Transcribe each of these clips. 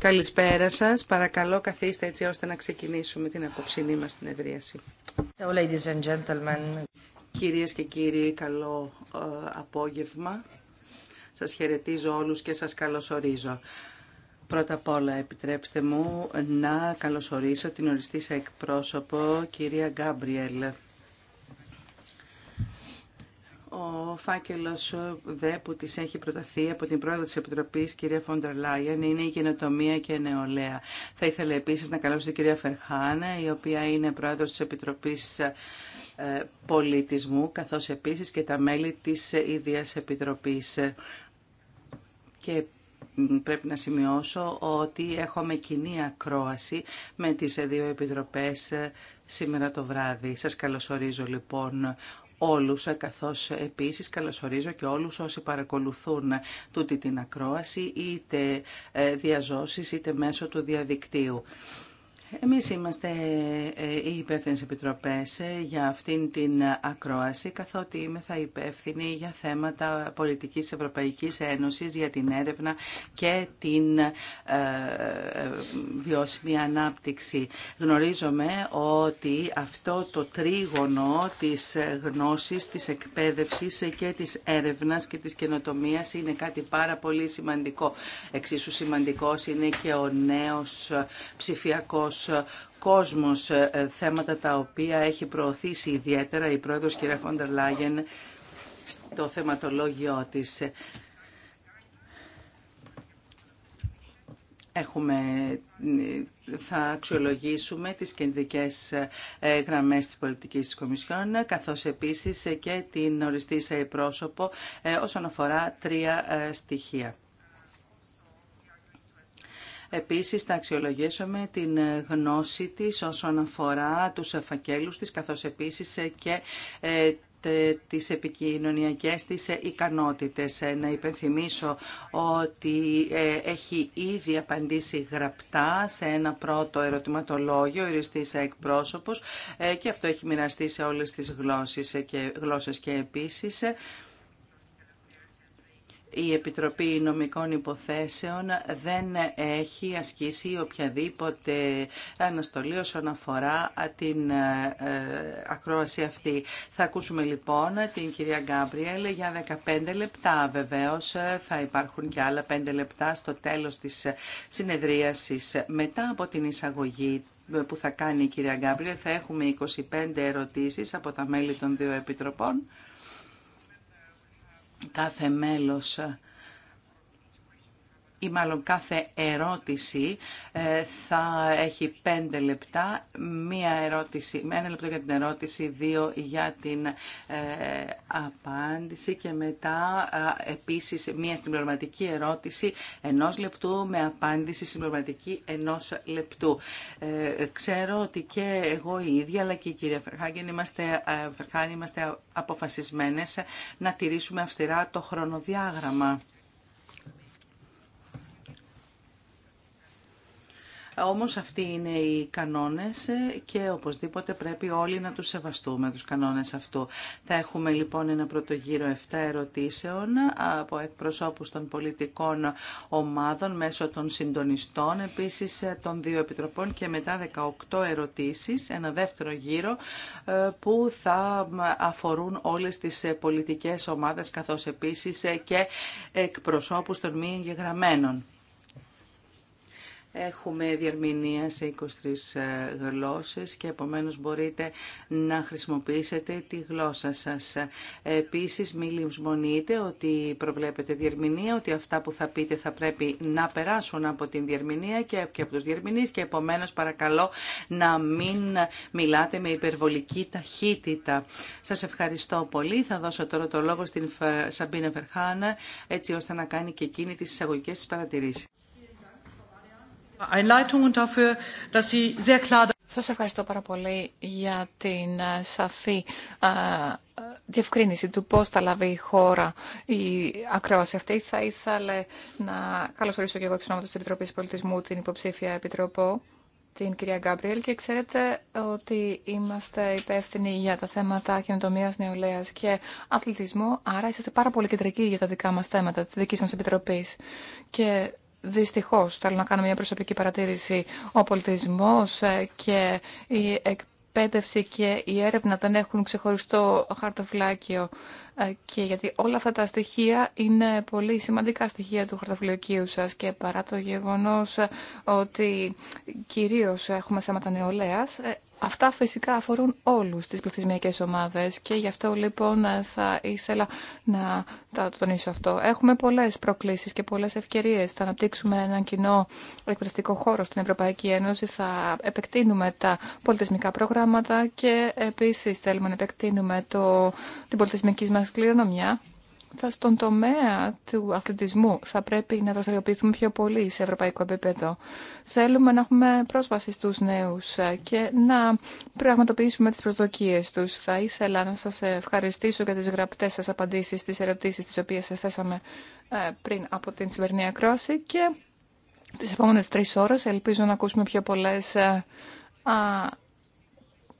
Καλησπέρα σας. Παρακαλώ καθίστε έτσι ώστε να ξεκινήσουμε την απόψηνή μας συνεδρίαση. So, ladies Κυρίες και κύριοι, καλό ε, απόγευμα. Σας χαιρετίζω όλους και σας καλωσορίζω. Πρώτα απ' όλα επιτρέψτε μου να καλωσορίσω την οριστή εκπρόσωπο κυρία Γκάμπριελ ο φάκελος δε που της έχει προταθεί από την πρόεδρο της Επιτροπής, κυρία Φόντερ Λάιεν, είναι η καινοτομία και νεολαία. Θα ήθελα επίσης να καλώσω την κυρία Φερχάνα, η οποία είναι πρόεδρος της Επιτροπής ε, Πολιτισμού, καθώς επίσης και τα μέλη της ε, ίδιας Επιτροπής. Και πρέπει να σημειώσω ότι έχουμε κοινή ακρόαση με τις ε, δύο επιτροπές σήμερα το βράδυ. Σας καλωσορίζω λοιπόν όλους, ε, καθώς ε, επίσης καλωσορίζω και όλους όσοι παρακολουθούν τούτη την ακρόαση, είτε ε, διαζώσεις είτε μέσω του διαδικτύου. Εμείς είμαστε ε, οι υπεύθυνε επιτροπές ε, για αυτήν την ακρόαση, καθότι είμαι θα υπεύθυνη για θέματα πολιτικής Ευρωπαϊκής Ένωσης, για την έρευνα και την ε, ε, βιώσιμη ανάπτυξη. Γνωρίζομαι ότι αυτό το τρίγωνο της γνώσης, της εκπαίδευσης και της έρευνας και της καινοτομίας είναι κάτι πάρα πολύ σημαντικό. Εξίσου σημαντικός είναι και ο νέος ψηφιακός ε, κόσμος, ε, ε, θέματα τα οποία έχει προωθήσει ιδιαίτερα η πρόεδρος κυρία Φόντερ Λάγεν στο θεματολόγιο της. Έχουμε, θα αξιολογήσουμε τις κεντρικές γραμμές της πολιτικής της Κομισιόν, καθώς επίσης και την σε πρόσωπο όσον αφορά τρία στοιχεία. Επίσης θα αξιολογήσουμε την γνώση της όσον αφορά τους φακέλους της καθώς επίσης και ε, τις επικοινωνιακές της ικανότητες. Ε, να υπενθυμίσω ότι ε, έχει ήδη απαντήσει γραπτά σε ένα πρώτο ερωτηματολόγιο οριστής εκπρόσωπος και αυτό έχει μοιραστεί σε όλες τις γλώσσες και, γλώσσες και επίσης η Επιτροπή Νομικών Υποθέσεων δεν έχει ασκήσει οποιαδήποτε αναστολή όσον αφορά την ε, ακρόαση αυτή. Θα ακούσουμε λοιπόν την κυρία Γκάμπριελ για 15 λεπτά. Βεβαίως ε, θα υπάρχουν και άλλα 5 λεπτά στο τέλος της συνεδρίασης. Μετά από την εισαγωγή που θα κάνει η κυρία Γκάμπριελ θα έχουμε 25 ερωτήσεις από τα μέλη των δύο επιτροπών κάθε μέλος ή μάλλον κάθε ερώτηση ε, θα έχει πέντε λεπτά, μία ερώτηση, με ένα λεπτό για την ερώτηση, δύο για την ε, απάντηση και μετά επίσης μία συμπληρωματική ερώτηση ενός λεπτού με απάντηση συμπληρωματική ενός λεπτού. Ε, ξέρω ότι και εγώ η ίδια αλλά και η κυρία Φερχάγεν είμαστε, ε, είμαστε αποφασισμένες να τηρήσουμε αυστηρά το χρονοδιάγραμμα. Όμως αυτοί είναι οι κανόνες και οπωσδήποτε πρέπει όλοι να τους σεβαστούμε τους κανόνες αυτού. Θα έχουμε λοιπόν ένα πρώτο γύρο 7 ερωτήσεων από εκπροσώπους των πολιτικών ομάδων μέσω των συντονιστών, επίσης των δύο επιτροπών και μετά 18 ερωτήσεις, ένα δεύτερο γύρο ε, που θα αφορούν όλες τις πολιτικές ομάδες καθώς επίσης και εκπροσώπους των μη εγγεγραμμένων. Έχουμε διερμηνία σε 23 ε, γλώσσες και επομένως μπορείτε να χρησιμοποιήσετε τη γλώσσα σας. Επίσης μην λυμσμονείτε ότι προβλέπετε διερμηνία, ότι αυτά που θα πείτε θα πρέπει να περάσουν από την διερμηνία και, από τους διερμηνείς και επομένως παρακαλώ να μην μιλάτε με υπερβολική ταχύτητα. Σας ευχαριστώ πολύ. Θα δώσω τώρα το λόγο στην Σαμπίνα Φερχάνα έτσι ώστε να κάνει και εκείνη τις εισαγωγικές της παρατηρήσεις. Σας ευχαριστώ πάρα πολύ για την ε, σαφή ε, διευκρίνηση του πώς θα λάβει η χώρα η ακρόαση αυτή. Θα ήθελα να καλωσορίσω και εγώ εξ της Επιτροπής Πολιτισμού την υποψήφια Επιτροπό, την κυρία Γκάμπριελ και ξέρετε ότι είμαστε υπεύθυνοι για τα θέματα καινοτομία νεολαία και αθλητισμού, άρα είστε πάρα πολύ κεντρικοί για τα δικά μας θέματα της δικής μας Επιτροπής. Και Δυστυχώ, θέλω να κάνω μια προσωπική παρατήρηση, ο πολιτισμό ε, και η εκπαίδευση και η έρευνα δεν έχουν ξεχωριστό χαρτοφυλάκιο. Ε, και γιατί όλα αυτά τα στοιχεία είναι πολύ σημαντικά στοιχεία του χαρτοφυλακίου σας και παρά το γεγονός ε, ότι κυρίως έχουμε θέματα νεολαίας, Αυτά φυσικά αφορούν όλους τις πληθυσμιακές ομάδες και γι' αυτό λοιπόν θα ήθελα να τα τονίσω αυτό. Έχουμε πολλές προκλήσεις και πολλές ευκαιρίες. Θα αναπτύξουμε έναν κοινό εκπαιδευτικό χώρο στην Ευρωπαϊκή Ένωση, θα επεκτείνουμε τα πολιτισμικά προγράμματα και επίσης θέλουμε να επεκτείνουμε το, την πολιτισμική μας κληρονομιά θα στον τομέα του αθλητισμού θα πρέπει να δραστηριοποιηθούμε πιο πολύ σε ευρωπαϊκό επίπεδο. Θέλουμε να έχουμε πρόσβαση στους νέους και να πραγματοποιήσουμε τις προσδοκίες τους. Θα ήθελα να σας ευχαριστήσω για τις γραπτές σας απαντήσεις, τις ερωτήσεις τις οποίες σας θέσαμε ε, πριν από την σημερινή ακρόαση και τις επόμενες τρεις ώρες ελπίζω να ακούσουμε πιο πολλές ε,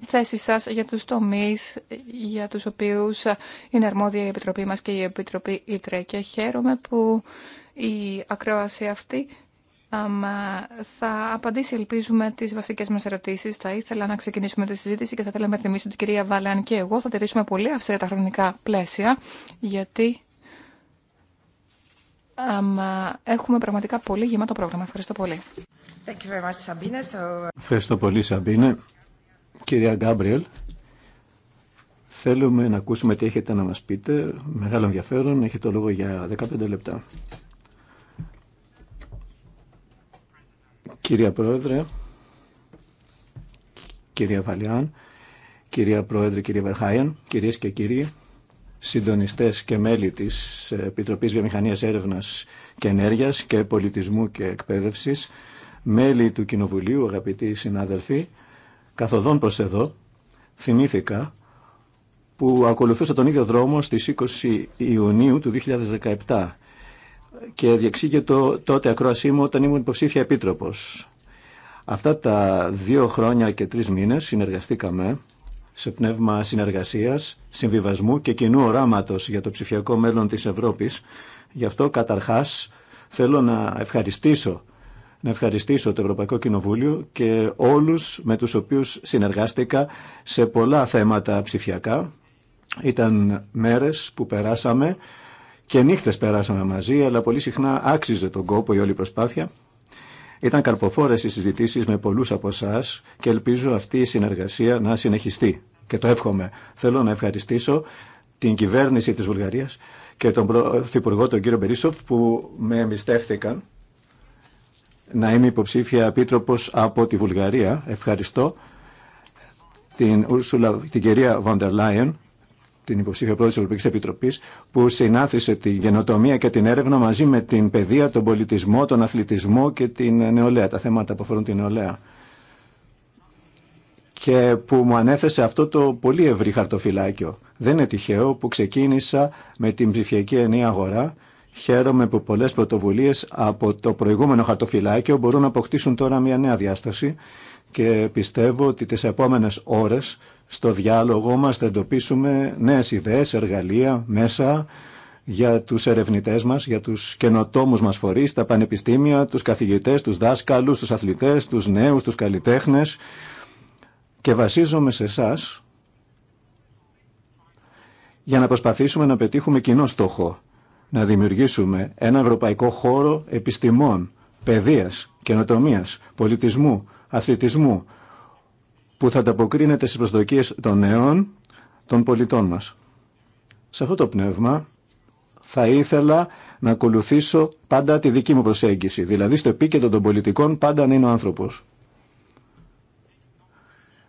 θέση σας για τους τομείς για τους οποίους είναι αρμόδια η Επιτροπή μας και η Επιτροπή Ήτρε. Και χαίρομαι που η ακρόαση αυτή θα απαντήσει, ελπίζουμε, τι βασικέ μα ερωτήσει. Θα ήθελα να ξεκινήσουμε τη συζήτηση και θα ήθελα να θυμίσω την κυρία Βάλεαν και εγώ. Θα τηρήσουμε πολύ αυστηρά τα χρονικά πλαίσια, γιατί έχουμε πραγματικά πολύ γεμάτο πρόγραμμα. Ευχαριστώ πολύ. Thank you very much, Sabine. So... Uh, Ευχαριστώ πολύ, Σαμπίνε. Κυρία Γκάμπριελ, θέλουμε να ακούσουμε τι έχετε να μας πείτε. Μεγάλο ενδιαφέρον, έχετε το λόγο για 15 λεπτά. Κυρία Πρόεδρε, κυρία Βαλιάν, κυρία Πρόεδρε, κυρία Βερχάιεν, κυρίες και κύριοι, συντονιστές και μέλη της Επιτροπής Βιομηχανίας Έρευνας και Ενέργειας και Πολιτισμού και Εκπαίδευσης, μέλη του Κοινοβουλίου, αγαπητοί συνάδελφοι, Καθοδόν προς εδώ, θυμήθηκα που ακολουθούσα τον ίδιο δρόμο στις 20 Ιουνίου του 2017 και διεξήγε τότε ακρόασή μου όταν ήμουν υποψήφια επίτροπος. Αυτά τα δύο χρόνια και τρεις μήνες συνεργαστήκαμε σε πνεύμα συνεργασίας, συμβιβασμού και κοινού οράματος για το ψηφιακό μέλλον της Ευρώπης. Γι' αυτό καταρχάς θέλω να ευχαριστήσω να ευχαριστήσω το Ευρωπαϊκό Κοινοβούλιο και όλους με τους οποίους συνεργάστηκα σε πολλά θέματα ψηφιακά. Ήταν μέρες που περάσαμε και νύχτες περάσαμε μαζί, αλλά πολύ συχνά άξιζε τον κόπο η όλη προσπάθεια. Ήταν καρποφόρες οι συζητήσεις με πολλούς από εσά και ελπίζω αυτή η συνεργασία να συνεχιστεί. Και το εύχομαι. Θέλω να ευχαριστήσω την κυβέρνηση της Βουλγαρίας και τον Πρωθυπουργό τον κύριο Μπερίσοφ που με να είμαι υποψήφια επίτροπο από τη Βουλγαρία. Ευχαριστώ την, Ursula, την κυρία Βοντερ Λάιεν, την υποψήφια πρόεδρο τη Ευρωπαϊκή Επιτροπή, που συνάθρισε τη γενοτομία και την έρευνα μαζί με την παιδεία, τον πολιτισμό, τον αθλητισμό και την νεολαία, τα θέματα που αφορούν την νεολαία. Και που μου ανέθεσε αυτό το πολύ ευρύ χαρτοφυλάκιο. Δεν είναι τυχαίο που ξεκίνησα με την ψηφιακή ενία αγορά Χαίρομαι που πολλές πρωτοβουλίες από το προηγούμενο χαρτοφυλάκιο μπορούν να αποκτήσουν τώρα μια νέα διάσταση και πιστεύω ότι τις επόμενες ώρες στο διάλογό μας θα εντοπίσουμε νέες ιδέες, εργαλεία, μέσα για τους ερευνητές μας, για τους καινοτόμους μας φορείς, τα πανεπιστήμια, τους καθηγητές, τους δάσκαλους, τους αθλητές, τους νέους, τους καλλιτέχνες και βασίζομαι σε εσά για να προσπαθήσουμε να πετύχουμε κοινό στόχο να δημιουργήσουμε ένα ευρωπαϊκό χώρο επιστημών, παιδείας, καινοτομίας, πολιτισμού, αθλητισμού, που θα ανταποκρίνεται στις προσδοκίες των νέων, των πολιτών μας. Σε αυτό το πνεύμα θα ήθελα να ακολουθήσω πάντα τη δική μου προσέγγιση, δηλαδή στο επίκεντρο των πολιτικών πάντα είναι ο άνθρωπος.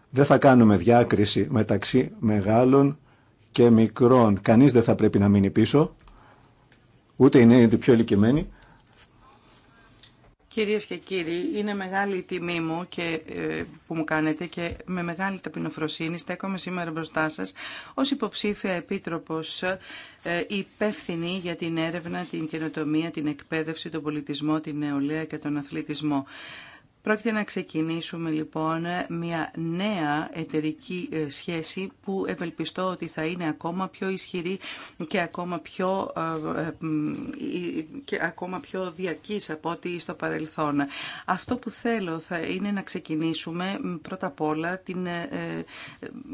Δεν θα κάνουμε διάκριση μεταξύ μεγάλων και μικρών. Κανείς δεν θα πρέπει να μείνει πίσω ούτε οι νέοι ούτε πιο ηλικιμένοι. Κυρίες και κύριοι, είναι μεγάλη η τιμή μου και, ε, που μου κάνετε και με μεγάλη ταπεινοφροσύνη στέκομαι σήμερα μπροστά σας ως υποψήφια επίτροπος ε, υπεύθυνη για την έρευνα, την καινοτομία, την εκπαίδευση, τον πολιτισμό, την νεολαία και τον αθλητισμό. Πρόκειται να ξεκινήσουμε λοιπόν μια νέα εταιρική ε, σχέση που ευελπιστώ ότι θα είναι ακόμα πιο ισχυρή και ακόμα πιο, ε, ε, και ακόμα πιο διαρκής από ό,τι στο παρελθόν. Αυτό που θέλω θα είναι να ξεκινήσουμε πρώτα απ' όλα την,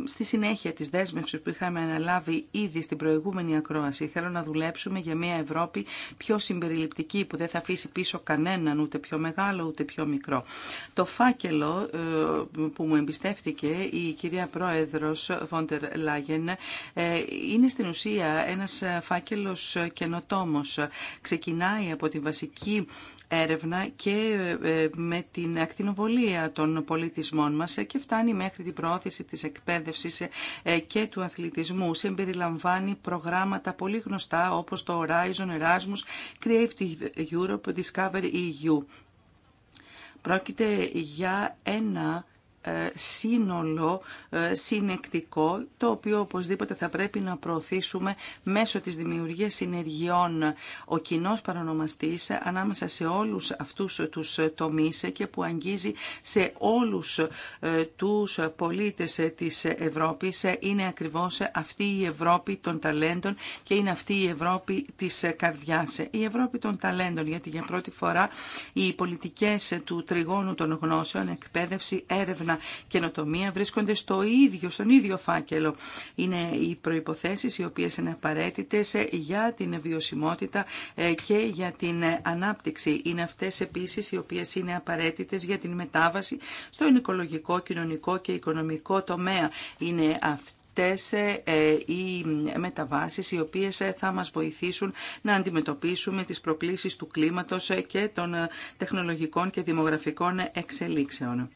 στη συνέχεια της δέσμευσης που είχαμε αναλάβει ήδη στην προηγούμενη ακρόαση. Θέλω να δουλέψουμε για μια Ευρώπη πιο συμπεριληπτική που δεν θα αφήσει πίσω κανέναν ούτε πιο μεγάλο ούτε πιο μικρό. Το φάκελο ε, που μου εμπιστεύτηκε η κυρία Πρόεδρος Βόντερ Λάγεν ε, είναι στην ουσία ένας φάκελος καινοτόμος. Ξεκινάει από τη βασική έρευνα και ε, με την ακτινοβολία των πολιτισμών μας και φτάνει μέχρι την προώθηση της εκπαίδευσης και του αθλητισμού. Συμπεριλαμβάνει προγράμματα πολύ γνωστά όπως το Horizon Erasmus, Creative Europe, Discover EU. Πρόκειται για ένα ε, σύνολο ε, συνεκτικό, το οποίο οπωσδήποτε θα πρέπει να προωθήσουμε μέσω της δημιουργίας συνεργειών. Ο κοινό παρονομαστής ανάμεσα σε όλους αυτούς τους τομείς και που αγγίζει σε όλους ε, τους πολίτες της Ευρώπης είναι ακριβώς αυτή η Ευρώπη των ταλέντων και είναι αυτή η Ευρώπη της καρδιάς. Η Ευρώπη των ταλέντων, γιατί για πρώτη φορά οι πολιτικές του τριγώνου των γνώσεων, εκπαίδευση, έρευνα, έρευνα, καινοτομία βρίσκονται στο ίδιο, στον ίδιο φάκελο. Είναι οι προϋποθέσεις οι οποίες είναι απαραίτητες ε, για την βιωσιμότητα ε, και για την ανάπτυξη. Είναι αυτές επίσης οι οποίες είναι απαραίτητες για την μετάβαση στο οικολογικό, κοινωνικό και οικονομικό τομέα. Είναι αυτή αυτές ε, οι μεταβάσεις οι οποίες θα μας βοηθήσουν να αντιμετωπίσουμε τις προκλήσεις του κλίματος και των τεχνολογικών και δημογραφικών εξελίξεων.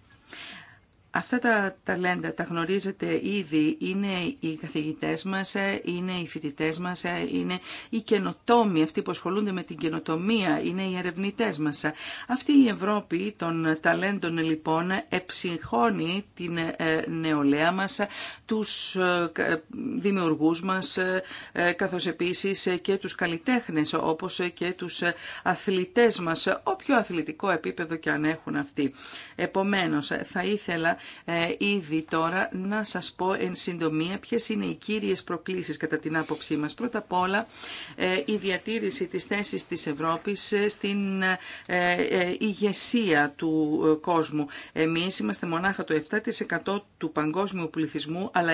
Αυτά τα ταλέντα τα γνωρίζετε ήδη, είναι οι καθηγητές μας, ε, είναι οι φοιτητές μας, ε, είναι οι καινοτόμοι, αυτοί που ασχολούνται με την καινοτομία, είναι οι ερευνητές μας. Αυτή η Ευρώπη των ταλέντων λοιπόν εψυχώνει την ε, νεολαία μας, τους δημιουργούς μας, καθώς επίσης και τους καλλιτέχνες, όπως και τους αθλητές μας, όποιο αθλητικό επίπεδο και αν έχουν αυτοί. θα ήθελα ε, ήδη τώρα να σας πω εν συντομία ποιες είναι οι κύριες προκλήσεις κατά την άποψή μας. Πρώτα απ' όλα ε, η διατήρηση της θέσης της Ευρώπης ε, στην ηγεσία του κόσμου. Εμείς είμαστε μονάχα το 7% του παγκόσμιου πληθυσμού αλλά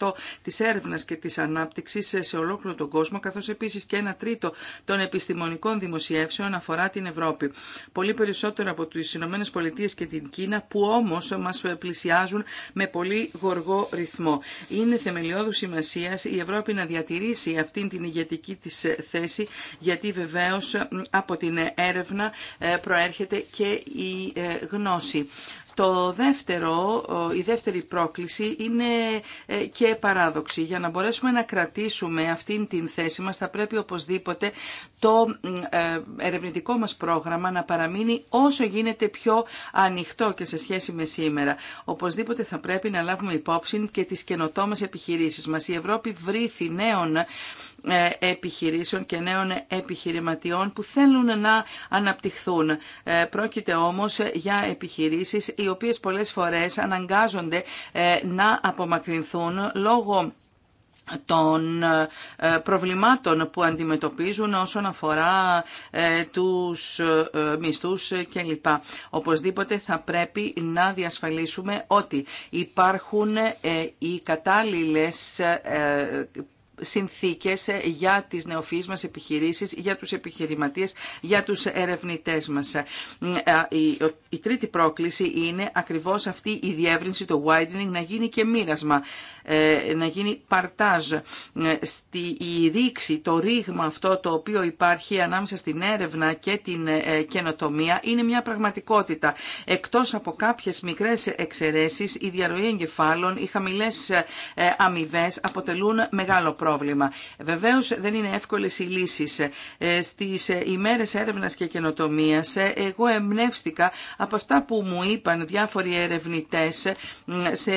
20% της έρευνας και της ανάπτυξης σε ολόκληρο τον κόσμο καθώς επίσης και ένα τρίτο των επιστημονικών δημοσιεύσεων αφορά την Ευρώπη. Πολύ περισσότερο από τις Ηνωμένες και την Κίνα που όμως μας πλησιάζουν με πολύ γοργό ρυθμό. Είναι θεμελιώδου σημασία η Ευρώπη να διατηρήσει αυτή την ηγετική της θέση γιατί βεβαίως από την έρευνα ε, προέρχεται και η ε, γνώση. Το δεύτερο, η δεύτερη πρόκληση είναι ε, και παράδοξη. Για να μπορέσουμε να κρατήσουμε αυτήν την θέση μας θα πρέπει οπωσδήποτε το ε, ερευνητικό μας πρόγραμμα να παραμείνει όσο γίνεται πιο ανοιχτό και σε σχέση με σήμερα. Οπωσδήποτε θα πρέπει να λάβουμε υπόψη και τις καινοτόμες επιχειρήσεις μας. Η Ευρώπη βρήθη νέων ε, επιχειρήσεων και νέων επιχειρηματιών που θέλουν να αναπτυχθούν. Ε, πρόκειται όμως για επιχειρήσεις οι οποίες πολλές φορές αναγκάζονται ε, να απομακρυνθούν λόγω των προβλημάτων που αντιμετωπίζουν όσον αφορά τους μισθούς κλπ. Οπωσδήποτε θα πρέπει να διασφαλίσουμε ότι υπάρχουν οι κατάλληλες συνθήκες ε, για τις νεοφυείς μας επιχειρήσεις, για τους επιχειρηματίες, για τους ερευνητές μας. Ε, ε, η τρίτη πρόκληση είναι ακριβώς αυτή η διεύρυνση, το widening, να γίνει και μοίρασμα, να γίνει παρτάζ. Στη, η ρήξη, το ρήγμα αυτό το οποίο υπάρχει ανάμεσα στην έρευνα και την καινοτομία είναι μια πραγματικότητα. Εκτός από κάποιες μικρές εξαιρέσεις, η διαρροή εγκεφάλων, οι χαμηλές αμοιβέ αποτελούν μεγάλο πρόβλημα πρόβλημα. δεν είναι εύκολε οι λύσεις. Ε, Στι ε, ημέρες έρευνα και καινοτομία. Ε, εγώ εμπνεύστηκα από αυτά που μου είπαν διάφοροι ερευνητέ σε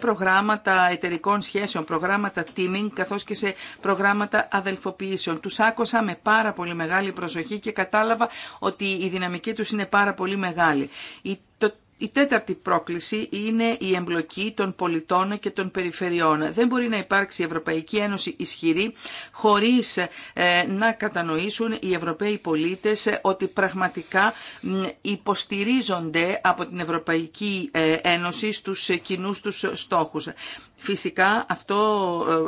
προγράμματα εταιρικών σχέσεων, προγράμματα teaming καθώς και σε προγράμματα αδελφοποιήσεων. Τους άκουσα με πάρα πολύ μεγάλη προσοχή και κατάλαβα ότι η δυναμική τους είναι πάρα πολύ μεγάλη. Το η τέταρτη πρόκληση είναι η εμπλοκή των πολιτών και των περιφερειών. Δεν μπορεί να υπάρξει η Ευρωπαϊκή Ένωση ισχυρή χωρίς ε, να κατανοήσουν οι Ευρωπαίοι πολίτες ε, ότι πραγματικά υποστηρίζονται από την Ευρωπαϊκή ε, Ένωση στους κοινούς τους στόχους. Φυσικά αυτό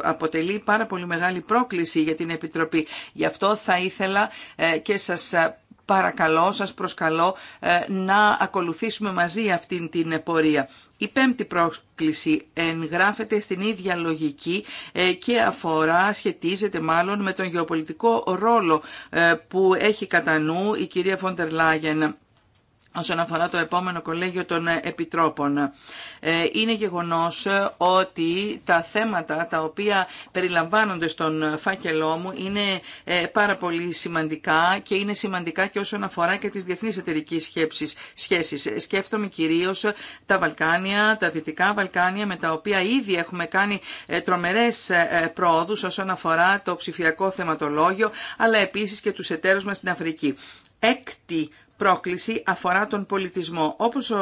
αποτελεί πάρα πολύ μεγάλη πρόκληση για την Επιτροπή. Γι' αυτό θα ήθελα και σας παρακαλώ, σας προσκαλώ ε, να ακολουθήσουμε μαζί αυτήν την πορεία. Η πέμπτη πρόκληση εγγράφεται στην ίδια λογική ε, και αφορά, σχετίζεται μάλλον με τον γεωπολιτικό ρόλο ε, που έχει κατά νου η κυρία Φόντερ Λάγεν όσον αφορά το επόμενο κολέγιο των ε, επιτρόπων. Ε, είναι γεγονός ε, ότι τα θέματα τα οποία περιλαμβάνονται στον φάκελό μου είναι πάρα πολύ σημαντικά και είναι σημαντικά και όσον αφορά και τις διεθνείς εταιρικές σχέσεις. Σκέφτομαι κυρίως τα Βαλκάνια, τα Δυτικά Βαλκάνια με τα οποία ήδη έχουμε κάνει τρομερές πρόοδους όσον αφορά το ψηφιακό θεματολόγιο αλλά επίσης και τους εταίρους μας στην Αφρική. Έκτη πρόκληση αφορά τον πολιτισμό. Όπως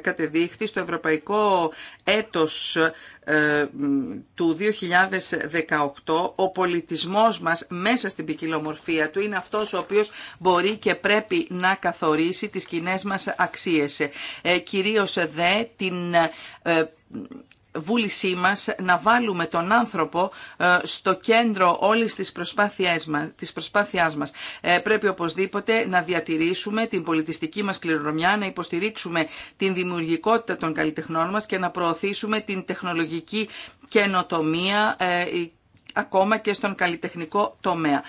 κατεδείχθη στο Ευρωπαϊκό Έτος του 2018, ο πολιτισμός μας μέσα στην ποικιλομορφία του είναι αυτός ο οποίος μπορεί και πρέπει να καθορίσει τις κοινέ μας αξίες. Ε, κυρίως δε την ε, βούλησή μας να βάλουμε τον άνθρωπο ε, στο κέντρο όλης της, προσπάθειάς μας, της προσπάθειάς μας. Ε, πρέπει οπωσδήποτε να διατηρήσουμε την πολιτιστική μας κληρονομιά, να υποστηρίξουμε την δημιουργικότητα των καλλιτεχνών μας και να προωθήσουμε την τεχνολογική καινοτομία ε, ακόμα και στον καλλιτεχνικό τομέα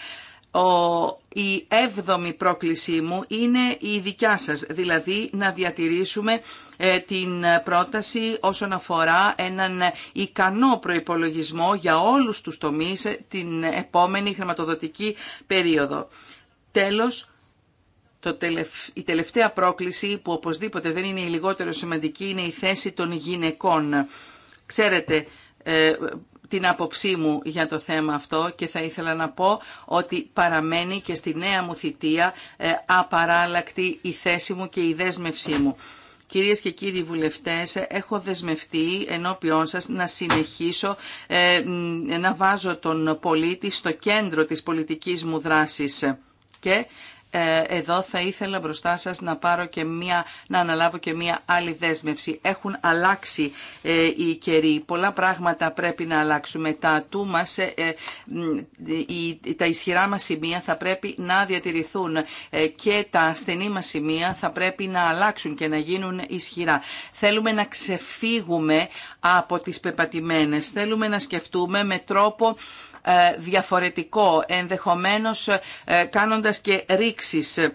η έβδομη πρόκλησή μου είναι η δικιά σας, δηλαδή να διατηρήσουμε ε, την πρόταση όσον αφορά έναν ικανό προϋπολογισμό για όλους τους τομείς ε, την επόμενη χρηματοδοτική περίοδο. Τέλος, η τελευταία πρόκληση που οπωσδήποτε δεν είναι η λιγότερο σημαντική είναι η θέση των γυναικών. Ξέρετε, ε, την άποψή μου για το θέμα αυτό και θα ήθελα να πω ότι παραμένει και στη νέα μου θητεία ε, απαράλλακτη η θέση μου και η δέσμευσή μου. Κυρίες και κύριοι βουλευτές, έχω δεσμευτεί ενώπιόν σας να συνεχίσω ε, να βάζω τον πολίτη στο κέντρο της πολιτικής μου δράσης και ε, εδώ θα ήθελα μπροστά σας να, πάρω και μία, να αναλάβω και μία άλλη δέσμευση. Έχουν αλλάξει ε, οι καιροί. Πολλά πράγματα πρέπει να αλλάξουμε. Τα ατού ε, τα ισχυρά μας σημεία θα πρέπει να διατηρηθούν και τα ασθενή μας σημεία θα πρέπει να αλλάξουν και να γίνουν ισχυρά. Θέλουμε να ξεφύγουμε από τις πεπατημένες. Θέλουμε να σκεφτούμε με τρόπο ε, διαφορετικό, ενδεχομένως ε, κάνοντας και ρήξεις.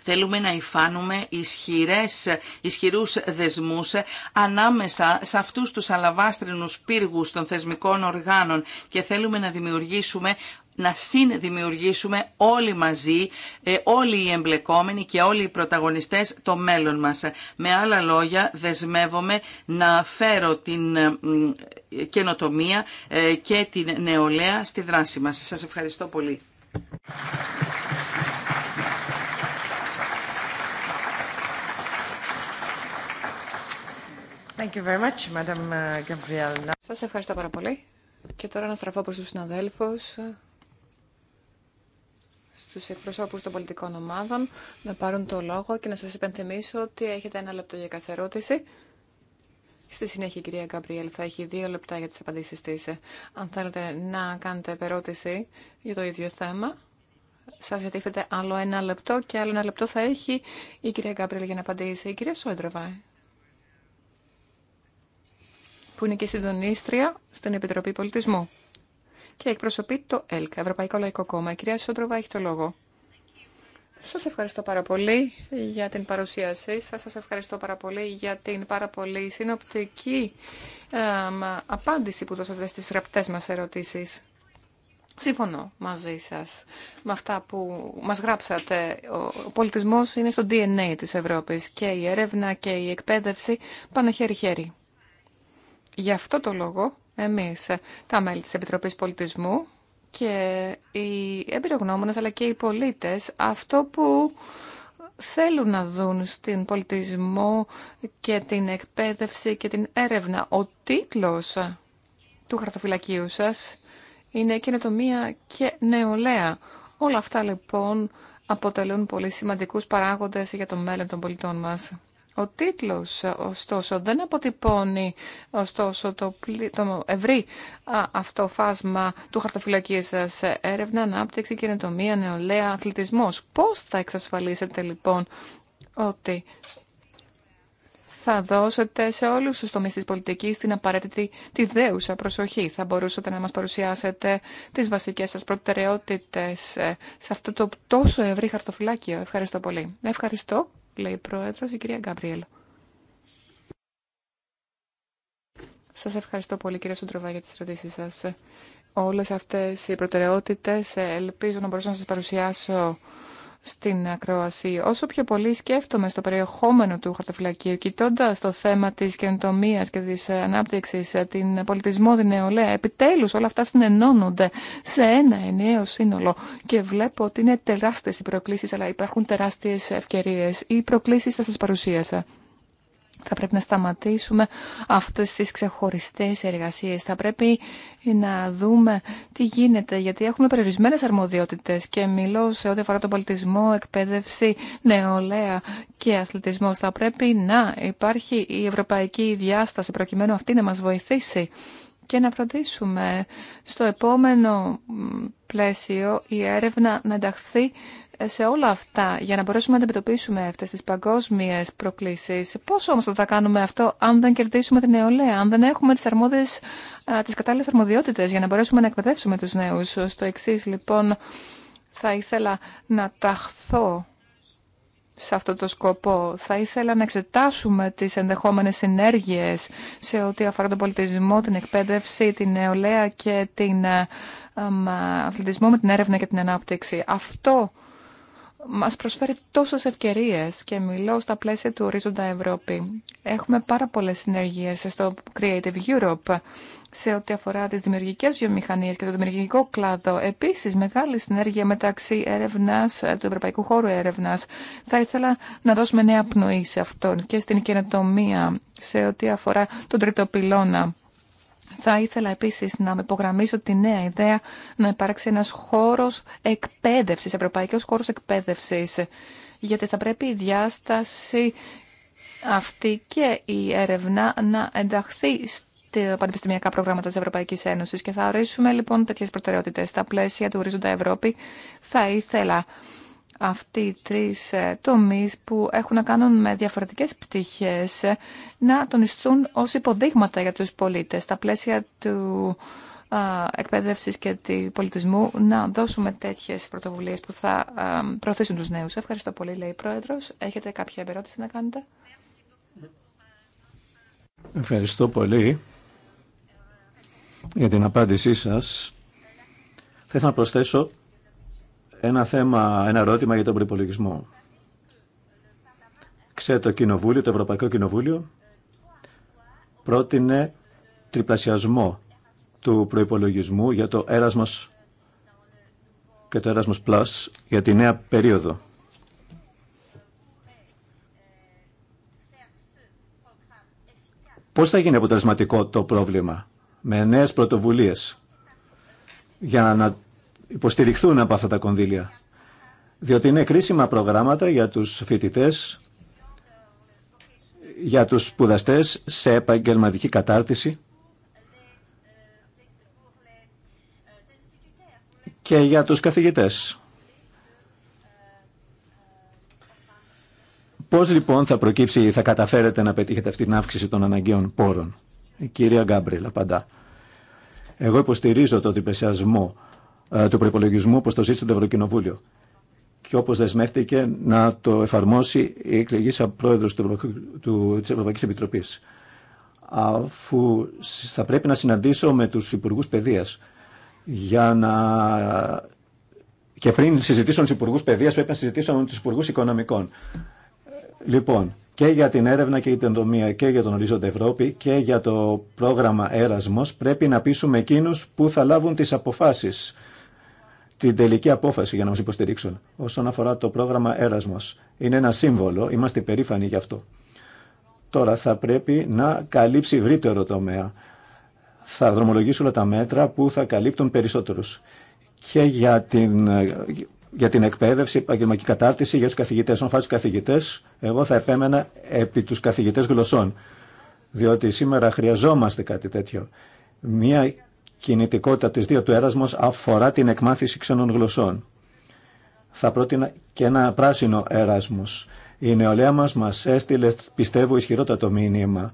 Θέλουμε να υφάνουμε ισχυρές, ισχυρούς δεσμούς ανάμεσα σε αυτούς τους αλαβάστρινους πύργους των θεσμικών οργάνων και θέλουμε να δημιουργήσουμε να συνδημιουργήσουμε όλοι μαζί, ε, όλοι οι εμπλεκόμενοι και όλοι οι πρωταγωνιστές το μέλλον μας. Με άλλα λόγια, δεσμεύομαι να φέρω την ε, καινοτομία ε, και την νεολαία στη δράση μας. Σας ευχαριστώ πολύ. Thank you very much, uh, Σας ευχαριστώ πάρα πολύ. Και τώρα να στραφώ προς τους συναδέλφους Στου εκπροσωπού των πολιτικών ομάδων να πάρουν το λόγο και να σας υπενθυμίσω ότι έχετε ένα λεπτό για κάθε ερώτηση. Στη συνέχεια η κυρία Γκαμπριέλ θα έχει δύο λεπτά για τι απαντήσεις της. Αν θέλετε να κάνετε επερώτηση για το ίδιο θέμα, σας διατίθεται άλλο ένα λεπτό και άλλο ένα λεπτό θα έχει η κυρία Γκαμπριέλ για να απαντήσει. Η κυρία Σόντροβα, που είναι και συντονίστρια στην Επιτροπή Πολιτισμού και εκπροσωπεί το ΕΛΚ, Ευρωπαϊκό Λαϊκό Κόμμα. Η κυρία Σόντροβα έχει το λόγο. Σας ευχαριστώ πάρα πολύ για την παρουσίασή σας. σα ευχαριστώ πάρα πολύ για την πάρα πολύ συνοπτική απάντηση που δώσατε στι ρεπτέ μας ερωτήσεις. Σύμφωνο μαζί σας με αυτά που μας γράψατε. Ο πολιτισμός είναι στο DNA της Ευρώπης και η έρευνα και η εκπαίδευση πάνε χέρι-χέρι. Γι' αυτό το λόγο εμείς, ε, τα μέλη της Επιτροπής Πολιτισμού και οι εμπειρογνώμονες αλλά και οι πολίτες αυτό που θέλουν να δουν στην πολιτισμό και την εκπαίδευση και την έρευνα. Ο τίτλος του χαρτοφυλακίου σας είναι καινοτομία και νεολαία. Όλα αυτά λοιπόν αποτελούν πολύ σημαντικούς παράγοντες για το μέλλον των πολιτών μας. Ο τίτλος, ωστόσο, δεν αποτυπώνει ωστόσο το, το ευρύ αυτό φάσμα του χαρτοφυλακίου σας. Έρευνα, ανάπτυξη, καινοτομία, νεολαία, αθλητισμός. Πώς θα εξασφαλίσετε λοιπόν ότι θα δώσετε σε όλους τους τομείς της πολιτικής την απαραίτητη, τη δέουσα προσοχή. Θα μπορούσατε να μας παρουσιάσετε τις βασικές σας προτεραιότητες ε, σε αυτό το τόσο ευρύ χαρτοφυλάκιο. Ευχαριστώ πολύ. Ευχαριστώ λέει η Πρόεδρος, η κυρία Γκάμπριελ. Σας ευχαριστώ πολύ κύριε Σοντροβά για τις ερωτήσεις σας. Όλες αυτές οι προτεραιότητες ε, ελπίζω να μπορέσω να σας παρουσιάσω στην Ακροασία. Όσο πιο πολύ σκέφτομαι στο περιεχόμενο του χαρτοφυλακίου, κοιτώντα το θέμα τη καινοτομία και τη ανάπτυξη, την πολιτισμό, την νεολαία, επιτέλου όλα αυτά συνενώνονται σε ένα ενιαίο σύνολο και βλέπω ότι είναι τεράστιε οι προκλήσει, αλλά υπάρχουν τεράστιε ευκαιρίε. Οι προκλήσει θα σα παρουσίασα. Θα πρέπει να σταματήσουμε αυτές τις ξεχωριστές εργασίες. Θα πρέπει να δούμε τι γίνεται, γιατί έχουμε περιορισμένες αρμοδιότητες και μιλώ σε ό,τι αφορά τον πολιτισμό, εκπαίδευση, νεολαία και αθλητισμό. Θα πρέπει να υπάρχει η ευρωπαϊκή διάσταση προκειμένου αυτή να μας βοηθήσει και να φροντίσουμε στο επόμενο πλαίσιο η έρευνα να ενταχθεί σε όλα αυτά για να μπορέσουμε να αντιμετωπίσουμε αυτές τις παγκόσμιες προκλήσεις. Πώς όμως θα τα κάνουμε αυτό αν δεν κερδίσουμε την νεολαία, αν δεν έχουμε τις, αρμόδιες, τις κατάλληλες αρμοδιότητες για να μπορέσουμε να εκπαιδεύσουμε τους νέους. Στο εξή λοιπόν θα ήθελα να ταχθώ σε αυτό το σκοπό. Θα ήθελα να εξετάσουμε τις ενδεχόμενες συνέργειες σε ό,τι αφορά τον πολιτισμό, την εκπαίδευση, την νεολαία και την ε, αθλητισμό με την έρευνα και την ανάπτυξη. Αυτό μας προσφέρει τόσες ευκαιρίες και μιλώ στα πλαίσια του ορίζοντα Ευρώπη. Έχουμε πάρα πολλές συνεργίες στο Creative Europe σε ό,τι αφορά τις δημιουργικές βιομηχανίες και το δημιουργικό κλάδο. Επίσης, μεγάλη συνέργεια μεταξύ έρευνας, του Ευρωπαϊκού Χώρου Έρευνας. Θα ήθελα να δώσουμε νέα πνοή σε αυτόν και στην καινοτομία σε ό,τι αφορά τον τρίτο πυλώνα θα ήθελα επίσης να με υπογραμμίσω τη νέα ιδέα να υπάρξει ένας χώρος εκπαίδευσης, ευρωπαϊκός χώρος εκπαίδευσης, γιατί θα πρέπει η διάσταση αυτή και η έρευνα να ενταχθεί στα πανεπιστημιακά προγράμματα της Ευρωπαϊκής Ένωσης και θα ορίσουμε λοιπόν τέτοιες προτεραιότητες στα πλαίσια του ορίζοντα Ευρώπη. Θα ήθελα αυτοί οι τρεις ε, τομείς που έχουν να κάνουν με διαφορετικές πτυχές ε, να τονιστούν ως υποδείγματα για τους πολίτες στα πλαίσια του εκπαίδευσης και του πολιτισμού να δώσουμε τέτοιες πρωτοβουλίες που θα προωθήσουν τους νέους. Ευχαριστώ πολύ, λέει η Πρόεδρος. Έχετε κάποια ερώτηση να κάνετε? Ευχαριστώ πολύ για την απάντησή σας. Θα ήθελα να προσθέσω ένα θέμα, ένα ερώτημα για τον προπολογισμό. Ξέρετε το Κοινοβούλιο, το Ευρωπαϊκό Κοινοβούλιο πρότεινε τριπλασιασμό του προϋπολογισμού για το Erasmus και το Erasmus Plus για τη νέα περίοδο. Πώς θα γίνει αποτελεσματικό το πρόβλημα με νέες πρωτοβουλίες για να υποστηριχθούν από αυτά τα κονδύλια. Διότι είναι κρίσιμα προγράμματα για τους φοιτητέ, για τους σπουδαστέ σε επαγγελματική κατάρτιση και για τους καθηγητές. Πώς λοιπόν θα προκύψει ή θα καταφέρετε να πετύχετε αυτή την αύξηση των αναγκαίων πόρων. Η κυρία Γκάμπριλ απαντά. Εγώ υποστηρίζω το τυπεσιασμό ε, του προπολογισμού όπω το ζήτησε το Ευρωκοινοβούλιο και όπω δεσμεύτηκε να το εφαρμόσει η εκλεγήσα σαν πρόεδρος του, του, της Αφού θα πρέπει να συναντήσω με του υπουργού παιδεία για να... Και πριν συζητήσω με του υπουργού παιδεία, πρέπει να συζητήσω με τους υπουργού Οικονομικών. Λοιπόν, και για την έρευνα και την εντομία και για τον ορίζοντα Ευρώπη και για το πρόγραμμα Έρασμος πρέπει να πείσουμε εκείνου που θα λάβουν τις αποφάσεις την τελική απόφαση για να μας υποστηρίξουν. Όσον αφορά το πρόγραμμα Έρασμος, είναι ένα σύμβολο, είμαστε περήφανοι γι' αυτό. Τώρα θα πρέπει να καλύψει ευρύτερο τομέα. Θα δρομολογήσει όλα τα μέτρα που θα καλύπτουν περισσότερους. Και για την, για την εκπαίδευση, επαγγελματική κατάρτιση, για τους καθηγητές. Όσον του καθηγητές, εγώ θα επέμενα επί τους καθηγητές γλωσσών. Διότι σήμερα χρειαζόμαστε κάτι τέτοιο. Μια κινητικότητα της δύο του έρασμος αφορά την εκμάθηση ξένων γλωσσών. Θα πρότεινα και ένα πράσινο έρασμος. Η νεολαία μας μας έστειλε, πιστεύω, ισχυρότατο μήνυμα.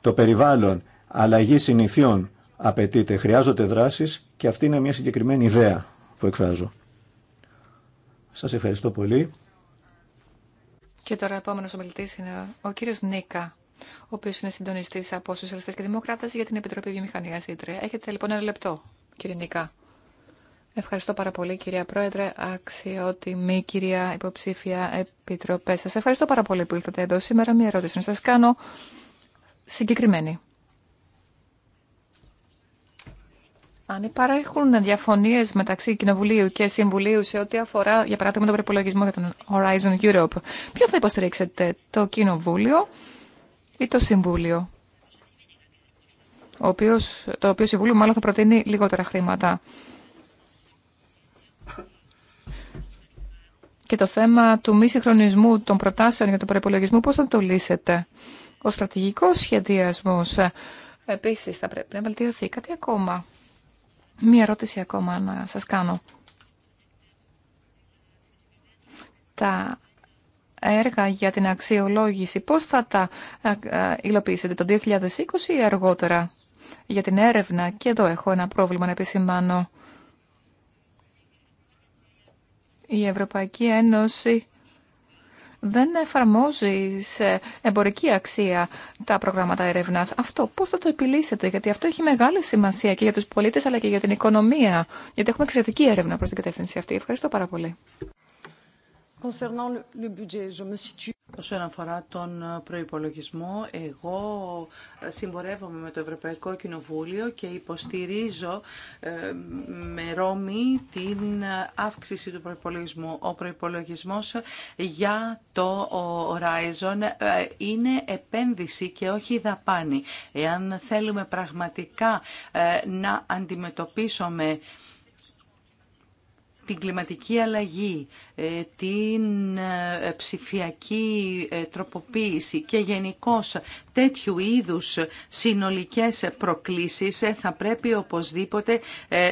Το περιβάλλον, αλλαγή συνηθιών απαιτείται, χρειάζονται δράσεις και αυτή είναι μια συγκεκριμένη ιδέα που εκφράζω. Σας ευχαριστώ πολύ. Και τώρα επόμενος ομιλητής είναι ο κύριος Νίκα ο οποίο είναι συντονιστή από Σοσιαλιστέ και Δημοκράτε για την Επιτροπή Βιομηχανία Ήτρε. Έχετε λοιπόν ένα λεπτό, κύριε Νικά. Ευχαριστώ πάρα πολύ, κυρία Πρόεδρε, αξιότιμη κυρία υποψήφια επιτροπέ. Σα ευχαριστώ πάρα πολύ που ήρθατε εδώ σήμερα. Μία ερώτηση να σα κάνω συγκεκριμένη. Αν υπάρχουν διαφωνίε μεταξύ Κοινοβουλίου και Συμβουλίου σε ό,τι αφορά, για παράδειγμα, τον προπολογισμό για τον Horizon Europe, ποιο θα υποστηρίξετε, το Κοινοβούλιο ή το Συμβούλιο, ο οποίος, το οποίο Συμβούλιο μάλλον θα προτείνει λιγότερα χρήματα. Και το θέμα του μη συγχρονισμού των προτάσεων για τον προπολογισμό, πώς θα το λύσετε. Ο στρατηγικός σχεδιασμός ε, επίσης θα πρέπει να βελτιωθεί. Κάτι ακόμα. Μία ερώτηση ακόμα να σας κάνω. Τα έργα για την αξιολόγηση, πώς θα τα ε, ε, υλοποιήσετε το 2020 ή αργότερα για την έρευνα. Και εδώ έχω ένα πρόβλημα να επισημάνω. Η Ευρωπαϊκή Ένωση δεν εφαρμόζει σε εμπορική αξία τα προγράμματα έρευνα. Αυτό πώ θα το επιλύσετε, γιατί αυτό έχει μεγάλη σημασία και για του πολίτε αλλά και για την οικονομία. Γιατί έχουμε εξαιρετική έρευνα προ την κατεύθυνση αυτή. Ευχαριστώ πάρα πολύ. Όσον αφορά τον ε, προϋπολογισμό, εγώ ε, συμπορεύομαι με το Ευρωπαϊκό Κοινοβούλιο και υποστηρίζω ε, με ρόμοι την αύξηση του προϋπολογισμού. Ο προϋπολογισμός για το Horizon είναι επένδυση και όχι δαπάνη. Εάν θέλουμε πραγματικά να αντιμετωπίσουμε την κλιματική αλλαγή, ε, την ε, ψηφιακή ε, τροποποίηση και γενικώ τέτοιου είδους συνολικές προκλήσεις θα πρέπει οπωσδήποτε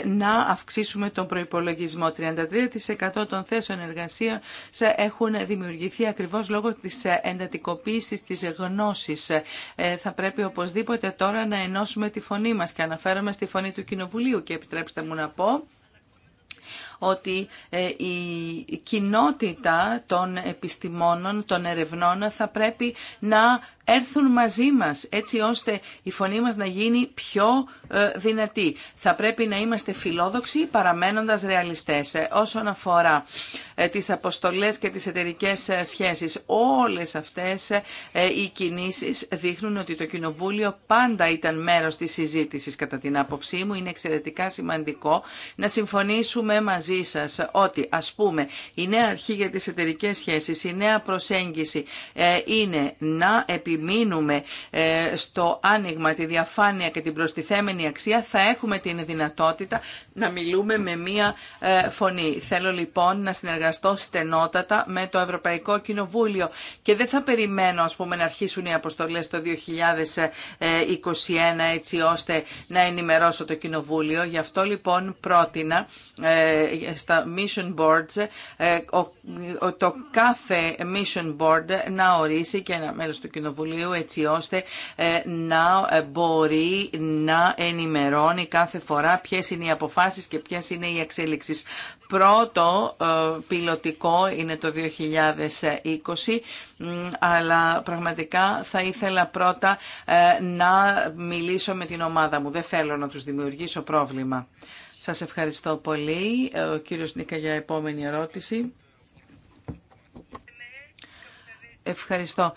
να αυξήσουμε τον προϋπολογισμό. 33% των θέσεων εργασίας έχουν δημιουργηθεί ακριβώς λόγω της εντατικοποίησης της γνώσης. Θα πρέπει οπωσδήποτε τώρα να ενώσουμε τη φωνή μας και αναφέρομαι στη φωνή του Κοινοβουλίου και επιτρέψτε μου να πω ότι ε, η κοινότητα των επιστημόνων, των ερευνών θα πρέπει να έρθουν μαζί μας έτσι ώστε η φωνή μας να γίνει πιο ε, δυνατή. Θα πρέπει να είμαστε φιλόδοξοι παραμένοντας ρεαλιστές. Ε, όσον αφορά ε, τις αποστολές και τις εταιρικές σχέσεις, όλες αυτές οι κινήσεις δείχνουν ότι το Κοινοβούλιο πάντα ήταν μέρος της συζήτησης. Κατά την άποψή μου είναι εξαιρετικά σημαντικό να συμφωνήσουμε μαζί σας ότι ας πούμε η νέα αρχή για τις εταιρικέ σχέσεις, η νέα προσέγγιση είναι να επιβάλλουμε επιμείνουμε ε, στο άνοιγμα, τη διαφάνεια και την προστιθέμενη αξία, θα έχουμε την δυνατότητα να μιλούμε με μία ε, φωνή. Θέλω λοιπόν να συνεργαστώ στενότατα με το Ευρωπαϊκό Κοινοβούλιο και δεν θα περιμένω ας πούμε να αρχίσουν οι αποστολές το 2021 έτσι ώστε να ενημερώσω το Κοινοβούλιο. Γι' αυτό λοιπόν πρότεινα ε, στα Mission Boards το κάθε Mission Board να ορίσει και ένα μέλος του Κοινοβούλιο έτσι ώστε ε, να μπορεί να ενημερώνει κάθε φορά ποιες είναι οι αποφάσεις και ποιες είναι οι εξέλιξεις. Πρώτο ε, πιλωτικό είναι το 2020, αλλά πραγματικά θα ήθελα πρώτα ε, να μιλήσω με την ομάδα μου. Δεν θέλω να τους δημιουργήσω πρόβλημα. Σας ευχαριστώ πολύ. Ο κύριος Νίκα για επόμενη ερώτηση. Ευχαριστώ.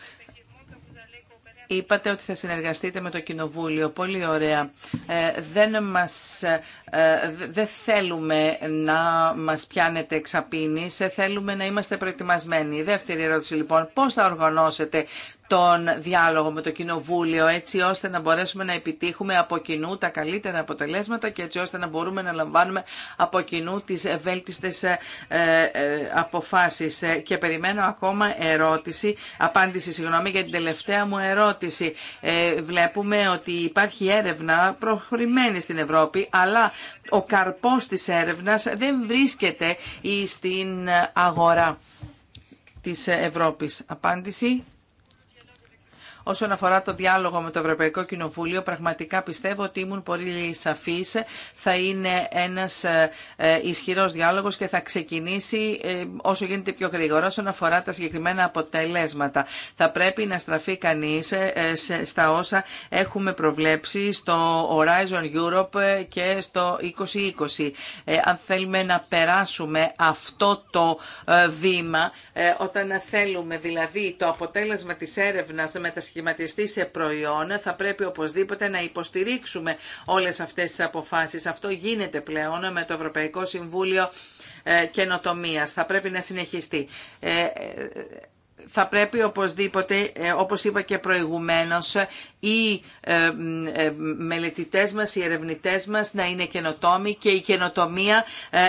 Είπατε ότι θα συνεργαστείτε με το Κοινοβούλιο. Πολύ ωραία. Ε, δεν, μας, ε, ε, θέλουμε να μας πιάνετε εξαπίνης, θέλουμε να είμαστε προετοιμασμένοι. Η δεύτερη ερώτηση λοιπόν, πώς θα οργανώσετε τον διάλογο με το Κοινοβούλιο έτσι ώστε να μπορέσουμε να επιτύχουμε από κοινού τα καλύτερα αποτελέσματα και έτσι ώστε να μπορούμε να λαμβάνουμε από κοινού τις ευέλτιστες ε, ε, αποφάσεις. Και περιμένω ακόμα ερώτηση, απάντηση συγγνώμη για την τελευταία μου ερώτηση. Ε, βλέπουμε ότι υπάρχει έρευνα προχωρημένη στην Ευρώπη αλλά ο καρπός της έρευνας δεν βρίσκεται στην αγορά της Ευρώπης. Απάντηση. Όσον αφορά το διάλογο με το Ευρωπαϊκό Κοινοβούλιο, πραγματικά πιστεύω ότι ήμουν πολύ σαφής. Θα είναι ένας ε, ε, ισχυρός διάλογος και θα ξεκινήσει ε, όσο γίνεται πιο γρήγορα όσον αφορά τα συγκεκριμένα αποτελέσματα. Θα πρέπει να στραφεί κανείς στα όσα έχουμε προβλέψει στο Horizon Europe και στο 2020. Αν θέλουμε να περάσουμε αυτό το βήμα, όταν θέλουμε δηλαδή το αποτέλεσμα τη έρευνα με τα μετασχηματιστεί σε προϊόν, θα πρέπει οπωσδήποτε να υποστηρίξουμε όλες αυτές τις αποφάσεις. Αυτό γίνεται πλέον με το Ευρωπαϊκό Συμβούλιο ε, καινοτομία. Θα πρέπει να συνεχιστεί. Ε, ε, θα πρέπει οπωσδήποτε, ε, όπως είπα και προηγουμένως, οι ε, ε, μελετητές μας, οι ερευνητές μας να είναι καινοτόμοι και η καινοτομία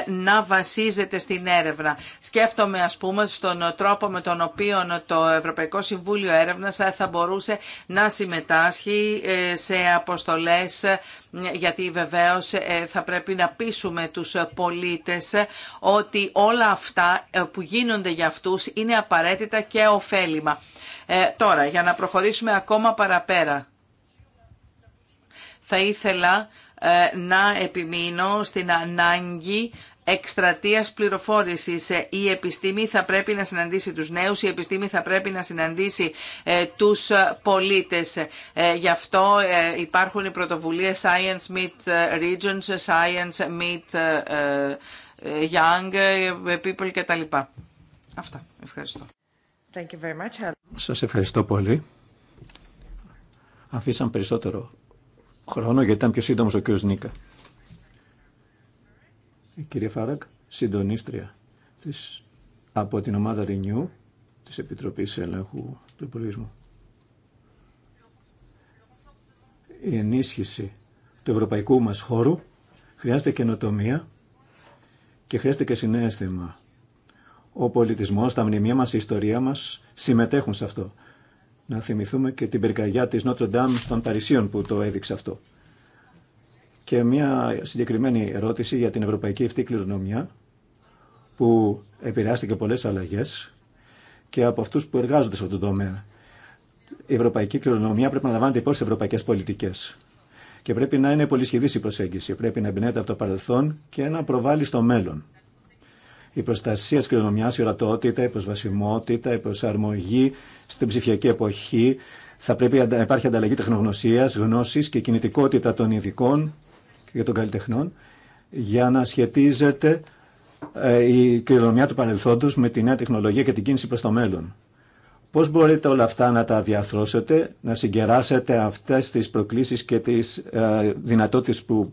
να βασίζεται στην έρευνα. Σκέφτομαι ας πούμε στον τρόπο με τον οποίο το Ευρωπαϊκό Συμβούλιο Έρευνας θα μπορούσε να συμμετάσχει σε αποστολές ναι, γιατί βεβαίως ε, θα πρέπει να πείσουμε τους πολίτες ότι όλα αυτά ε, που γίνονται για αυτούς είναι απαραίτητα και ωφέλιμα. Ε, τώρα, για να προχωρήσουμε ακόμα παραπέρα, θα ήθελα να επιμείνω στην ανάγκη εκστρατείας πληροφόρησης. Ε, η επιστήμη θα πρέπει να συναντήσει τους νέους, η επιστήμη θα πρέπει να συναντήσει ε, τους ε, πολίτες. Γι' αυτό υπάρχουν οι πρωτοβουλίες Science Meet Regions, Science Meet Young People κτλ. Αυτά. Ευχαριστώ. Thank you very much. Σας ευχαριστώ πολύ. Αφήσαμε περισσότερο χρόνο γιατί ήταν πιο σύντομος ο κ. Νίκα η κυρία Φάρακ, συντονίστρια της, από την ομάδα Renew της Επιτροπής Ελέγχου του Υπουργισμού. Η ενίσχυση του ευρωπαϊκού μας χώρου χρειάζεται καινοτομία και χρειάζεται και συνέστημα. Ο πολιτισμός, τα μνημεία μας, η ιστορία μας συμμετέχουν σε αυτό. Να θυμηθούμε και την πυρκαγιά της Νότρο Ντάμ των Παρισίων που το έδειξε αυτό. Και μια συγκεκριμένη ερώτηση για την ευρωπαϊκή αυτή κληρονομιά που επηρεάστηκε πολλές αλλαγές και από αυτούς που εργάζονται σε αυτό το τομέα. Η ευρωπαϊκή κληρονομιά πρέπει να λαμβάνεται υπόψη ευρωπαϊκές πολιτικές. Και πρέπει να είναι πολύ σχεδής η προσέγγιση. Πρέπει να εμπνέεται από το παρελθόν και να προβάλλει στο μέλλον. Η προστασία της κληρονομιάς, η ορατότητα, η προσβασιμότητα, η προσαρμογή στην ψηφιακή εποχή. Θα πρέπει να υπάρχει ανταλλαγή τεχνογνωσία, γνώσης και κινητικότητα των ειδικών και για των καλλιτεχνών για να σχετίζεται ε, η κληρονομιά του παρελθόντος με τη νέα τεχνολογία και την κίνηση προς το μέλλον. Πώς μπορείτε όλα αυτά να τα διαθρώσετε, να συγκεράσετε αυτές τις προκλήσεις και τις ε, δυνατότητες που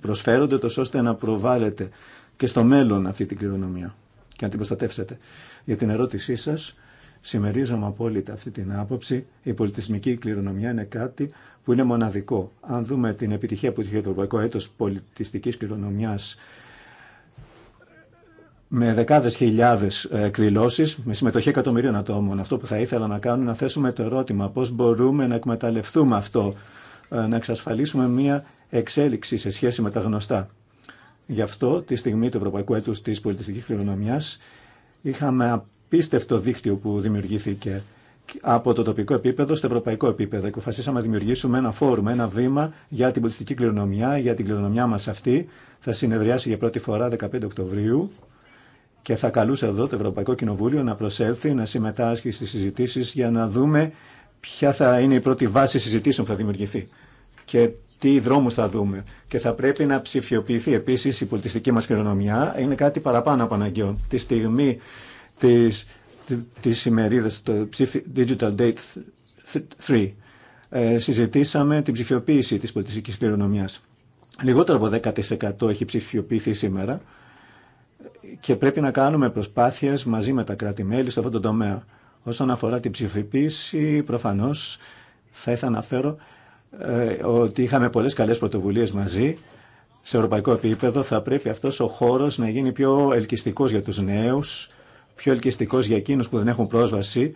προσφέρονται, τόσο ώστε να προβάλλετε και στο μέλλον αυτή την κληρονομιά και να την προστατεύσετε. Για την ερώτησή σας, συμμερίζομαι απόλυτα αυτή την άποψη. Η πολιτισμική κληρονομιά είναι κάτι που είναι μοναδικό. Αν δούμε την επιτυχία που είχε το Ευρωπαϊκό Έτος Πολιτιστικής Κληρονομιάς με δεκάδες χιλιάδες ε, εκδηλώσει, με συμμετοχή εκατομμυρίων ατόμων. Αυτό που θα ήθελα να κάνω είναι να θέσουμε το ερώτημα πώς μπορούμε να εκμεταλλευτούμε αυτό, ε, να εξασφαλίσουμε μια εξέλιξη σε σχέση με τα γνωστά. Γι' αυτό τη στιγμή του Ευρωπαϊκού Έτους τη πολιτιστική Κληρονομιάς είχαμε απίστευτο δίκτυο που δημιουργήθηκε από το τοπικό επίπεδο στο ευρωπαϊκό επίπεδο. Και αποφασίσαμε να δημιουργήσουμε ένα φόρουμ, ένα βήμα για την πολιτιστική κληρονομιά, για την κληρονομιά μα αυτή. Θα συνεδριάσει για πρώτη φορά 15 Οκτωβρίου και θα καλούσε εδώ το Ευρωπαϊκό Κοινοβούλιο να προσέλθει, να συμμετάσχει στι συζητήσει για να δούμε ποια θα είναι η πρώτη βάση συζητήσεων που θα δημιουργηθεί και τι δρόμου θα δούμε. Και θα πρέπει να ψηφιοποιηθεί επίση η πολιτιστική μα κληρονομιά. Είναι κάτι παραπάνω από αναγκαίο. Τη στιγμή της τις ημερίδες το Digital Date 3, ε, συζητήσαμε την ψηφιοποίηση της πολιτιστικής κληρονομιάς. Λιγότερο από 10% έχει ψηφιοποιηθεί σήμερα και πρέπει να κάνουμε προσπάθειες μαζί με τα κράτη-μέλη σε αυτό το τομέα. Όσον αφορά την ψηφιοποίηση, προφανώς θα ήθελα να αναφέρω ε, ότι είχαμε πολλές καλές πρωτοβουλίες μαζί. Σε ευρωπαϊκό επίπεδο θα πρέπει αυτός ο χώρος να γίνει πιο ελκυστικός για τους νέους, πιο ελκυστικό για εκείνου που δεν έχουν πρόσβαση,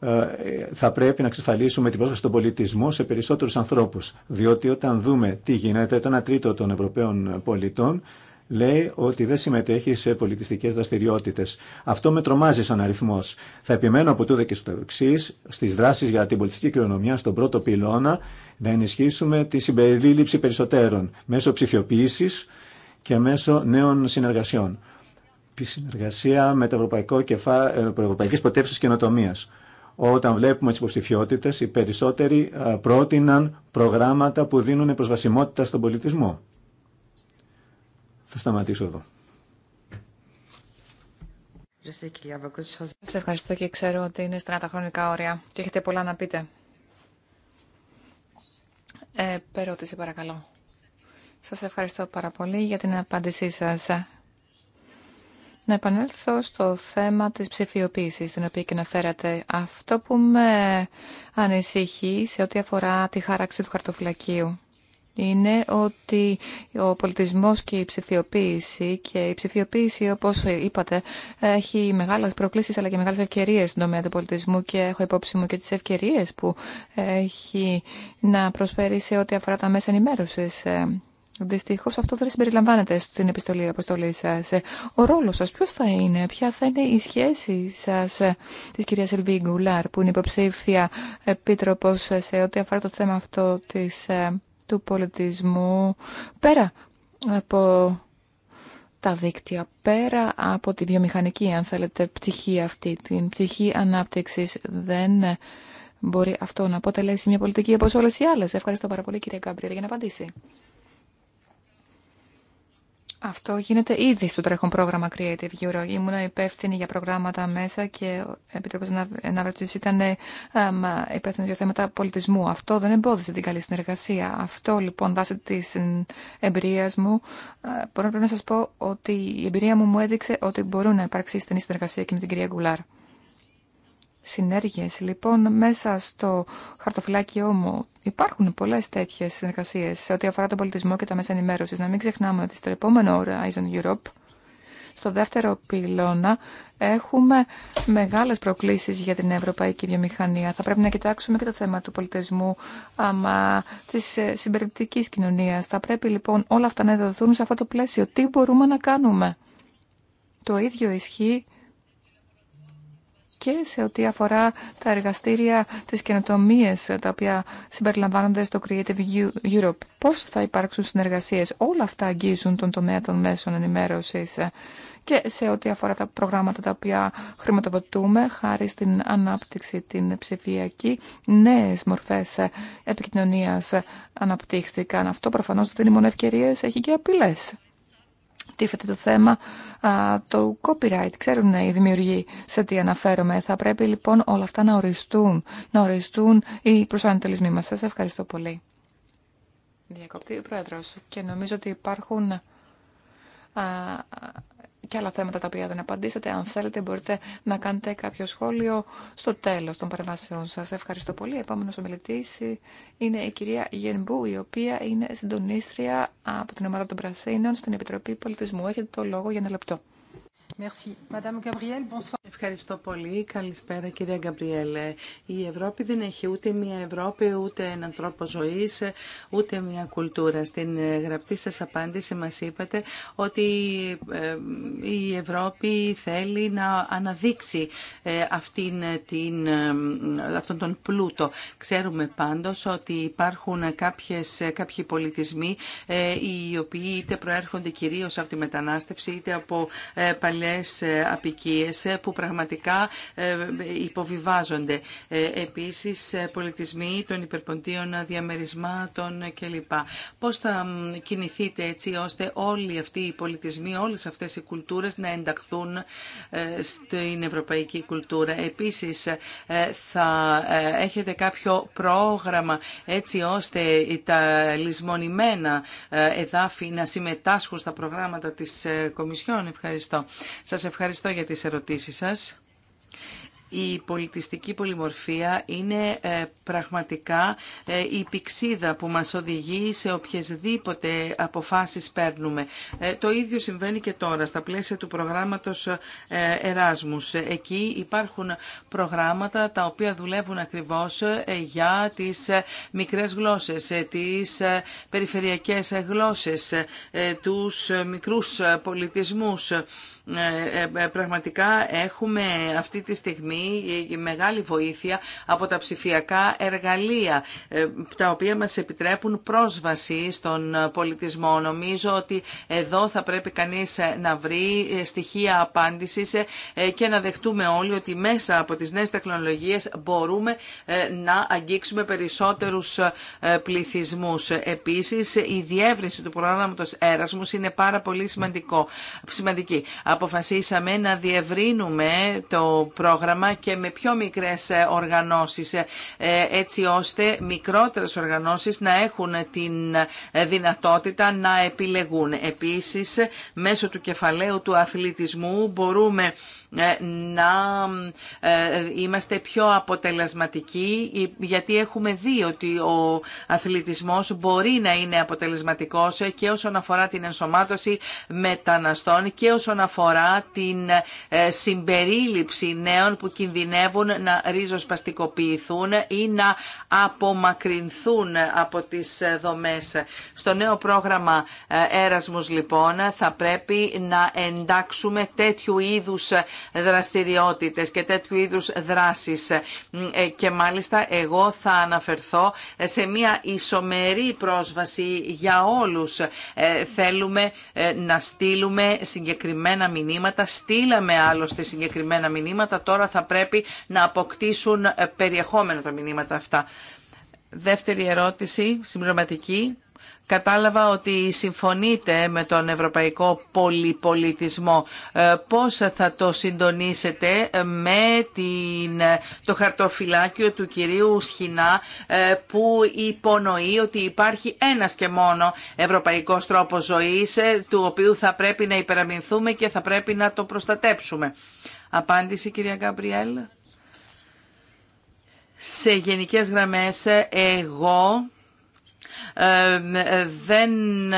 ε, θα πρέπει να εξασφαλίσουμε την πρόσβαση στον πολιτισμό σε περισσότερου ανθρώπου, Διότι όταν δούμε τι γίνεται, το 1 τρίτο των Ευρωπαίων πολιτών λέει ότι δεν συμμετέχει σε πολιτιστικέ δραστηριότητε. Αυτό με τρομάζει σαν αριθμό. Θα επιμένω από τούδε και στο εξή, στι δράσει για την πολιτιστική κληρονομιά στον πρώτο πυλώνα, να ενισχύσουμε τη συμπερίληψη περισσότερων μέσω ψηφιοποίηση και μέσω νέων συνεργασιών τη συνεργασία με το ευρωπαϊκό κεφα... Ε, Ευρωπαϊκή Πρωτεύουσα καινοτομίας. Όταν βλέπουμε τις υποψηφιότητε, οι περισσότεροι ε, πρότειναν προγράμματα που δίνουν προσβασιμότητα στον πολιτισμό. Θα σταματήσω εδώ. Σας ευχαριστώ και ξέρω ότι είναι στενά τα χρονικά όρια και έχετε πολλά να πείτε. Ε, περώτηση παρακαλώ. Σας ευχαριστώ πάρα πολύ για την απάντησή σας. Να επανέλθω στο θέμα της ψηφιοποίησης, την οποία και αναφέρατε. Αυτό που με ανησυχεί σε ό,τι αφορά τη χάραξη του χαρτοφυλακίου είναι ότι ο πολιτισμός και η ψηφιοποίηση και η ψηφιοποίηση όπως είπατε έχει μεγάλες προκλήσεις αλλά και μεγάλες ευκαιρίες στον τομέα του πολιτισμού και έχω υπόψη μου και τις ευκαιρίες που έχει να προσφέρει σε ό,τι αφορά τα μέσα ενημέρωσης ε, Δυστυχώ αυτό δεν συμπεριλαμβάνεται στην επιστολή αποστολή σα. Ο ρόλο σα ποιο θα είναι, ποια θα είναι η σχέση σα ε, τη κυρία Ελβί Γκουλάρ, που είναι υποψήφια επίτροπο σε ό,τι αφορά το θέμα αυτό της, ε, του πολιτισμού, πέρα από τα δίκτυα, πέρα από τη βιομηχανική, αν θέλετε, πτυχή αυτή, την πτυχή ανάπτυξη. Δεν μπορεί αυτό να αποτελέσει μια πολιτική όπω όλε οι άλλε. Ευχαριστώ πάρα πολύ, κυρία Γκάμπριελ, για να απαντήσει. Αυτό γίνεται ήδη στο τρέχον πρόγραμμα Creative Euro. Ήμουν υπεύθυνη για προγράμματα μέσα και ο να Ναύρατσης ήταν υπεύθυνο για θέματα πολιτισμού. Αυτό δεν εμπόδισε την καλή συνεργασία. Αυτό λοιπόν βάσει τη εμπειρία μου ε, μπορώ να σα πω ότι η εμπειρία μου μου έδειξε ότι μπορούν να υπάρξει στενή συνεργασία και με την κυρία Γκουλάρ συνέργειες. Λοιπόν, μέσα στο χαρτοφυλάκιό μου υπάρχουν πολλές τέτοιες συνεργασίες σε ό,τι αφορά τον πολιτισμό και τα μέσα ενημέρωσης. Να μην ξεχνάμε ότι στο επόμενο Horizon Europe, στο δεύτερο πυλώνα, έχουμε μεγάλες προκλήσεις για την ευρωπαϊκή βιομηχανία. Θα πρέπει να κοιτάξουμε και το θέμα του πολιτισμού, αμα, της ε, συμπεριπτικής κοινωνίας. Θα πρέπει λοιπόν όλα αυτά να δοθούν σε αυτό το πλαίσιο. Τι μπορούμε να κάνουμε. Το ίδιο ισχύει και σε ό,τι αφορά τα εργαστήρια της καινοτομίας τα οποία συμπεριλαμβάνονται στο Creative Europe. Πώς θα υπάρξουν συνεργασίες. Όλα αυτά αγγίζουν τον τομέα των μέσων ενημέρωσης και σε ό,τι αφορά τα προγράμματα τα οποία χρηματοδοτούμε χάρη στην ανάπτυξη την ψηφιακή, νέες μορφές επικοινωνίας αναπτύχθηκαν. Αυτό προφανώς δεν είναι μόνο ευκαιρίες, έχει και απειλές τίθεται το θέμα α, το copyright. Ξέρουν οι δημιουργοί σε τι αναφέρομαι. Θα πρέπει λοιπόν όλα αυτά να οριστούν, να οριστούν οι προσανατολισμοί μας. Σας ευχαριστώ πολύ. Διακοπτή ο Πρόεδρος και νομίζω ότι υπάρχουν α, και άλλα θέματα τα οποία δεν απαντήσατε. Αν θέλετε μπορείτε να κάνετε κάποιο σχόλιο στο τέλος των παρεμβάσεων σας. Ευχαριστώ πολύ. Επόμενος ομιλητή είναι η κυρία Γενμπού, η οποία είναι συντονίστρια από την ομάδα των Πρασίνων στην Επιτροπή Πολιτισμού. Έχετε το λόγο για ένα λεπτό. Ευχαριστώ πολύ. Καλησπέρα κυρία Γκαμπριέλε. Η Ευρώπη δεν έχει ούτε μία Ευρώπη, ούτε έναν τρόπο ζωής, ούτε μία κουλτούρα. Στην ε, γραπτή σας απάντηση μας είπατε ότι ε, η Ευρώπη θέλει να αναδείξει ε, αυτήν αυτόν τον πλούτο. Ξέρουμε πάντως ότι υπάρχουν κάποιες, κάποιοι πολιτισμοί οι οποίοι είτε προέρχονται κυρίως από τη μετανάστευση είτε από παλιά πολλές ε, απικίες ε, που πραγματικά ε, υποβιβάζονται. Επίσης πολιτισμοί των υπερποντίων διαμερισμάτων κλπ. Πώς θα κινηθείτε έτσι ώστε όλοι αυτοί οι πολιτισμοί, όλες αυτές οι κουλτούρες να ενταχθούν στην ευρωπαϊκή κουλτούρα. Επίσης θα έχετε κάποιο πρόγραμμα έτσι ώστε τα λησμονημένα εδάφη να συμμετάσχουν στα προγράμματα της Κομισιόν. Ευχαριστώ. Σας ευχαριστώ για τις ερωτήσεις σας. Η πολιτιστική πολυμορφία είναι ε, πραγματικά ε, η πηξίδα που μας οδηγεί σε οποιασδήποτε αποφάσεις παίρνουμε. Ε, το ίδιο συμβαίνει και τώρα στα πλαίσια του προγράμματος Εράσμους. Εκεί υπάρχουν προγράμματα τα οποία δουλεύουν ακριβώς για τις μικρές γλώσσες, τις περιφερειακές γλώσσες, τους μικρούς πολιτισμούς ε, ε, ε, πραγματικά έχουμε αυτή τη στιγμή μεγάλη βοήθεια από τα ψηφιακά εργαλεία τα οποία μας επιτρέπουν πρόσβαση στον πολιτισμό. Νομίζω ότι εδώ θα πρέπει κανείς να βρει στοιχεία απάντησης και να δεχτούμε όλοι ότι μέσα από τις νέες τεχνολογίες μπορούμε να αγγίξουμε περισσότερους πληθυσμούς. Επίσης, η διεύρυνση του προγράμματος Έρασμους είναι πάρα πολύ σημαντική αποφασίσαμε να διευρύνουμε το πρόγραμμα και με πιο μικρές ε, οργανώσεις ε, έτσι ώστε μικρότερες οργανώσεις να έχουν την ε, δυνατότητα να επιλεγούν. Επίσης, μέσω του κεφαλαίου του αθλητισμού μπορούμε ε, να ε, είμαστε πιο αποτελεσματικοί ε, γιατί έχουμε δει ότι ο αθλητισμός μπορεί να είναι αποτελεσματικός και όσον αφορά την ενσωμάτωση μεταναστών και όσον αφορά την συμπερίληψη νέων που κινδυνεύουν να ριζοσπαστικοποιηθούν ή να απομακρυνθούν από τις δομές. Στο νέο πρόγραμμα Έρασμους λοιπόν θα πρέπει να εντάξουμε τέτοιου είδους δραστηριότητες και τέτοιου είδους δράσεις. Ε, και μάλιστα εγώ θα αναφερθώ σε μια ισομερή πρόσβαση για όλους. Ε, θέλουμε ε, να στείλουμε συγκεκριμένα μηνύματα. Στείλαμε άλλωστε συγκεκριμένα μηνύματα. Τώρα θα πρέπει να αποκτήσουν περιεχόμενο τα μηνύματα αυτά. Δεύτερη ερώτηση, συμπληρωματική. Κατάλαβα ότι συμφωνείτε με τον ευρωπαϊκό πολυπολιτισμό. Ε, πώς θα το συντονίσετε με την, ε, το χαρτοφυλάκιο του κυρίου Σχοινά ε, που υπονοεί ότι υπάρχει ένας και μόνο ευρωπαϊκός τρόπος ζωής του οποίου θα πρέπει να υπεραμεινθούμε και θα πρέπει να το προστατέψουμε. Απάντηση κυρία Γκαμπριέλ. Σε γενικές γραμμές εγώ δεν ε,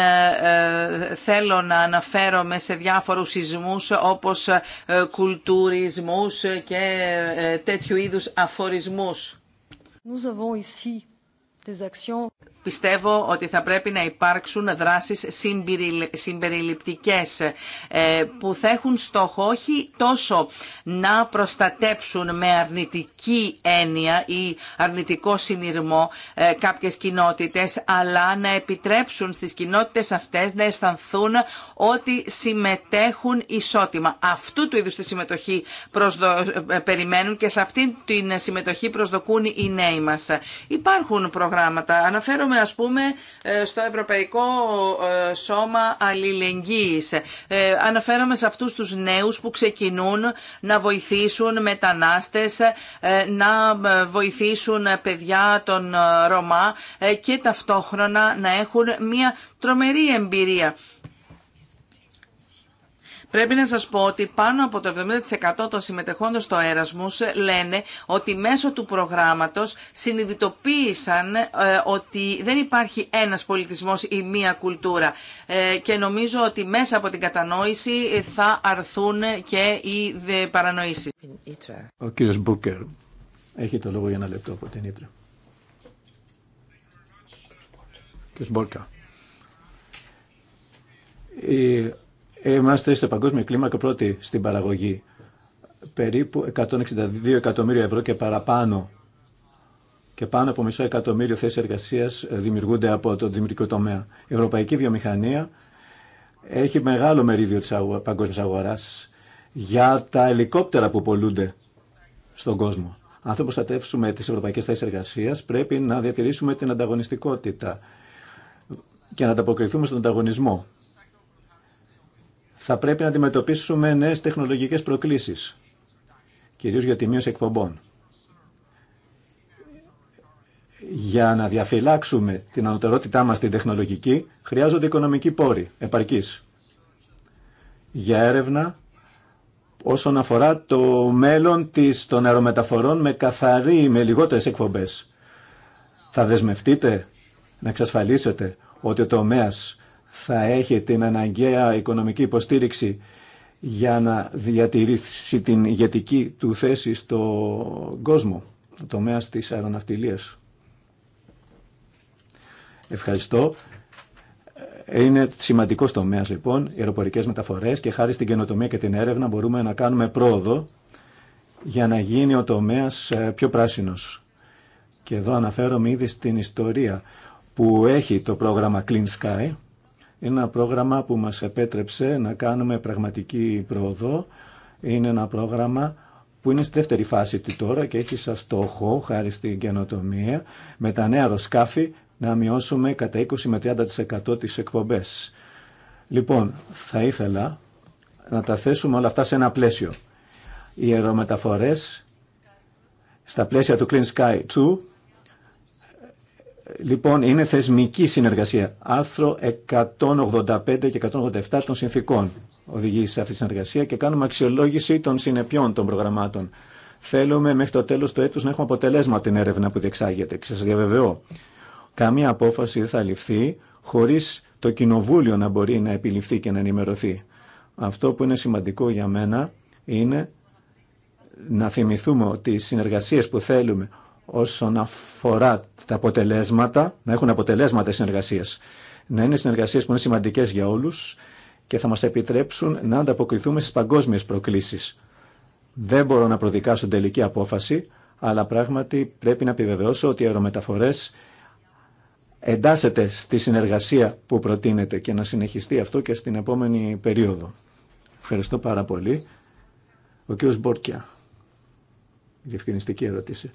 ε, θέλω να αναφέρομαι σε διάφορους σεισμούς όπως ε, κουλτουρισμούς και τέτοιου είδους αφορισμούς. Nous avons ici des πιστεύω ότι θα πρέπει να υπάρξουν δράσεις συμπεριληπτικές ε, που θα έχουν στόχο όχι τόσο να προστατέψουν με αρνητική έννοια ή αρνητικό συνειρμό ε, κάποιες κοινότητες, αλλά να επιτρέψουν στις κοινότητες αυτές να αισθανθούν ότι συμμετέχουν ισότιμα. Αυτού του είδους τη συμμετοχή προσδο... Ε, περιμένουν και σε αυτή την συμμετοχή προσδοκούν οι νέοι μας. Υπάρχουν προγράμματα. Αναφέρομαι ας πούμε ε, στο Ευρωπαϊκό ε, Σώμα Αλληλεγγύης. Ε, αναφέρομαι σε αυτούς τους νέους που ξεκινούν να βοηθήσουν μετανάστες, να βοηθήσουν παιδιά των Ρωμά και ταυτόχρονα να έχουν μια τρομερή εμπειρία Πρέπει να σας πω ότι πάνω από το 70% των συμμετεχόντων στο Erasmus λένε ότι μέσω του προγράμματος συνειδητοποίησαν ε, ότι δεν υπάρχει ένας πολιτισμός ή μία κουλτούρα ε, και νομίζω ότι μέσα από την κατανόηση θα αρθούν και οι παρανοήσεις. Ο κύριος Μπούκερ έχει το λόγο για ένα λεπτό από την Ήτρα. Κύριος Μπόρκα. Είμαστε σε παγκόσμια κλίμακα πρώτοι στην παραγωγή. Περίπου 162 εκατομμύρια ευρώ και παραπάνω και πάνω από μισό εκατομμύριο θέσει εργασία ε, δημιουργούνται από τον δημιουργικό τομέα. Η ευρωπαϊκή βιομηχανία έχει μεγάλο μερίδιο τη παγκόσμια αγορά για τα ελικόπτερα που πολλούνται στον κόσμο. Αν θα προστατεύσουμε τι ευρωπαϊκέ θέσει εργασία πρέπει να διατηρήσουμε την ανταγωνιστικότητα και να ανταποκριθούμε στον ανταγωνισμό θα πρέπει να αντιμετωπίσουμε νέες τεχνολογικές προκλήσεις, κυρίως για τη μείωση εκπομπών. Για να διαφυλάξουμε την ανωτερότητά μας την τεχνολογική, χρειάζονται οικονομικοί πόροι, επαρκής, για έρευνα όσον αφορά το μέλλον της, των αερομεταφορών με καθαρή, με λιγότερες εκπομπές. Θα δεσμευτείτε να εξασφαλίσετε ότι ο τομέας θα έχει την αναγκαία οικονομική υποστήριξη για να διατηρήσει την ηγετική του θέση στον κόσμο, το τομέα της αεροναυτιλίας. Ευχαριστώ. Είναι σημαντικός τομέας λοιπόν οι αεροπορικές μεταφορές και χάρη στην καινοτομία και την έρευνα μπορούμε να κάνουμε πρόοδο για να γίνει ο τομέας ε, πιο πράσινος. Και εδώ αναφέρομαι ήδη στην ιστορία που έχει το πρόγραμμα Clean Sky είναι ένα πρόγραμμα που μας επέτρεψε να κάνουμε πραγματική πρόοδο. Είναι ένα πρόγραμμα που είναι στη δεύτερη φάση του τώρα και έχει σαν στόχο, χάρη στην καινοτομία, με τα νέα αεροσκάφη να μειώσουμε κατά 20 με 30% τις εκπομπές. Λοιπόν, θα ήθελα να τα θέσουμε όλα αυτά σε ένα πλαίσιο. Οι αερομεταφορές στα πλαίσια του Clean Sky 2 Λοιπόν, είναι θεσμική συνεργασία. Άρθρο 185 και 187 των συνθήκων οδηγεί σε αυτή τη συνεργασία και κάνουμε αξιολόγηση των συνεπιών των προγραμμάτων. Θέλουμε μέχρι το τέλο του έτου να έχουμε αποτελέσμα την έρευνα που διεξάγεται. Και σας διαβεβαιώ, καμία απόφαση δεν θα ληφθεί χωρίς το Κοινοβούλιο να μπορεί να επιληφθεί και να ενημερωθεί. Αυτό που είναι σημαντικό για μένα είναι να θυμηθούμε ότι οι συνεργασίες που θέλουμε όσον αφορά τα αποτελέσματα, να έχουν αποτελέσματα οι συνεργασίες. Να είναι συνεργασίες που είναι σημαντικές για όλους και θα μας επιτρέψουν να ανταποκριθούμε στις παγκόσμιες προκλήσεις. Δεν μπορώ να προδικάσω τελική απόφαση, αλλά πράγματι πρέπει να επιβεβαιώσω ότι οι αερομεταφορές εντάσσεται στη συνεργασία που προτείνεται και να συνεχιστεί αυτό και στην επόμενη περίοδο. Ευχαριστώ πάρα πολύ. Ο κύριος Μπόρκια. Διευκρινιστική ερώτηση.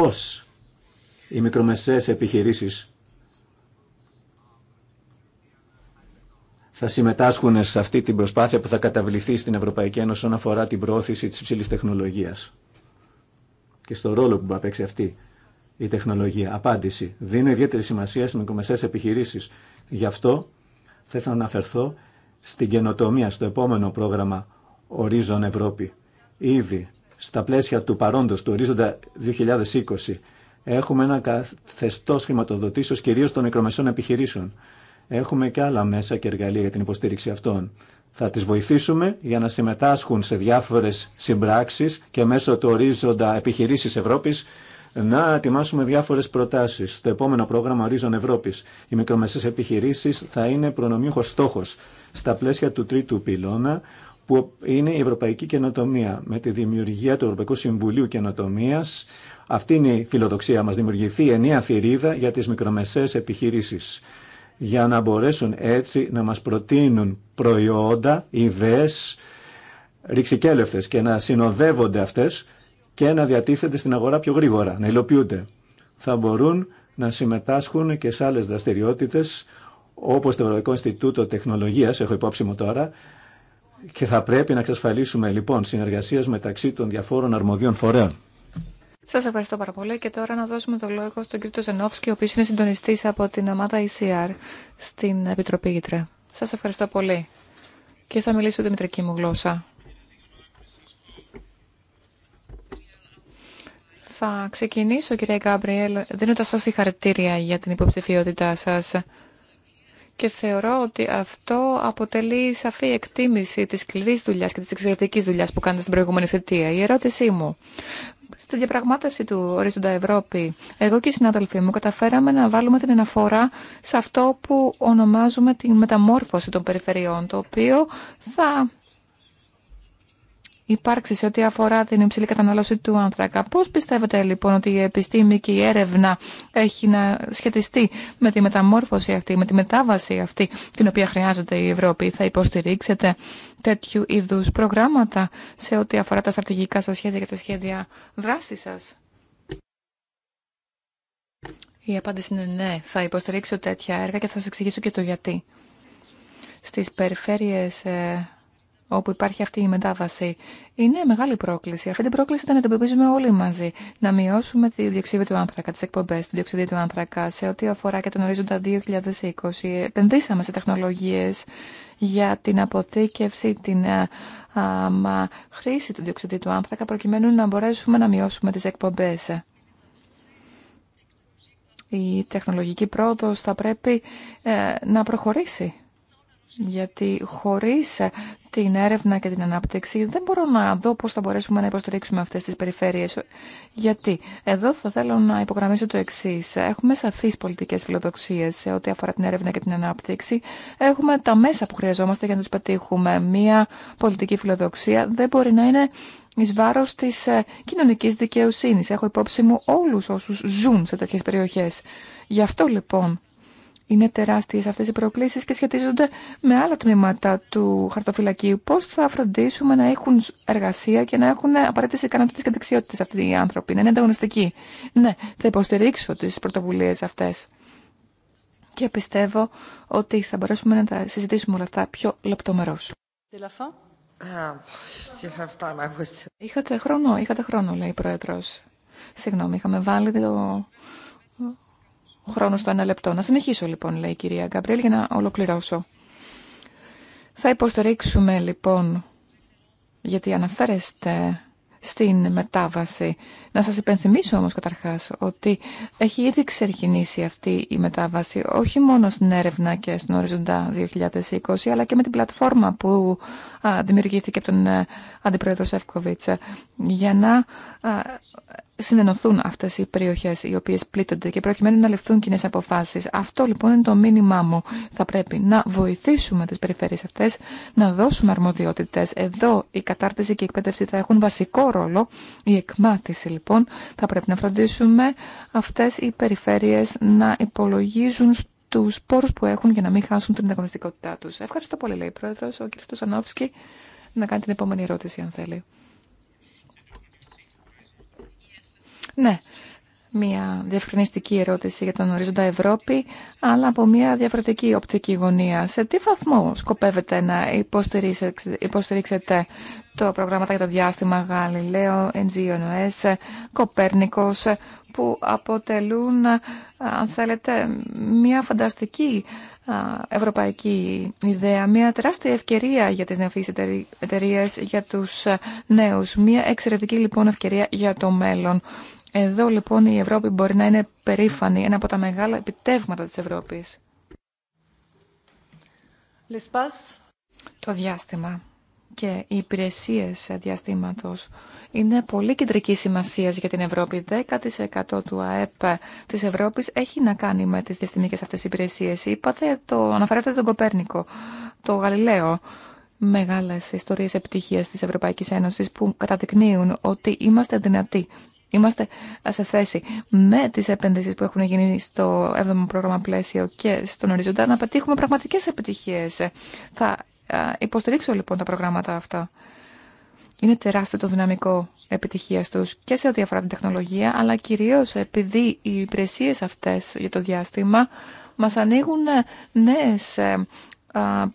πώς οι μικρομεσαίες επιχειρήσεις θα συμμετάσχουν σε αυτή την προσπάθεια που θα καταβληθεί στην Ευρωπαϊκή Ένωση όσον αφορά την προώθηση της υψηλής τεχνολογίας και στο ρόλο που θα παίξει αυτή η τεχνολογία. Απάντηση. Δίνω ιδιαίτερη σημασία στις μικρομεσαίες επιχειρήσεις. Γι' αυτό θα ήθελα να αναφερθώ στην καινοτομία, στο επόμενο πρόγραμμα Horizon Ευρώπη. Ήδη στα πλαίσια του παρόντος, του ορίζοντα 2020, έχουμε ένα καθεστώς χρηματοδοτήσεως κυρίως των μικρομεσών επιχειρήσεων. Έχουμε και άλλα μέσα και εργαλεία για την υποστήριξη αυτών. Θα τις βοηθήσουμε για να συμμετάσχουν σε διάφορες συμπράξεις και μέσω του ορίζοντα επιχειρήσεις Ευρώπης να ετοιμάσουμε διάφορε προτάσει. Στο επόμενο πρόγραμμα Ορίζον Ευρώπη, οι μικρομεσαίε επιχειρήσει θα είναι προνομίουχο στόχο στα πλαίσια του τρίτου πυλώνα που είναι η Ευρωπαϊκή Καινοτομία. Με τη δημιουργία του Ευρωπαϊκού Συμβουλίου Καινοτομία, αυτή είναι η φιλοδοξία μα. Δημιουργηθεί ενία θηρίδα για τι μικρομεσαίε επιχειρήσει. Για να μπορέσουν έτσι να μα προτείνουν προϊόντα, ιδέε, ρηξικέλευτε και να συνοδεύονται αυτέ και να διατίθενται στην αγορά πιο γρήγορα, να υλοποιούνται. Θα μπορούν να συμμετάσχουν και σε άλλε δραστηριότητε, όπω το Ευρωπαϊκό Ινστιτούτο Τεχνολογία, έχω υπόψη μου τώρα, και θα πρέπει να εξασφαλίσουμε λοιπόν συνεργασία μεταξύ των διαφόρων αρμοδίων φορέων. Σα ευχαριστώ πάρα πολύ. Και τώρα να δώσουμε το λόγο στον κύριο Ζενόφσκι, ο οποίο είναι συντονιστή από την ομάδα ECR στην Επιτροπή Γητρέ. Σα ευχαριστώ πολύ. Και θα μιλήσω τη μητρική μου γλώσσα. Θα ξεκινήσω, κυρία Γκάμπριελ, δίνοντα σα συγχαρητήρια για την υποψηφιότητά σα και θεωρώ ότι αυτό αποτελεί σαφή εκτίμηση της σκληρής δουλειάς και της εξαιρετικής δουλειάς που κάνετε στην προηγούμενη θετία. Η ερώτησή μου, στη διαπραγμάτευση του ορίζοντα Ευρώπη, εγώ και οι συνάδελφοί μου καταφέραμε να βάλουμε την αναφορά σε αυτό που ονομάζουμε τη μεταμόρφωση των περιφερειών, το οποίο θα υπάρξει σε ό,τι αφορά την υψηλή κατανάλωση του άνθρακα. Πώς πιστεύετε λοιπόν ότι η επιστήμη και η έρευνα έχει να σχετιστεί με τη μεταμόρφωση αυτή, με τη μετάβαση αυτή την οποία χρειάζεται η Ευρώπη. Θα υποστηρίξετε τέτοιου είδου προγράμματα σε ό,τι αφορά τα στρατηγικά σα σχέδια και τα σχέδια δράση σα. Η απάντηση είναι ναι, θα υποστηρίξω τέτοια έργα και θα σας εξηγήσω και το γιατί. Στις περιφέρειες ε, όπου υπάρχει αυτή η μετάβαση. Είναι μεγάλη πρόκληση. Αυτή την πρόκληση ήταν να αντιμετωπίζουμε όλοι μαζί. Να μειώσουμε τη διοξίδη του άνθρακα, τι εκπομπέ του διοξίδη του άνθρακα σε ό,τι αφορά και τον ορίζοντα 2020. Επενδύσαμε σε τεχνολογίες για την αποθήκευση, την α, χρήση του διοξιδίου του άνθρακα προκειμένου να μπορέσουμε να μειώσουμε τις εκπομπές. Η τεχνολογική πρόοδος θα πρέπει ε, να προχωρήσει γιατί χωρίς ε, την έρευνα και την ανάπτυξη δεν μπορώ να δω πώς θα μπορέσουμε να υποστηρίξουμε αυτές τις περιφέρειες. Γιατί εδώ θα θέλω να υπογραμμίσω το εξή. Έχουμε σαφείς πολιτικές φιλοδοξίες σε ό,τι αφορά την έρευνα και την ανάπτυξη. Έχουμε τα μέσα που χρειαζόμαστε για να τους πετύχουμε. Μία πολιτική φιλοδοξία δεν μπορεί να είναι εις βάρος της ε, κοινωνικής δικαιοσύνης. Έχω υπόψη μου όλους όσους ζουν σε τέτοιες περιοχές. Γι' αυτό λοιπόν είναι τεράστιε αυτέ οι προκλήσει και σχετίζονται με άλλα τμήματα του χαρτοφυλακίου. Πώ θα φροντίσουμε να έχουν εργασία και να έχουν απαραίτητε ικανότητε και δεξιότητε αυτοί οι άνθρωποι, να είναι ανταγωνιστικοί. Ναι, θα υποστηρίξω τι πρωτοβουλίε αυτέ. Και πιστεύω ότι θα μπορέσουμε να τα συζητήσουμε όλα αυτά πιο λεπτομερώ. Ah, είχατε χρόνο, είχατε χρόνο, λέει η Πρόεδρο. Συγγνώμη, είχαμε βάλει το ο χρόνος στο ένα λεπτό. Να συνεχίσω λοιπόν, λέει η κυρία Γκαμπρίλ, για να ολοκληρώσω. Θα υποστηρίξουμε λοιπόν, γιατί αναφέρεστε στην μετάβαση. Να σας υπενθυμίσω όμως καταρχάς ότι έχει ήδη ξεκινήσει αυτή η μετάβαση όχι μόνο στην έρευνα και στην οριζοντά 2020 αλλά και με την πλατφόρμα που δημιουργήθηκε από τον ε, Αντιπρόεδρος Εύκοβιτς, ε, για να ε, συνενωθούν αυτές οι περιοχές οι οποίες πλήττονται και προκειμένου να ληφθούν κοινέ αποφάσεις. Αυτό λοιπόν είναι το μήνυμά μου. Θα πρέπει να βοηθήσουμε τις περιφέρειες αυτές, να δώσουμε αρμοδιότητες. Εδώ η κατάρτιση και η εκπαίδευση θα έχουν βασικό ρόλο. Η εκμάθηση λοιπόν θα πρέπει να φροντίσουμε αυτές οι περιφέρειες να υπολογίζουν του πόρου που έχουν για να μην χάσουν την ανταγωνιστικότητά του. Ευχαριστώ πολύ, λέει η πρόεδρο, ο κ. Σανόφσκι να κάνει την επόμενη ερώτηση, αν θέλει. Ναι, μια διευκρινιστική ερώτηση για τον ορίζοντα Ευρώπη, αλλά από μια διαφορετική οπτική γωνία. Σε τι βαθμό σκοπεύετε να υποστηρίξετε το προγράμματα για το διάστημα Γαλιλαίο, NGONOS, Κοπέρνικος, που αποτελούν, αν θέλετε, μια φανταστική ευρωπαϊκή ιδέα, μια τεράστια ευκαιρία για τις νεοφύσεις εταιρείε για τους ε, νέους. Μια εξαιρετική λοιπόν ευκαιρία για το μέλλον. Εδώ λοιπόν η Ευρώπη μπορεί να είναι περήφανη, ένα από τα μεγάλα επιτεύγματα της Ευρώπης. Το διάστημα και οι υπηρεσίες διαστήματος είναι πολύ κεντρική σημασία για την Ευρώπη. 10% του ΑΕΠ τη Ευρώπη έχει να κάνει με τις διαστημικέ αυτές υπηρεσίε. Είπατε, το, αναφέρατε τον Κοπέρνικο, το Γαλιλαίο. Μεγάλε ιστορίε επιτυχία τη Ευρωπαϊκή Ένωση που καταδεικνύουν ότι είμαστε δυνατοί. Είμαστε σε θέση με τι επένδυσεις που έχουν γίνει στο 7ο πρόγραμμα πλαίσιο και στον οριζοντά να πετύχουμε πραγματικέ επιτυχίε. Θα ε, υποστηρίξω λοιπόν τα προγράμματα αυτά. Είναι τεράστιο το δυναμικό επιτυχία τους και σε ό,τι αφορά την τεχνολογία, αλλά κυρίως επειδή οι υπηρεσίε αυτές για το διάστημα μας ανοίγουν ε, νέες, ε,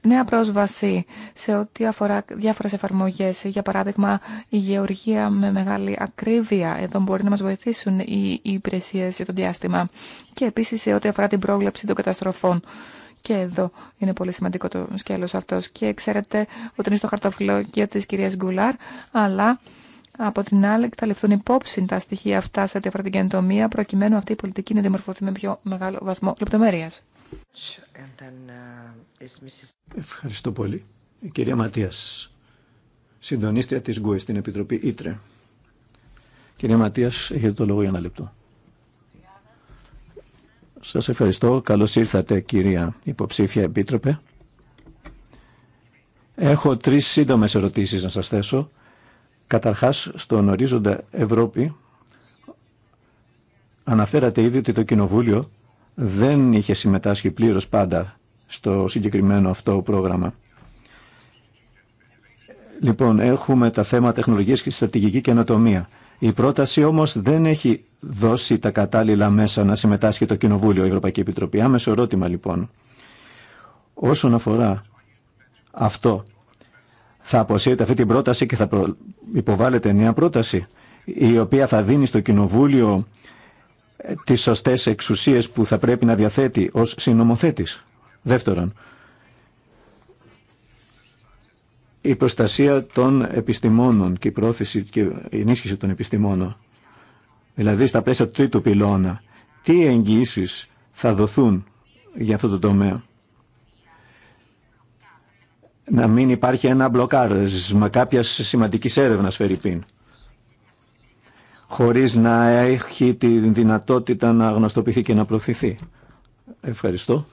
νέα πρόσβαση σε ό,τι αφορά διάφορες εφαρμογές. Για παράδειγμα, η γεωργία με μεγάλη ακρίβεια. Εδώ μπορεί να μας βοηθήσουν οι υπηρεσίες για το διάστημα. Και επίσης σε ό,τι αφορά την πρόβλεψη των καταστροφών και εδώ είναι πολύ σημαντικό το σκέλος αυτός. Και ξέρετε ότι είναι στο χαρτοφυλλογείο της κυρίας Γκουλάρ, αλλά από την άλλη θα ληφθούν υπόψη τα στοιχεία αυτά σε διαφορετική προκειμένου αυτή η πολιτική να δημορφωθεί με πιο μεγάλο βαθμό λεπτομέρειας. Uh, Ευχαριστώ πολύ. Η κυρία Ματίας, συντονίστρια της ΓΚΟΕ στην Επιτροπή Ήτρε. Κυρία Ματίας, έχετε το λόγο για ένα λεπτό. Σας ευχαριστώ. Καλώς ήρθατε κυρία υποψήφια επίτροπε. Έχω τρεις σύντομες ερωτήσεις να σας θέσω. Καταρχάς, στον ορίζοντα Ευρώπη αναφέρατε ήδη ότι το Κοινοβούλιο δεν είχε συμμετάσχει πλήρως πάντα στο συγκεκριμένο αυτό πρόγραμμα. Λοιπόν, έχουμε τα θέματα τεχνολογίας και στρατηγική καινοτομία. Η πρόταση όμως δεν έχει δώσει τα κατάλληλα μέσα να συμμετάσχει το Κοινοβούλιο, η Ευρωπαϊκή Επιτροπή. Άμεσο ερώτημα λοιπόν. Όσον αφορά αυτό, θα αποσύρετε αυτή την πρόταση και θα υποβάλλετε νέα πρόταση, η οποία θα δίνει στο Κοινοβούλιο ε, τις σωστές εξουσίες που θα πρέπει να διαθέτει ως συνομοθέτης. Δεύτερον, η προστασία των επιστημόνων και η πρόθεση και η ενίσχυση των επιστημόνων. Δηλαδή στα πλαίσια του τρίτου πυλώνα. Τι εγγυήσει θα δοθούν για αυτό το τομέα. Να μην υπάρχει ένα μπλοκάρισμα κάποια σημαντική έρευνα, Φερρυπίν. χωρίς να έχει τη δυνατότητα να γνωστοποιηθεί και να προωθηθεί. Ευχαριστώ.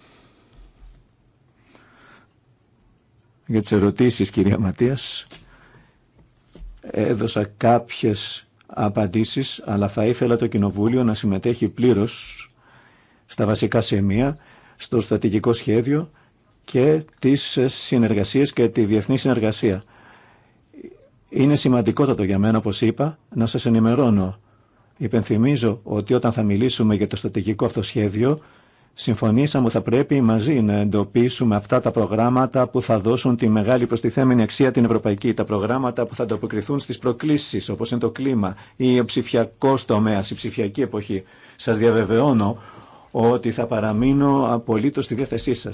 για τις ερωτήσεις κυρία Ματίας. Έδωσα κάποιες απαντήσεις, αλλά θα ήθελα το Κοινοβούλιο να συμμετέχει πλήρως στα βασικά σημεία, στο στρατηγικό σχέδιο και τις συνεργασίες και τη διεθνή συνεργασία. Είναι σημαντικότατο για μένα, όπως είπα, να σας ενημερώνω. Υπενθυμίζω ότι όταν θα μιλήσουμε για το στρατηγικό αυτό σχέδιο, συμφωνήσαμε ότι θα πρέπει μαζί να εντοπίσουμε αυτά τα προγράμματα που θα δώσουν τη μεγάλη προστιθέμενη αξία την ευρωπαϊκή, τα προγράμματα που θα ανταποκριθούν στι προκλήσει, όπω είναι το κλίμα ή ο ψηφιακό τομέα, η ψηφιακή εποχή. Σα διαβεβαιώνω ότι θα παραμείνω απολύτω στη διάθεσή σα.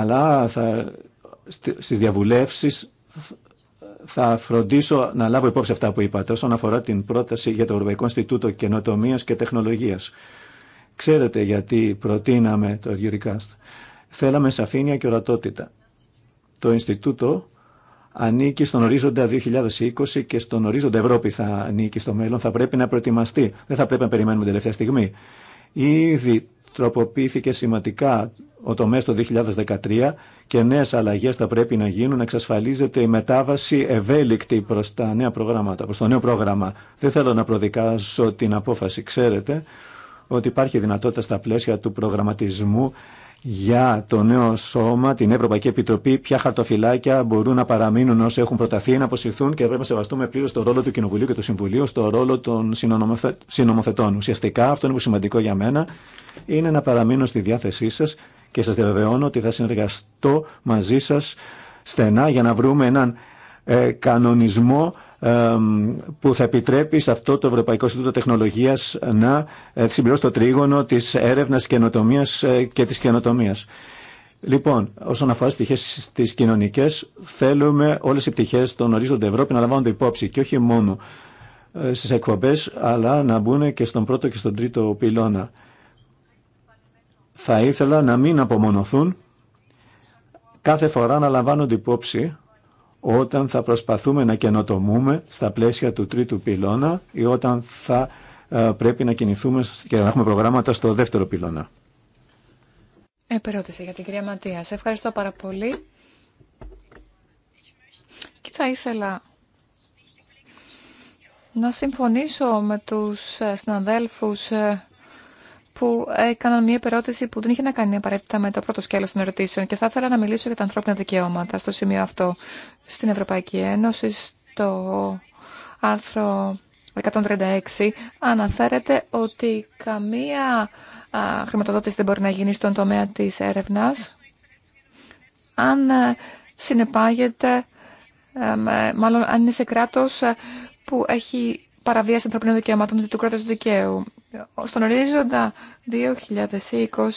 Αλλά θα, στις διαβουλεύσεις θα φροντίσω να λάβω υπόψη αυτά που είπατε όσον αφορά την πρόταση για το Ευρωπαϊκό Ινστιτούτο Καινοτομίας και Τεχνολογίας. Ξέρετε γιατί προτείναμε το Euricast. Θέλαμε σαφήνεια και ορατότητα. Το Ινστιτούτο ανήκει στον ορίζοντα 2020 και στον ορίζοντα Ευρώπη θα ανήκει στο μέλλον. Θα πρέπει να προετοιμαστεί. Δεν θα πρέπει να περιμένουμε τελευταία στιγμή. Ήδη τροποποιήθηκε σημαντικά ο τομέας το 2013 και νέε αλλαγέ θα πρέπει να γίνουν. Να Εξασφαλίζεται η μετάβαση ευέλικτη προ τα νέα προγράμματα, Προ το νέο πρόγραμμα. Δεν θέλω να προδικάσω την απόφαση, ξέρετε ότι υπάρχει δυνατότητα στα πλαίσια του προγραμματισμού για το νέο σώμα, την Ευρωπαϊκή Επιτροπή, ποια χαρτοφυλάκια μπορούν να παραμείνουν όσοι έχουν προταθεί να αποσυρθούν και πρέπει να σεβαστούμε πλήρω το ρόλο του Κοινοβουλίου και του Συμβουλίου στο ρόλο των συνομοθετών. Ουσιαστικά, αυτό είναι που σημαντικό για μένα, είναι να παραμείνω στη διάθεσή σα και σα διαβεβαιώνω ότι θα συνεργαστώ μαζί σα στενά για να βρούμε έναν ε, κανονισμό που θα επιτρέπει σε αυτό το Ευρωπαϊκό Συντούτο Τεχνολογίας να ε, συμπληρώσει το τρίγωνο της έρευνα καινοτομία ε, και της καινοτομία. Λοιπόν, όσον αφορά τι πτυχέ τι κοινωνικέ, θέλουμε όλε οι πτυχέ των ορίζοντα Ευρώπη να λαμβάνονται υπόψη και όχι μόνο ε, στι εκπομπέ, αλλά να μπουν και στον πρώτο και στον τρίτο πυλώνα. Θα ήθελα να μην απομονωθούν κάθε φορά να λαμβάνονται υπόψη όταν θα προσπαθούμε να καινοτομούμε στα πλαίσια του τρίτου πυλώνα ή όταν θα ε, πρέπει να κινηθούμε και να έχουμε προγράμματα στο δεύτερο πυλώνα. Επερώτηση για την κυρία Ματία. Σε ευχαριστώ πάρα πολύ. Και θα ήθελα να συμφωνήσω με τους ε, συναδέλφους ε, που έκαναν μια περώτηση που δεν είχε να κάνει απαραίτητα με το πρώτο σκέλος των ερωτήσεων και θα ήθελα να μιλήσω για τα ανθρώπινα δικαιώματα στο σημείο αυτό στην Ευρωπαϊκή Ένωση, στο άρθρο 136 αναφέρεται ότι καμία χρηματοδότηση δεν μπορεί να γίνει στον τομέα της έρευνας αν ε, συνεπάγεται, ε, μάλλον αν είναι σε κράτος ε, που έχει παραβίαση ανθρωπίνων δικαιωμάτων του κράτους δικαίου. Στον ορίζοντα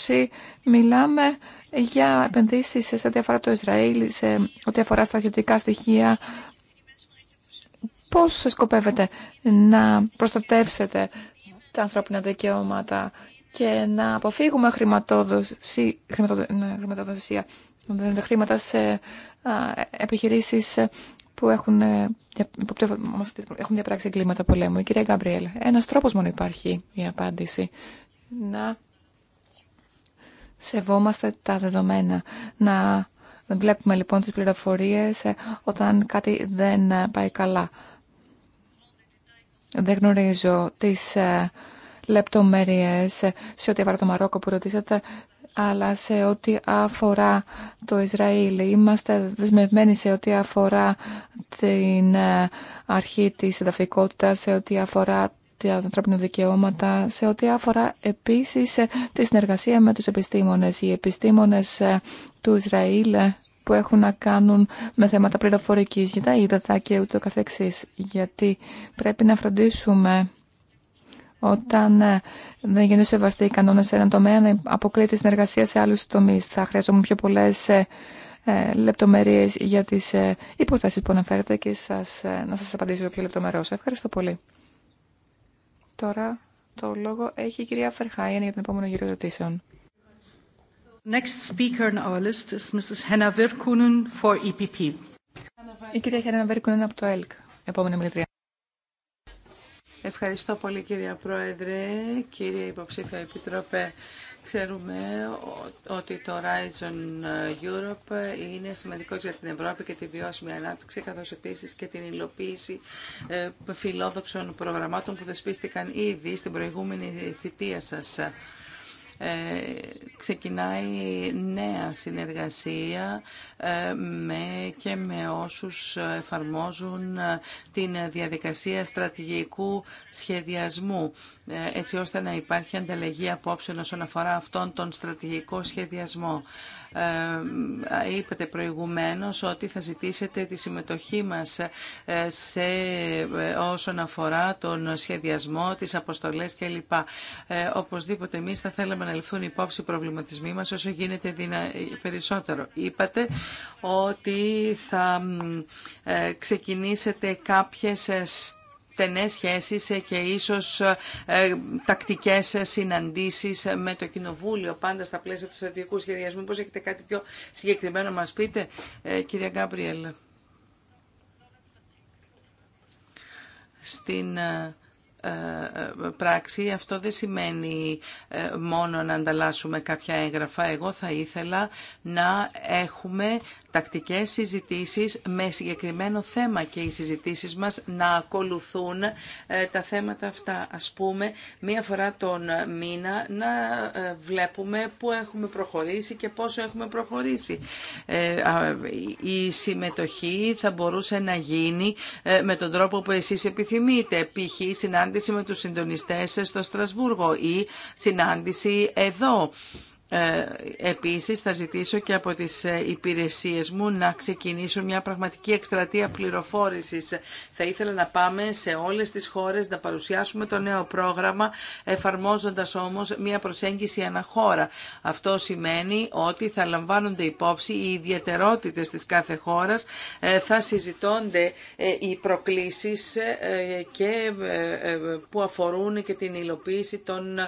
2020 μιλάμε για επενδύσεις σε ό,τι αφορά το Ισραήλ, σε ό,τι αφορά στρατιωτικά στοιχεία. Πώς σκοπεύετε να προστατεύσετε τα ανθρώπινα δικαιώματα και να αποφύγουμε χρηματοδοσία, χρηματοδοσία χρήματα σε επιχειρήσεις που έχουν, ε, έχουν διαπράξει εγκλήματα πολέμου. Η κυρία Γκαμπριέλα. ένας τρόπος μόνο υπάρχει η απάντηση. Να σεβόμαστε τα δεδομένα. Να βλέπουμε λοιπόν τις πληροφορίες ε, όταν κάτι δεν ε, πάει καλά. Δεν γνωρίζω τις λεπτομέρειες σε ό,τι αφορά το Μαρόκο που ρωτήσατε αλλά σε ό,τι αφορά το Ισραήλ. Είμαστε δεσμευμένοι σε ό,τι αφορά την ε, αρχή της εδαφικότητας, σε ό,τι αφορά τα ανθρώπινα δικαιώματα, σε ό,τι αφορά επίσης ε, τη συνεργασία με τους επιστήμονες. Οι επιστήμονες ε, του Ισραήλ που έχουν να κάνουν με θέματα πληροφορικής για τα είδατα και ούτω καθεξής. Γιατί πρέπει να φροντίσουμε όταν ε, δεν γίνουν σεβαστοί οι κανόνε σε έναν τομέα, να αποκλείεται η συνεργασία σε άλλου τομεί. Θα χρειαζόμουν πιο πολλέ ε, ε, λεπτομέρειε για τι υποθέσει που αναφέρετε και σας, να σα απαντήσω πιο λεπτομερώ. Ευχαριστώ πολύ. Τώρα το λόγο έχει η κυρία Φερχάιεν για τον επόμενο γύρο ερωτήσεων. Next speaker on our list is Mrs. Hanna Virkunen for EPP. Η κυρία Χένα είναι από το ΕΛΚ. Επόμενη μιλητρία. Ευχαριστώ πολύ κυρία Πρόεδρε, κύριε Υποψήφια Επιτροπέ. Ξέρουμε ότι το Horizon Europe είναι σημαντικό για την Ευρώπη και τη βιώσιμη ανάπτυξη, καθώς επίσης και την υλοποίηση ε, φιλόδοξων προγραμμάτων που δεσπίστηκαν ήδη στην προηγούμενη θητεία σας. Ε, ξεκινάει νέα συνεργασία ε, με και με όσους εφαρμόζουν ε, την διαδικασία στρατηγικού σχεδιασμού έτσι ώστε να υπάρχει ανταλλαγή απόψεων όσον αφορά αυτόν τον στρατηγικό σχεδιασμό. Ε, είπατε προηγουμένως ότι θα ζητήσετε τη συμμετοχή μας ε, σε ε, όσον αφορά τον σχεδιασμό, τις αποστολές κλπ. Οπωσδήποτε εμείς θα θέλαμε να ληφθούν υπόψη οι προβληματισμοί μας όσο γίνεται περισσότερο. Είπατε ότι θα ξεκινήσετε κάποιες στενές σχέσεις και ίσως ε, τακτικές συναντήσεις με το Κοινοβούλιο, πάντα στα πλαίσια του στρατηγικού σχεδιασμού. Πώς έχετε κάτι πιο συγκεκριμένο να μας πείτε, ε, κυρία Γκάμπριελ. Στην ε, πράξη. Αυτό δεν σημαίνει μόνο να ανταλλάσσουμε κάποια έγγραφα. Εγώ θα ήθελα να έχουμε τακτικές συζητήσεις με συγκεκριμένο θέμα και οι συζητήσεις μας να ακολουθούν ε, τα θέματα αυτά. Ας πούμε, μία φορά τον μήνα να ε, βλέπουμε πού έχουμε προχωρήσει και πόσο έχουμε προχωρήσει. Ε, η συμμετοχή θα μπορούσε να γίνει με τον τρόπο που εσείς επιθυμείτε, π.χ. συνάντηση με τους συντονιστές στο Στρασβούργο ή συνάντηση εδώ. Ε, επίσης θα ζητήσω και από τις ε, υπηρεσίες μου να ξεκινήσουν μια πραγματική εκστρατεία πληροφόρησης. Θα ήθελα να πάμε σε όλες τις χώρες να παρουσιάσουμε το νέο πρόγραμμα εφαρμόζοντας όμως μια προσέγγιση αναχώρα. Αυτό σημαίνει ότι θα λαμβάνονται υπόψη οι ιδιαιτερότητες της κάθε χώρας, ε, θα συζητώνται οι προκλήσεις και που αφορούν και την υλοποίηση των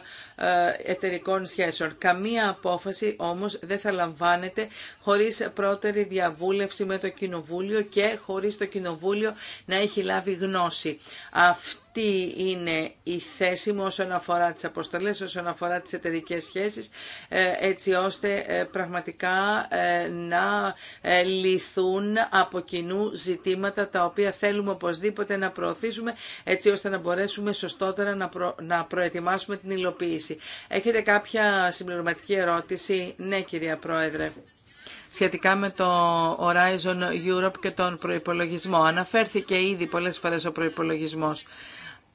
εταιρικών σχέσεων. Καμία απόφαση όμως δεν θα λαμβάνεται χωρίς πρώτερη διαβούλευση με το Κοινοβούλιο και χωρίς το Κοινοβούλιο να έχει λάβει γνώση. Αυτό τι είναι η θέση μου όσον αφορά τις αποστολές, όσον αφορά τις εταιρικέ σχέσεις, ε, έτσι ώστε ε, πραγματικά ε, να λυθούν από κοινού ζητήματα τα οποία θέλουμε οπωσδήποτε να προωθήσουμε, έτσι ώστε να μπορέσουμε σωστότερα να, να προετοιμάσουμε την υλοποίηση. Έχετε κάποια συμπληρωματική ερώτηση, ναι κυρία Πρόεδρε σχετικά με το Horizon Europe και τον προϋπολογισμό. Αναφέρθηκε ήδη πολλές φορές ο προϋπολογισμός.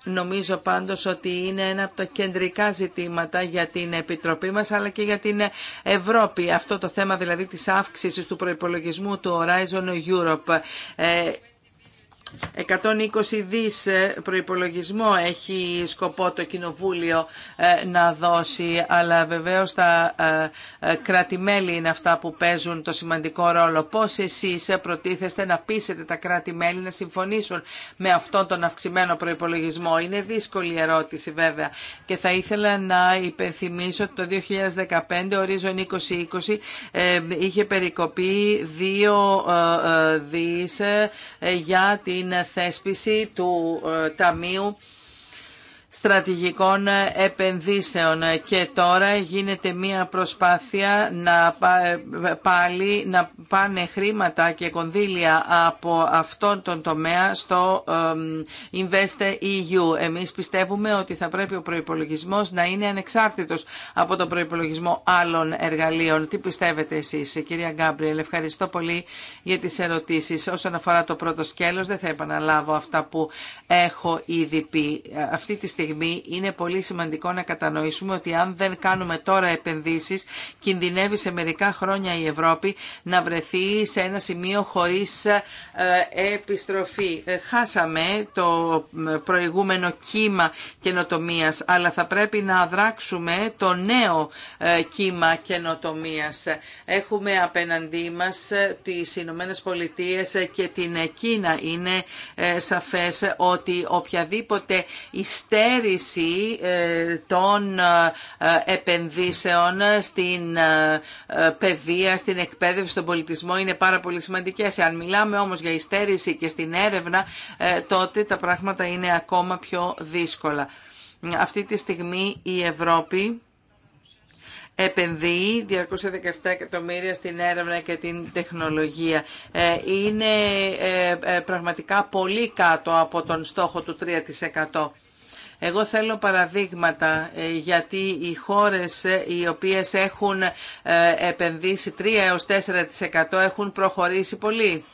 Νομίζω πάντως ότι είναι ένα από τα κεντρικά ζητήματα για την Επιτροπή μας αλλά και για την Ευρώπη. Αυτό το θέμα δηλαδή της αύξησης του προϋπολογισμού του Horizon Europe ε, 120 δις ε, προϋπολογισμό έχει σκοπό το Κοινοβούλιο ε, να δώσει, αλλά βεβαίως τα ε, κράτη-μέλη είναι αυτά που παίζουν το σημαντικό ρόλο. Πώς εσείς προτίθεστε να πείσετε τα κράτη-μέλη να συμφωνήσουν με αυτόν τον αυξημένο προϋπολογισμό. Είναι δύσκολη ερώτηση βέβαια και θα ήθελα να υπενθυμίσω ότι το 2015 ορίζον 2020 είχε περικοπεί 2 δις για την την θέσπιση του ε, Ταμείου στρατηγικών επενδύσεων και τώρα γίνεται μία προσπάθεια να πάλι να πάνε χρήματα και κονδύλια από αυτόν τον τομέα στο Invest EU. Εμείς πιστεύουμε ότι θα πρέπει ο προϋπολογισμός να είναι ανεξάρτητος από τον προϋπολογισμό άλλων εργαλείων. Τι πιστεύετε εσείς κυρία Γκάμπριελ, ευχαριστώ πολύ για τις ερωτήσεις. Όσον αφορά το πρώτο σκέλος δεν θα επαναλάβω αυτά που έχω ήδη πει αυτή τη στιγμή είναι πολύ σημαντικό να κατανοήσουμε ότι αν δεν κάνουμε τώρα επενδύσεις κινδυνεύει σε μερικά χρόνια η Ευρώπη να βρεθεί σε ένα σημείο χωρίς ε, επιστροφή. Ε, χάσαμε το προηγούμενο κύμα καινοτομίας αλλά θα πρέπει να αδράξουμε το νέο ε, κύμα καινοτομίας. Έχουμε απέναντί μας τις Ηνωμένε Πολιτείες και την Κίνα. Είναι σαφές ότι οποιαδήποτε ιστέρηση στέρηση ε, των ε, επενδύσεων στην ε, παιδεία, στην εκπαίδευση, στον πολιτισμό είναι πάρα πολύ σημαντικές. Αν μιλάμε όμως για υστέρηση και στην έρευνα, τότε τα πράγματα είναι ακόμα πιο δύσκολα. Αυτή τη στιγμή η Ευρώπη επενδύει 217 εκατομμύρια στην έρευνα και την τεχνολογία. Είναι πραγματικά πολύ κάτω από τον στόχο του 3%. Εγώ θέλω παραδείγματα ε, γιατί οι χώρες ε, οι οποίες έχουν ε, επενδύσει 3 έως 4% έχουν προχωρήσει πολύ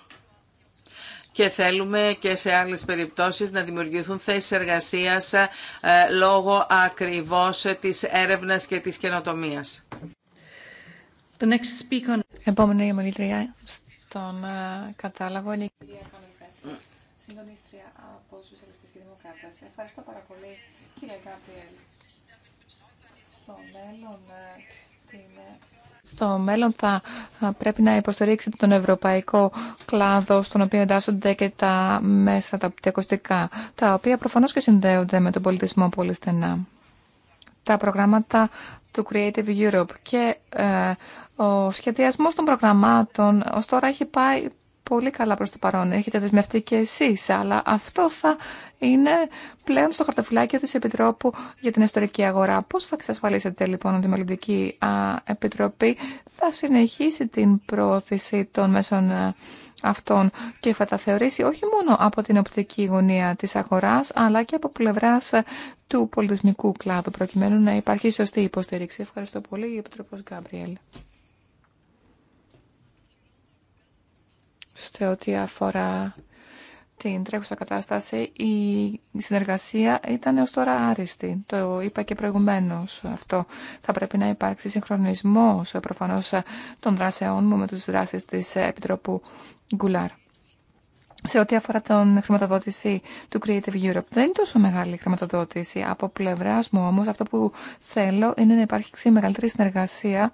και θέλουμε και σε άλλες περιπτώσεις να δημιουργηθούν θέσεις εργασίας λόγω ακριβώς της έρευνας και της καινοτομίας. The next speaker... στον κατάλαβο είναι η κυρία mm. από Ευχαριστώ πάρα πολύ, κύριε Στο μέλλον, ε, ε, στο μέλλον θα πρέπει να υποστηρίξετε τον ευρωπαϊκό κλάδο στον οποίο εντάσσονται και τα μέσα τα ακουστικά, τα οποία προφανώς και συνδέονται με τον πολιτισμό πολύ στενά. Τα προγράμματα του Creative Europe και ε, ο σχεδιασμός των προγραμμάτων ως τώρα έχει πάει πολύ καλά προς το παρόν. Έχετε δεσμευτεί και εσείς, αλλά αυτό θα είναι πλέον στο χαρτοφυλάκιο της Επιτρόπου για την Ιστορική Αγορά. Πώς θα εξασφαλίσετε λοιπόν ότι η Μελλοντική Επιτροπή θα συνεχίσει την πρόθεση των μέσων αυτών και θα τα θεωρήσει όχι μόνο από την οπτική γωνία της αγοράς, αλλά και από πλευράς του πολιτισμικού κλάδου, προκειμένου να υπάρχει σωστή υποστήριξη. Ευχαριστώ πολύ, η Επιτροπός Γκάμπριελ. σε ό,τι αφορά την τρέχουσα κατάσταση, η συνεργασία ήταν ως τώρα άριστη. Το είπα και προηγουμένως αυτό. Θα πρέπει να υπάρξει συγχρονισμός προφανώς των δράσεών μου με τους δράσεις της Επιτροπού Γκουλάρ. Σε ό,τι αφορά τον χρηματοδότηση του Creative Europe, δεν είναι τόσο μεγάλη η χρηματοδότηση. Από πλευράς μου όμως αυτό που θέλω είναι να υπάρξει μεγαλύτερη συνεργασία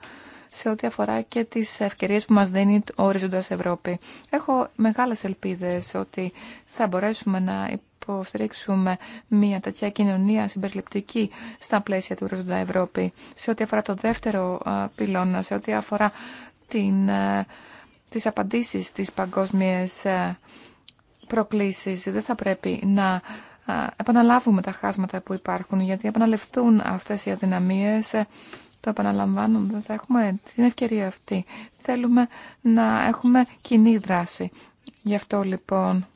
σε ό,τι αφορά και τις ευκαιρίες που μας δίνει ο Οριζόντας Ευρώπη. Έχω μεγάλες ελπίδες ότι θα μπορέσουμε να υποστηρίξουμε μια τέτοια κοινωνία συμπεριληπτική στα πλαίσια του Οριζόντα Ευρώπη, σε ό,τι αφορά το δεύτερο πυλώνα, σε ό,τι αφορά την, τις απαντήσεις στις παγκόσμιες προκλήσεις. Δεν θα πρέπει να επαναλάβουμε τα χάσματα που υπάρχουν, γιατί επαναλευθούν αυτές οι αδυναμίες το επαναλαμβάνουμε, δεν θα έχουμε την ευκαιρία αυτή. Θέλουμε να έχουμε κοινή δράση. Γι' αυτό λοιπόν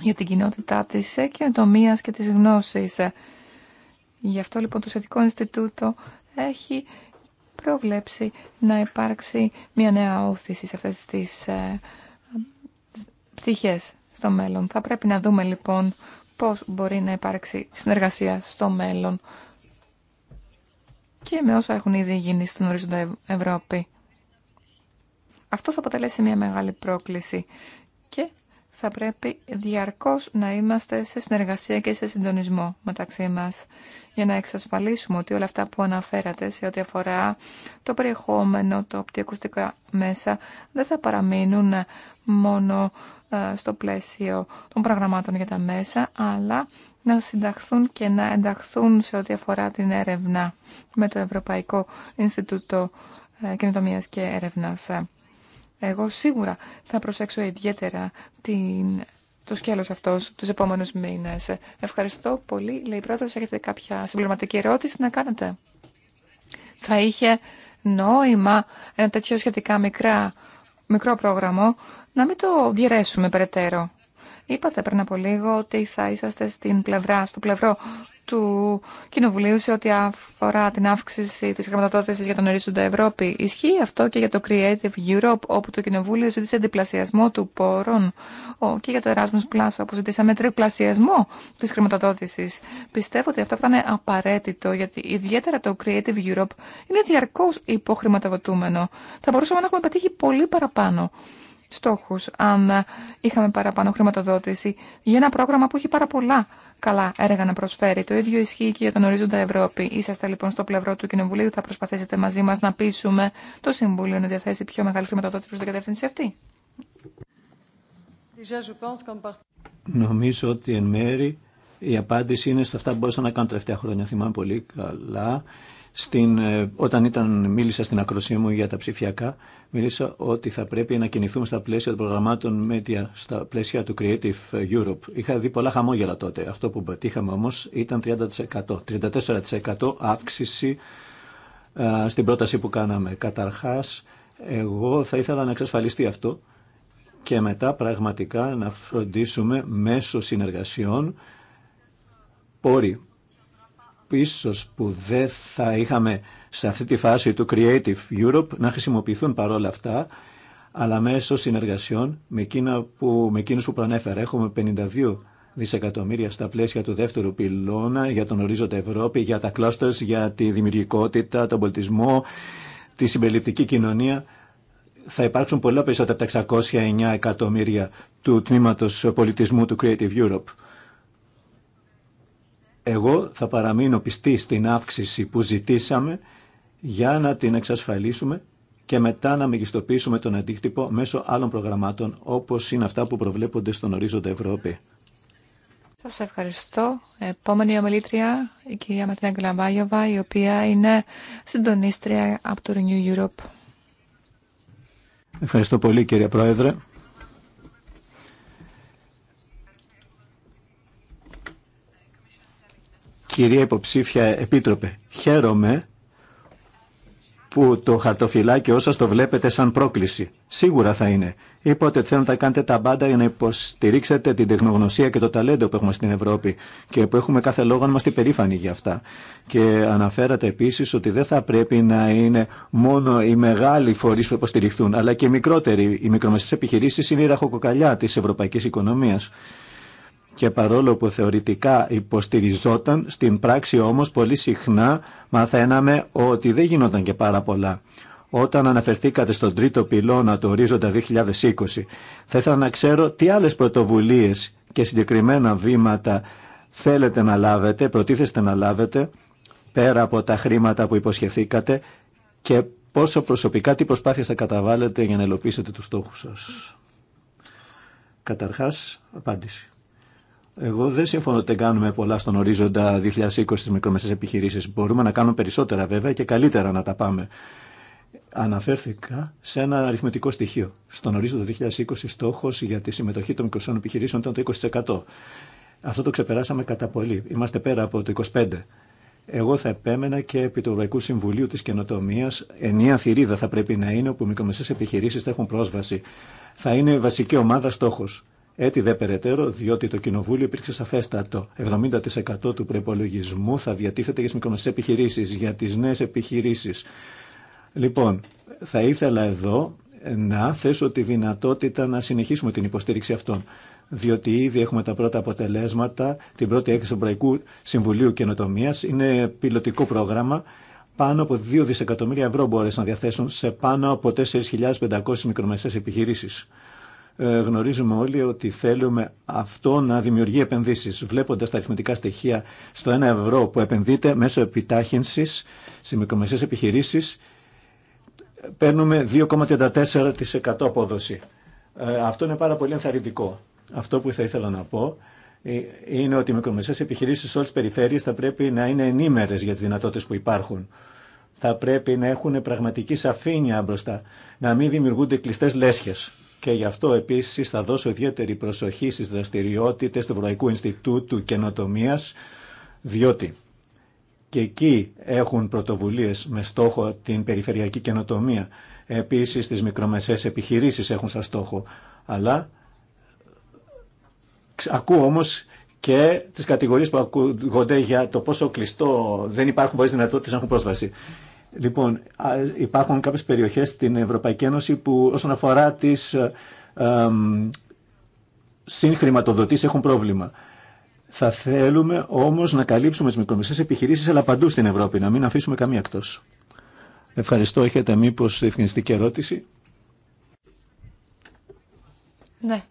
για την κοινότητά της καινοτομίας και της γνώσης. Γι' αυτό λοιπόν το Σχετικό Ινστιτούτο έχει προβλέψει να υπάρξει μια νέα όθηση σε αυτές τις ε, πτυχές στο μέλλον. Θα πρέπει να δούμε λοιπόν πώς μπορεί να υπάρξει συνεργασία στο μέλλον και με όσα έχουν ήδη γίνει στον ορίζοντα Ευρώπη. Αυτό θα αποτελέσει μια μεγάλη πρόκληση και θα πρέπει διαρκώς να είμαστε σε συνεργασία και σε συντονισμό μεταξύ μας για να εξασφαλίσουμε ότι όλα αυτά που αναφέρατε σε ό,τι αφορά το περιεχόμενο, το οπτικοακουστικά μέσα δεν θα παραμείνουν μόνο ε, στο πλαίσιο των προγραμμάτων για τα μέσα αλλά να συνταχθούν και να ενταχθούν σε ό,τι αφορά την έρευνα με το Ευρωπαϊκό Ινστιτούτο ε, Κοινοτομίας και Έρευνας. Εγώ σίγουρα θα προσέξω ιδιαίτερα την, το σκέλος αυτός τους επόμενους μήνες. Ευχαριστώ πολύ. Λέει η έχετε κάποια συμπληρωματική ερώτηση να κάνετε. Θα είχε νόημα ένα τέτοιο σχετικά μικρά, μικρό πρόγραμμα να μην το διαιρέσουμε περαιτέρω. Είπατε πριν από λίγο ότι θα είσαστε στην πλευρά, στο πλευρό του Κοινοβουλίου σε ό,τι αφορά την αύξηση της χρηματοδότησης για τον ορίζοντα Ευρώπη. Ισχύει αυτό και για το Creative Europe, όπου το Κοινοβούλιο ζήτησε διπλασιασμό του πόρων και για το Erasmus Plus, όπου ζητήσαμε τριπλασιασμό της χρηματοδότησης. Πιστεύω ότι αυτό θα είναι απαραίτητο, γιατί ιδιαίτερα το Creative Europe είναι διαρκώς υποχρηματοδοτούμενο. Θα μπορούσαμε να έχουμε πετύχει πολύ παραπάνω στόχους αν ε, είχαμε παραπάνω χρηματοδότηση για ένα πρόγραμμα που έχει πάρα πολλά καλά έργα να προσφέρει. Το ίδιο ισχύει και για τον ορίζοντα Ευρώπη. Είσαστε λοιπόν στο πλευρό του Κοινοβουλίου, θα προσπαθήσετε μαζί μας να πείσουμε το Συμβούλιο να διαθέσει πιο μεγάλη χρηματοδότηση προς την κατεύθυνση αυτή. Νομίζω ότι εν μέρη η απάντηση είναι σε αυτά που μπορούσα να κάνω τελευταία χρόνια. Θυμάμαι πολύ καλά στην, ε, όταν ήταν, μίλησα στην ακροσία μου για τα ψηφιακά, μίλησα ότι θα πρέπει να κινηθούμε στα πλαίσια των προγραμμάτων media, στα πλαίσια του Creative Europe. Είχα δει πολλά χαμόγελα τότε. Αυτό που πετύχαμε όμως ήταν 30%, 34% αύξηση ε, στην πρόταση που κάναμε. Καταρχάς, εγώ θα ήθελα να εξασφαλιστεί αυτό και μετά πραγματικά να φροντίσουμε μέσω συνεργασιών πόροι ίσως που δεν θα είχαμε σε αυτή τη φάση του Creative Europe να χρησιμοποιηθούν παρόλα αυτά, αλλά μέσω συνεργασιών με, εκείνα που, με εκείνους που προανέφερα. Έχουμε 52 δισεκατομμύρια στα πλαίσια του δεύτερου πυλώνα για τον ορίζοντα Ευρώπη, για τα clusters, για τη δημιουργικότητα, τον πολιτισμό, τη συμπεριληπτική κοινωνία. Θα υπάρξουν πολλά περισσότερα από τα 609 εκατομμύρια του τμήματος πολιτισμού του Creative Europe. Εγώ θα παραμείνω πιστή στην αύξηση που ζητήσαμε για να την εξασφαλίσουμε και μετά να μεγιστοποιήσουμε τον αντίκτυπο μέσω άλλων προγραμμάτων όπως είναι αυτά που προβλέπονται στον ορίζοντα Ευρώπη. Σας ευχαριστώ. Επόμενη ομιλήτρια, η κυρία Ματίνα Γκλαμπάγιοβα, η οποία είναι συντονίστρια από το Renew Europe. Ευχαριστώ πολύ κύριε Πρόεδρε. Κυρία Υποψήφια Επίτροπε, χαίρομαι που το χαρτοφυλάκι όσα το βλέπετε σαν πρόκληση. Σίγουρα θα είναι. Είπατε ότι θέλετε να κάνετε τα πάντα για να υποστηρίξετε την τεχνογνωσία και το ταλέντο που έχουμε στην Ευρώπη και που έχουμε κάθε λόγο να είμαστε περήφανοι για αυτά. Και αναφέρατε επίση ότι δεν θα πρέπει να είναι μόνο οι μεγάλοι φορεί που υποστηριχθούν, αλλά και οι μικρότεροι. Οι μικρομεσαίε επιχειρήσει είναι η ραχοκοκαλιά τη Ευρωπαϊκή οικονομία και παρόλο που θεωρητικά υποστηριζόταν, στην πράξη όμως πολύ συχνά μαθαίναμε ότι δεν γινόταν και πάρα πολλά. Όταν αναφερθήκατε στον τρίτο πυλώνα του ορίζοντα 2020, θα ήθελα να ξέρω τι άλλες πρωτοβουλίες και συγκεκριμένα βήματα θέλετε να λάβετε, προτίθεστε να λάβετε, πέρα από τα χρήματα που υποσχεθήκατε και πόσο προσωπικά, τι προσπάθειες θα καταβάλλετε για να ελοπίσετε τους στόχους σας. Καταρχάς, απάντηση. Εγώ δεν συμφωνώ ότι δεν κάνουμε πολλά στον ορίζοντα 2020 στις μικρομεσαίες επιχειρήσεις. Μπορούμε να κάνουμε περισσότερα βέβαια και καλύτερα να τα πάμε. Αναφέρθηκα σε ένα αριθμητικό στοιχείο. Στον ορίζοντα 2020 στόχος για τη συμμετοχή των μικρομεσαίων επιχειρήσεων ήταν το 20%. Αυτό το ξεπεράσαμε κατά πολύ. Είμαστε πέρα από το 25%. Εγώ θα επέμενα και επί του Ευρωπαϊκού Συμβουλίου τη Καινοτομία. Ενία θηρίδα θα πρέπει να είναι όπου οι μικρομεσαίε επιχειρήσει θα έχουν πρόσβαση. Θα είναι βασική ομάδα στόχο. Έτσι δε περαιτέρω, διότι το Κοινοβούλιο υπήρξε σαφέστατο. 70% του προπολογισμού θα διατίθεται για τι μικρομεσαίε επιχειρήσει, για τι νέε επιχειρήσει. Λοιπόν, θα ήθελα εδώ να θέσω τη δυνατότητα να συνεχίσουμε την υποστήριξη αυτών. Διότι ήδη έχουμε τα πρώτα αποτελέσματα, την πρώτη έκθεση του Ευρωπαϊκού Συμβουλίου Καινοτομία. Είναι πιλωτικό πρόγραμμα. Πάνω από 2 δισεκατομμύρια ευρώ μπόρεσαν να διαθέσουν σε πάνω από 4.500 μικρομεσαίε επιχειρήσει. Ε, γνωρίζουμε όλοι ότι θέλουμε αυτό να δημιουργεί επενδύσεις. Βλέποντας τα αριθμητικά στοιχεία στο 1 ευρώ που επενδύεται μέσω επιτάχυνσης σε μικρομεσαίες επιχειρήσεις, παίρνουμε 2,34% απόδοση. Ε, αυτό είναι πάρα πολύ ενθαρρυντικό. Αυτό που θα ήθελα να πω ε, είναι ότι οι μικρομεσαίες επιχειρήσεις σε όλες τις περιφέρειες θα πρέπει να είναι ενήμερες για τις δυνατότητες που υπάρχουν. Θα πρέπει να έχουν πραγματική σαφήνεια μπροστά, να μην δημιουργούνται κλειστές λέσχες και γι' αυτό επίσης θα δώσω ιδιαίτερη προσοχή στις δραστηριότητες του Ευρωπαϊκού Ινστιτούτου Καινοτομίας, διότι και εκεί έχουν πρωτοβουλίες με στόχο την περιφερειακή καινοτομία. Επίσης τις μικρομεσαίες επιχειρήσεις έχουν σαν στόχο, αλλά ακούω όμως και τις κατηγορίες που ακούγονται για το πόσο κλειστό δεν υπάρχουν πολλέ δυνατότητες να έχουν πρόσβαση. Λοιπόν, υπάρχουν κάποιες περιοχές στην Ευρωπαϊκή Ένωση που όσον αφορά τις ε, ε, συγχρηματοδοτήσεις έχουν πρόβλημα. Θα θέλουμε όμως να καλύψουμε τις μικρομεσαίες επιχειρήσεις αλλά παντού στην Ευρώπη, να μην αφήσουμε καμία εκτός. Ευχαριστώ. Έχετε μήπως ευχαριστική ερώτηση. Ναι.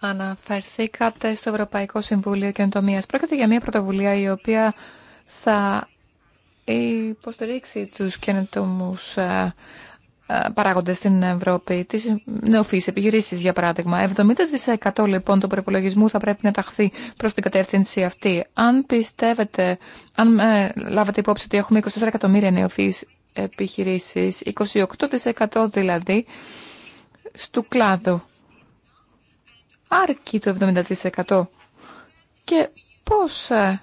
Αναφερθήκατε στο Ευρωπαϊκό Συμβούλιο Καινοτομία. Πρόκειται για μια πρωτοβουλία η οποία θα η υποστηρίξει τους καινοτόμους ε, ε, παράγοντες στην Ευρώπη, τις νεοφύης επιχειρήσεις για παράδειγμα. 70% λοιπόν του προπολογισμού θα πρέπει να ταχθεί προς την κατεύθυνση αυτή. Αν πιστεύετε, αν ε, λάβατε υπόψη ότι έχουμε 24 εκατομμύρια νεοφύης επιχειρήσεις, 28% δηλαδή, στο κλάδο, Άρκει το 70%. Και πώς ε,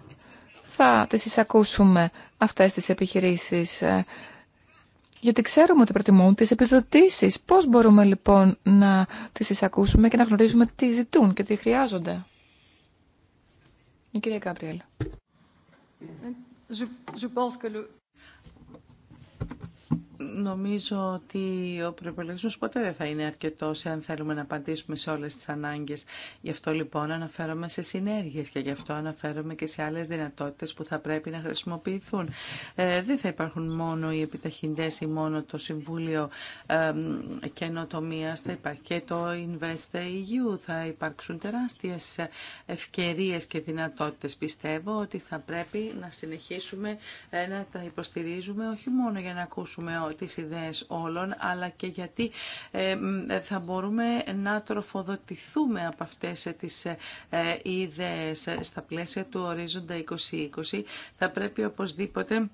θα τις εισακούσουμε αυτές τις επιχειρήσεις ε, γιατί ξέρουμε ότι προτιμούν τις επιδοτήσεις. Πώς μπορούμε λοιπόν να τις εισακούσουμε και να γνωρίζουμε τι ζητούν και τι χρειάζονται. Η κυρία Κάπριελ. Νομίζω ότι ο προπολογισμό ποτέ δεν θα είναι αρκετό αν θέλουμε να απαντήσουμε σε όλε τι ανάγκε. Γι' αυτό λοιπόν αναφέρομαι σε συνέργειε και γι' αυτό αναφέρομαι και σε άλλε δυνατότητε που θα πρέπει να χρησιμοποιηθούν. Ε, δεν θα υπάρχουν μόνο οι επιταχυντέ ή μόνο το Συμβούλιο ε, Καινοτομία, θα υπάρχει και το Invest EU. Θα υπάρξουν τεράστιε ευκαιρίε και δυνατότητε. Πιστεύω ότι θα πρέπει να συνεχίσουμε ε, να τα υποστηρίζουμε όχι μόνο για να ακούσουμε τις ιδέες όλων, αλλά και γιατί ε, θα μπορούμε να τροφοδοτηθούμε από αυτές ε, τις ε, ιδέες στα πλαίσια του ορίζοντα 2020. Θα πρέπει οπωσδήποτε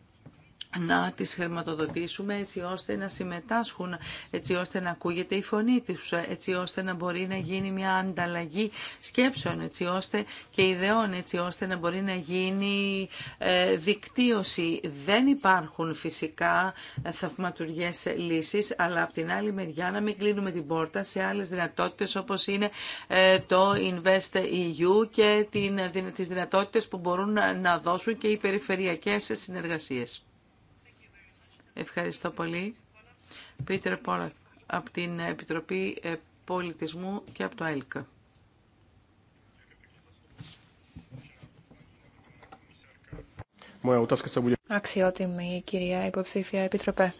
να τις χρηματοδοτήσουμε έτσι ώστε να συμμετάσχουν, έτσι ώστε να ακούγεται η φωνή τους, έτσι ώστε να μπορεί να γίνει μια ανταλλαγή σκέψεων, έτσι ώστε και ιδεών, έτσι ώστε να μπορεί να γίνει ε, δικτύωση. Δεν υπάρχουν φυσικά ε, θαυματουργές λύσεις, αλλά από την άλλη μεριά να μην κλείνουμε την πόρτα σε άλλες δυνατότητες όπως είναι ε, το Invest EU και τις δυνατότητες που μπορούν να δώσουν και οι περιφερειακές συνεργασίες. Ευχαριστώ πολύ. Πίτερ Πόλακ, από την Επιτροπή ε, Πολιτισμού και από το ΕΛΚΑ. Αξιότιμη κυρία υποψήφια Επιτροπέ,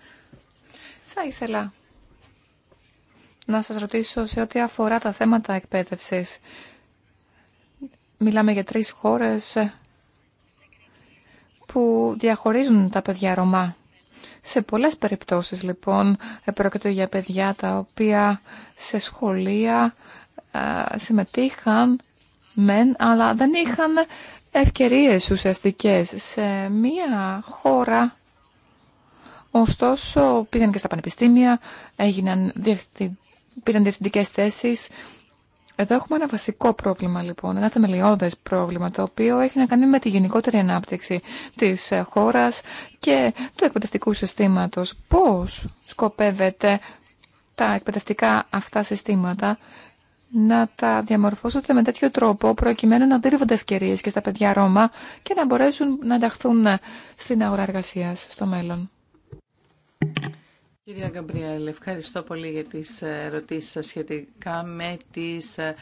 θα ήθελα να σας ρωτήσω σε ό,τι αφορά τα θέματα εκπαίδευσης. Μιλάμε για τρεις χώρες που διαχωρίζουν τα παιδιά Ρωμά σε πολλές περιπτώσεις λοιπόν πρόκειται για παιδιά τα οποία σε σχολεία ε, συμμετείχαν μεν αλλά δεν είχαν ευκαιρίες ουσιαστικές σε μία χώρα. Ωστόσο πήγαν και στα πανεπιστήμια, έγιναν διευθυν... πήραν διευθυντικές θέσεις εδώ έχουμε ένα βασικό πρόβλημα λοιπόν, ένα θεμελιώδες πρόβλημα το οποίο έχει να κάνει με τη γενικότερη ανάπτυξη της ε, χώρας και του εκπαιδευτικού συστήματος. Πώς σκοπεύετε τα εκπαιδευτικά αυτά συστήματα να τα διαμορφώσετε με τέτοιο τρόπο προκειμένου να δίρυβονται ευκαιρίε και στα παιδιά Ρώμα και να μπορέσουν να ενταχθούν στην αγορά εργασία στο μέλλον. Κυρία Γκαμπριέλ, ευχαριστώ πολύ για τις ερωτήσεις σχετικά με τις ε,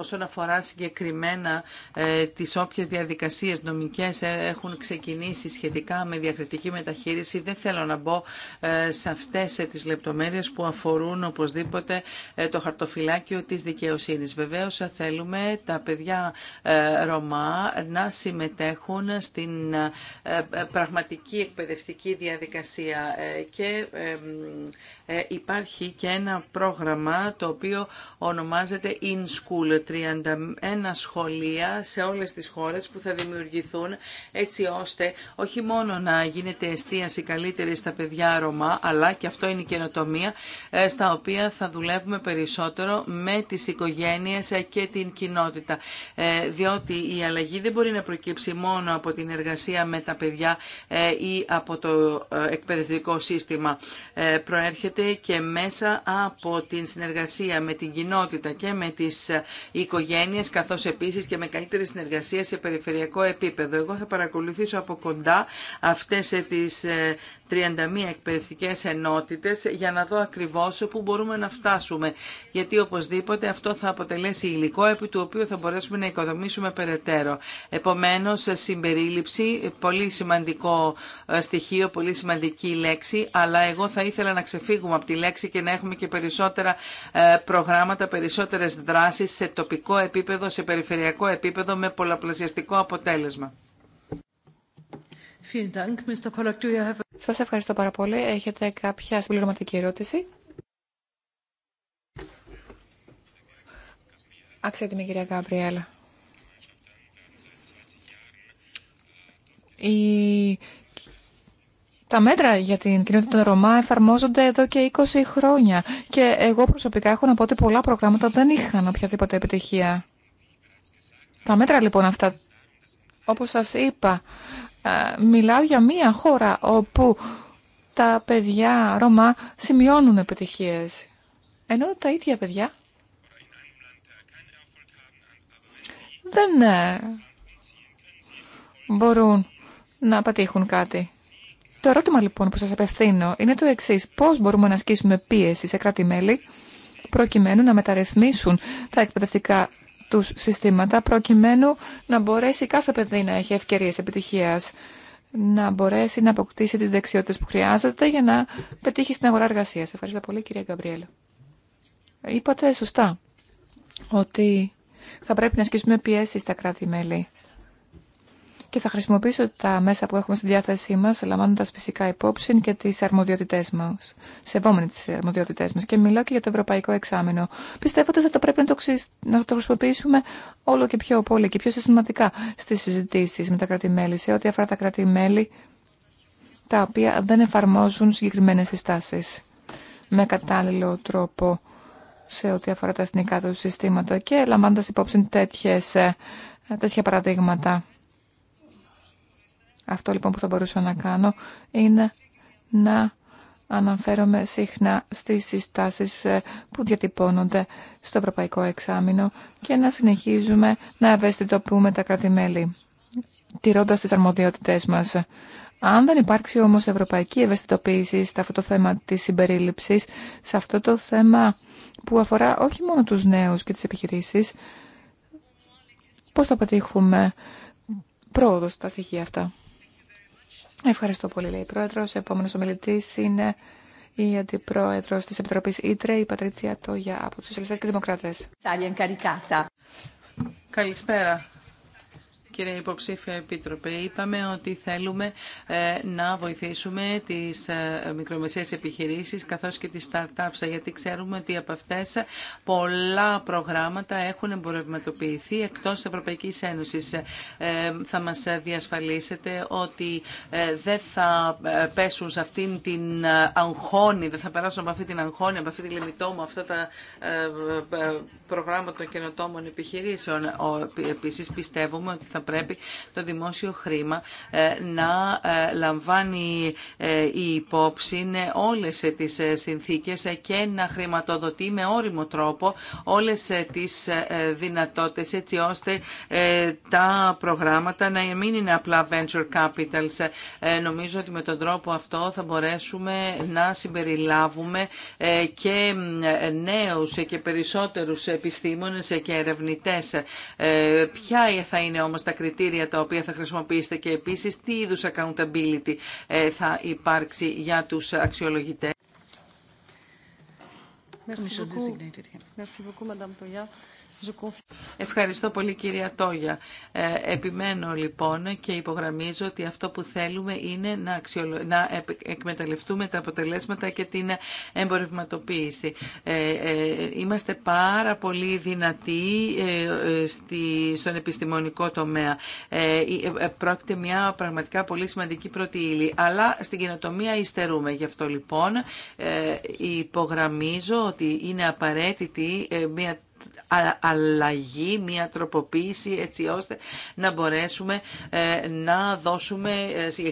όσον αφορά συγκεκριμένα ε, τις όποιες διαδικασίες νομικές ε, έχουν ξεκινήσει σχετικά με διακριτική μεταχείριση, δεν θέλω να μπω ε, σε αυτές ε, τις λεπτομέρειες που αφορούν οπωσδήποτε ε, το χαρτοφυλάκιο της δικαιοσύνης. Βεβαίως θέλουμε τα παιδιά Ρωμά να συμμετέχουν στην πραγματική εκπαιδευτική διαδικασία και υπάρχει και ένα πρόγραμμα το οποίο ονομάζεται In School 31 σχολεία σε όλες τις χώρες που θα δημιουργηθούν έτσι ώστε όχι μόνο να γίνεται εστίαση καλύτερη στα παιδιά Ρωμά αλλά και αυτό είναι η καινοτομία ε, στα οποία θα δουλεύουμε περισσότερο με τις οικογένειες ε, και την κοινότητα ε, διότι η αλλαγή δεν μπορεί να προκύψει μόνο από την εργασία με τα παιδιά ή από το εκπαιδευτικό σύστημα προέρχεται και μέσα από την συνεργασία με την κοινότητα και με τις οικογένειες καθώς επίσης και με καλύτερη συνεργασία σε περιφερειακό επίπεδο. Εγώ θα παρακολουθήσω από κοντά αυτές ε, τις 31 ε, εκπαιδευτικές ενότητες για να δω ακριβώς πού μπορούμε να φτάσουμε. Γιατί οπωσδήποτε αυτό θα αποτελέσει υλικό επί του οποίου θα μπορέσουμε να οικοδομήσουμε περαιτέρω. Επομένως, ε, συμπερίληψη, πολύ σημαντικό στοιχείο, πολύ σημαντική λέξη, αλλά εγώ θα ήθελα να ξεφύγουμε από τη λέξη και να έχουμε και περισσότερα προγράμματα, περισσότερες δράσεις τοπικό επίπεδο, σε περιφερειακό επίπεδο με πολλαπλασιαστικό αποτέλεσμα. Σας ευχαριστώ πάρα πολύ. Έχετε κάποια συμπληρωματική ερώτηση. Αξιότιμη κυρία Γκάμπριέλα. Η τα μέτρα για την κοινότητα των Ρωμά εφαρμόζονται εδώ και 20 χρόνια και εγώ προσωπικά έχω να πω ότι πολλά προγράμματα δεν είχαν οποιαδήποτε επιτυχία. Τα μέτρα λοιπόν αυτά, όπως σας είπα, ε, μιλάω για μία χώρα όπου τα παιδιά Ρωμά σημειώνουν επιτυχίες. Ενώ τα ίδια παιδιά δεν ε, μπορούν να πετύχουν κάτι. Το ερώτημα λοιπόν που σας απευθύνω είναι το εξής. Πώς μπορούμε να ασκήσουμε πίεση σε κράτη-μέλη προκειμένου να μεταρρυθμίσουν τα εκπαιδευτικά τους συστήματα προκειμένου να μπορέσει κάθε παιδί να έχει ευκαιρίες επιτυχίας να μπορέσει να αποκτήσει τις δεξιότητες που χρειάζεται για να πετύχει στην αγορά εργασίας. Ευχαριστώ πολύ κυρία Γκαμπριέλα. Είπατε σωστά ότι θα πρέπει να ασκήσουμε πιέσει στα κράτη-μέλη και θα χρησιμοποιήσω τα μέσα που έχουμε στη διάθεσή μα, λαμβάνοντα φυσικά υπόψη και τις αρμοδιότητές μας, σεβόμενοι τι αρμοδιότητε μα, Και μιλώ και για το ευρωπαϊκό εξάμεινο. Πιστεύω ότι θα το πρέπει να το, χρησιμοποιήσουμε όλο και πιο πολύ και πιο συστηματικά στι συζητήσει με τα κράτη-μέλη, σε ό,τι αφορά τα κράτη-μέλη τα οποία δεν εφαρμόζουν συγκεκριμένε συστάσει με κατάλληλο τρόπο σε ό,τι αφορά τα εθνικά του συστήματα και λαμβάνοντα υπόψη τέτοιες, ε, τέτοια παραδείγματα αυτό λοιπόν που θα μπορούσα να κάνω είναι να αναφέρομαι συχνά στις συστάσεις ε, που διατυπώνονται στο Ευρωπαϊκό Εξάμεινο και να συνεχίζουμε να ευαισθητοποιούμε τα κράτη-μέλη, τηρώντας τις αρμοδιότητές μας. Αν δεν υπάρξει όμως ευρωπαϊκή ευαισθητοποίηση σε αυτό το θέμα της συμπερίληψης, σε αυτό το θέμα που αφορά όχι μόνο τους νέους και τις επιχειρήσεις, πώς θα πετύχουμε πρόοδο στα στοιχεία αυτά. Ευχαριστώ πολύ, λέει η Πρόεδρο. Επόμενο ομιλητή είναι η Αντιπρόεδρο τη Επιτροπή Ήτρε, η Πατρίτσια Τόγια από του Σοσιαλιστέ και Δημοκράτε. Καλησπέρα κύριε υποψήφια επίτροπε. Είπαμε ότι θέλουμε ε, να βοηθήσουμε τις ε, μικρομεσαίες επιχειρήσεις καθώς και τις startups γιατί ξέρουμε ότι από αυτές πολλά προγράμματα έχουν εμπορευματοποιηθεί εκτός της Ευρωπαϊκής Ένωσης. Ε, θα μας διασφαλίσετε ότι δεν θα πέσουν σε αυτήν την αγχώνη, δεν θα περάσουν από αυτή την αγχώνη, από αυτή τη μου αυτά τα προγράμματα των καινοτόμων επιχειρήσεων. Επίσης πιστεύουμε ότι θα πρέπει το δημόσιο χρήμα ε, να ε, λαμβάνει ε, η υπόψη όλες τις συνθήκες και να χρηματοδοτεί με όριμο τρόπο όλες τις δυνατότητες έτσι ώστε τα προγράμματα να μην είναι απλά venture capitals. Νομίζω ότι με τον τρόπο αυτό θα μπορέσουμε να συμπεριλάβουμε και νέους και περισσότερους επιστήμονες και ερευνητές. Ποια θα είναι όμως τα κριτήρια τα οποία θα χρησιμοποιήσετε και επίσης τι είδους accountability ε, θα υπάρξει για τους αξιολογητές. Merci beaucoup. Merci beaucoup, Madame Ευχαριστώ πολύ κυρία Τόγια. Ε, επιμένω λοιπόν και υπογραμμίζω ότι αυτό που θέλουμε είναι να, να εκμεταλλευτούμε τα αποτελέσματα και την εμπορευματοποίηση. Ε, ε, είμαστε πάρα πολύ δυνατοί στη... στον επιστημονικό τομέα. πρόκειται μια πραγματικά πολύ σημαντική πρώτη ύλη, αλλά στην κοινοτομία υστερούμε. Γι' αυτό λοιπόν υπογραμμίζω ότι είναι απαραίτητη μια αλλαγή, μια τροποποίηση έτσι ώστε να μπορέσουμε ε, να δώσουμε,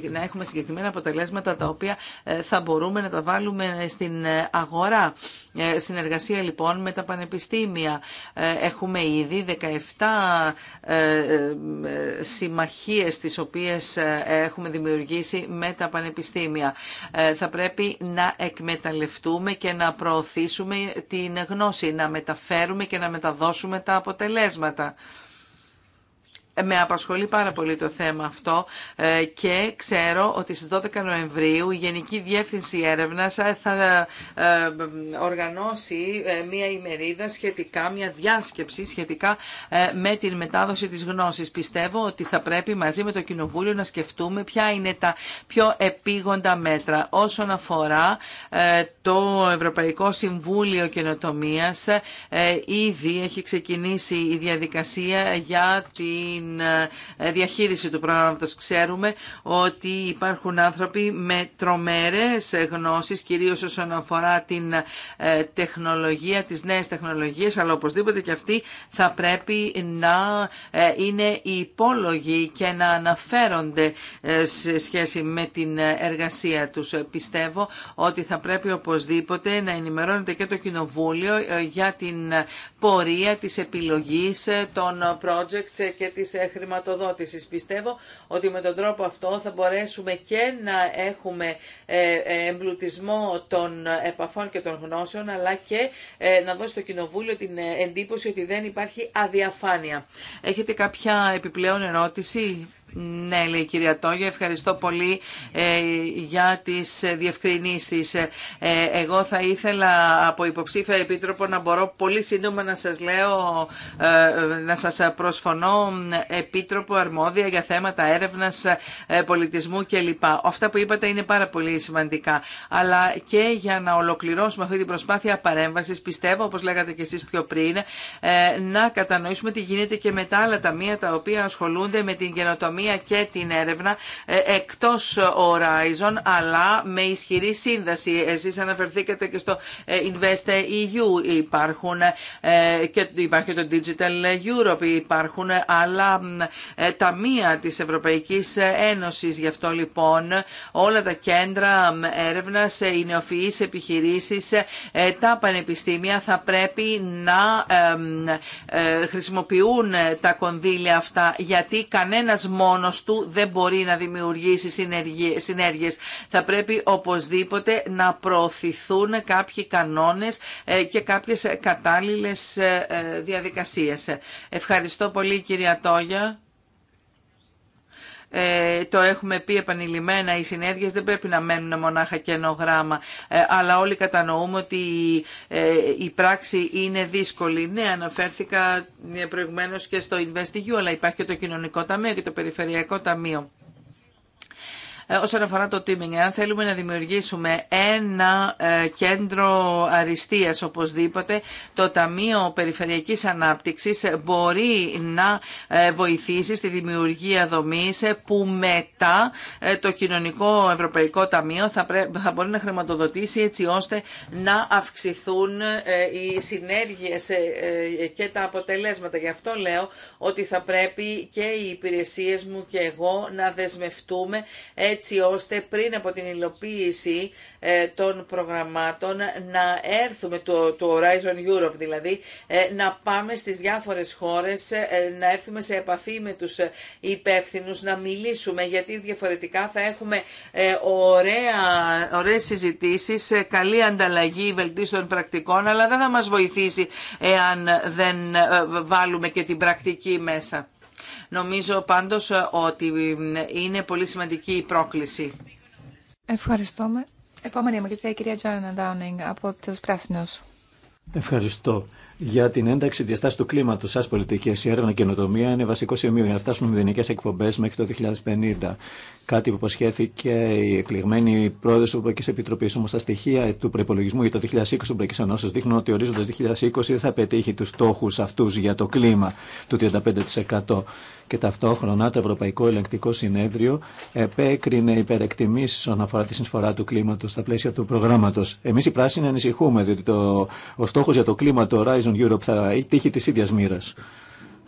ε, να έχουμε συγκεκριμένα αποτελέσματα τα οποία ε, θα μπορούμε να τα βάλουμε στην αγορά. Ε, συνεργασία λοιπόν με τα πανεπιστήμια. Ε, έχουμε ήδη 17 ε, συμμαχίες τις οποίες έχουμε δημιουργήσει με τα πανεπιστήμια. Θα πρέπει να εκμεταλλευτούμε και να προωθήσουμε την γνώση, να μεταφέρουμε και να μεταδώσουμε τα αποτελέσματα. Ε, με απασχολεί πάρα πολύ το θέμα αυτό ε, και ξέρω ότι στις 12 Νοεμβρίου η Γενική Διεύθυνση Έρευνας ε, θα οργανώσει μία ημερίδα σχετικά, μία διάσκεψη σχετικά με την μετάδοση της γνώσης. Πιστεύω ότι θα πρέπει μαζί με το Κοινοβούλιο να σκεφτούμε ποια είναι τα πιο επίγοντα μέτρα όσον αφορά το Ευρωπαϊκό Συμβούλιο Καινοτομίας. Ήδη έχει ξεκινήσει η διαδικασία για την την ε, διαχείριση του προγράμματος. Ξέρουμε ότι υπάρχουν άνθρωποι με τρομερές γνώσεις, κυρίως όσον αφορά την ε, τεχνολογία, τις νέες τεχνολογίες, αλλά οπωσδήποτε και αυτοί θα πρέπει να ε, είναι υπόλογοι και να αναφέρονται σε σχέση με την εργασία τους. Πιστεύω ότι θα πρέπει οπωσδήποτε να ενημερώνεται και το Κοινοβούλιο για την πορεία της επιλογής των projects και της χρηματοδότησης. Πιστεύω ότι με τον τρόπο αυτό θα μπορέσουμε και να έχουμε ε, ε, εμπλουτισμό των επαφών και των γνώσεων, αλλά και ε, να δώσει στο Κοινοβούλιο την εντύπωση ότι δεν υπάρχει αδιαφάνεια. Έχετε κάποια επιπλέον ερώτηση? Ναι, λέει η κυρία Τόγια, ευχαριστώ πολύ ε, για τις διευκρινήσεις. Ε, εγώ θα ήθελα από υποψήφια επίτροπο να μπορώ πολύ σύντομα να σας λέω, ε, να σας προσφωνώ επίτροπο αρμόδια για θέματα έρευνας, πολιτισμού κλπ. Αυτά που είπατε είναι πάρα πολύ σημαντικά. Αλλά και για να ολοκληρώσουμε αυτή την προσπάθεια παρέμβασης, πιστεύω, όπως λέγατε και εσείς πιο πριν, να κατανοήσουμε τι γίνεται και με τα άλλα ταμεία τα οποία ασχολούνται με την καινοτομία και την έρευνα ε, εκτός Horizon αλλά με ισχυρή σύνδεση. Εσείς αναφερθήκατε και στο ε, Invest EU. Υπάρχουν ε, και υπάρχει το Digital Europe, υπάρχουν άλλα ταμεία της Ευρωπαϊκής Ένωσης. Γι' αυτό λοιπόν όλα τα κέντρα έρευνας, οι νεοφυείς επιχειρήσεις, τα πανεπιστήμια θα πρέπει να χρησιμοποιούν τα κονδύλια αυτά γιατί κανένας μόνος του δεν μπορεί να δημιουργήσει συνέργειες. Θα πρέπει οπωσδήποτε να προωθηθούν κάποιοι κανόνες ε, και κάποιες κατάλληλες ε, ε, διαδικασίες. Ευχαριστώ πολύ κυρία Τόγια ε, το έχουμε πει επανειλημμένα, οι συνέργειες δεν πρέπει να μένουν μονάχα κενό γράμμα, ε, αλλά όλοι κατανοούμε ότι ε, η πράξη είναι δύσκολη. Ναι, αναφέρθηκα ε, προηγουμένως και στο InvestEU, αλλά υπάρχει και το Κοινωνικό Ταμείο και το Περιφερειακό Ταμείο. Ε, όσον αφορά το Τίμινγκ, Αν θέλουμε να δημιουργήσουμε ένα ε, κέντρο αριστείας οπωσδήποτε, το Ταμείο Περιφερειακής Ανάπτυξης μπορεί να ε, βοηθήσει στη δημιουργία δομής που μετά το Κοινωνικό Ευρωπαϊκό Ταμείο θα, θα μπορεί να χρηματοδοτήσει έτσι ώστε να αυξηθούν οι συνέργειες και τα αποτελέσματα. Γι' αυτό λέω ότι θα πρέπει και οι υπηρεσίες μου και εγώ να δεσμευτούμε έτσι ώστε πριν από την υλοποίηση ε, των προγραμμάτων να έρθουμε, του το Horizon Europe δηλαδή, ε, να πάμε στις διάφορες χώρες, ε, να έρθουμε σε επαφή με τους υπεύθυνου, να μιλήσουμε, γιατί διαφορετικά θα έχουμε ωραία, ωραίες συζητήσεις, καλή ανταλλαγή βελτίστων πρακτικών, αλλά δεν θα μας βοηθήσει εάν δεν βάλουμε και την πρακτική μέσα. Νομίζω πάντως ε, ότι ε, είναι πολύ σημαντική η πρόκληση. Ευχαριστούμε. Επόμενη μου κυρία Τζόνα Ντάουνινγκ από τους Πράσινους. Ευχαριστώ για την ένταξη διαστάση του κλίματο σα πολιτική. Η έρευνα και νοτομία είναι βασικό σημείο για να φτάσουν μηδενικέ εκπομπέ μέχρι το 2050. Κάτι που υποσχέθηκε η εκλεγμένη πρόεδρο τη Ευρωπαϊκή Επιτροπή. Όμω τα στοιχεία του προπολογισμού για το 2020 του Ευρωπαϊκή Ενώσεω δείχνουν ότι ορίζοντα 2020 δεν θα πετύχει του στόχου αυτού για το κλίμα του 35%. Και ταυτόχρονα το Ευρωπαϊκό Ελεγκτικό Συνέδριο επέκρινε υπερεκτιμήσει όσον αφορά τη συνεισφορά του κλίματο στα πλαίσια του προγράμματο. Εμεί οι πράσινοι ανησυχούμε, διότι το, ο στόχο για το κλίμα το Horizon Europe θα τύχει της ίδιας μοίρας.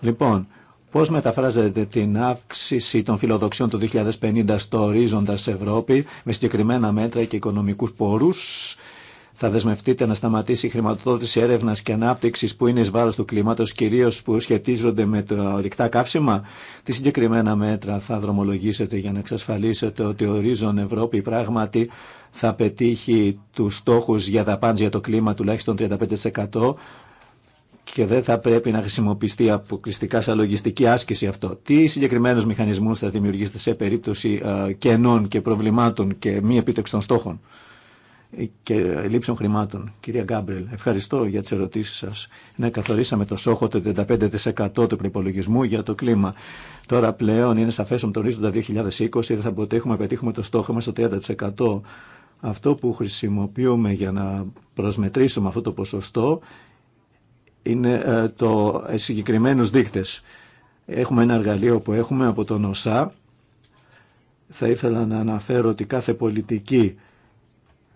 Λοιπόν, πώς μεταφράζεται την αύξηση των φιλοδοξιών του 2050 στο ορίζοντα Ευρώπη με συγκεκριμένα μέτρα και οικονομικούς πόρους. Θα δεσμευτείτε να σταματήσει η χρηματοδότηση έρευνα και ανάπτυξη που είναι ει βάρο του κλίματο, κυρίω που σχετίζονται με τα ορυκτά καύσιμα. Τι συγκεκριμένα μέτρα θα δρομολογήσετε για να εξασφαλίσετε ότι ο ορίζον Ευρώπη πράγματι θα πετύχει του στόχου για δαπάνη για το κλίμα τουλάχιστον 35% και δεν θα πρέπει να χρησιμοποιηθεί αποκλειστικά σαν λογιστική άσκηση αυτό. Τι συγκεκριμένου μηχανισμού θα δημιουργήσετε σε περίπτωση ε, κενών και προβλημάτων και μη επίτευξη των στόχων και λήψεων χρημάτων. Κυρία Γκάμπρελ, ευχαριστώ για τις ερωτήσεις σας. Ναι, καθορίσαμε το στόχο το 35% του προπολογισμού για το κλίμα. Τώρα πλέον είναι σαφές ότι τον ορίζοντα 2020 δεν θα αποτύχουμε, πετύχουμε το στόχο μας στο 30%. Αυτό που χρησιμοποιούμε για να προσμετρήσουμε αυτό το ποσοστό είναι ε, το ε, συγκεκριμένους δείκτες. Έχουμε ένα εργαλείο που έχουμε από τον ΟΣΑ. Θα ήθελα να αναφέρω ότι κάθε πολιτική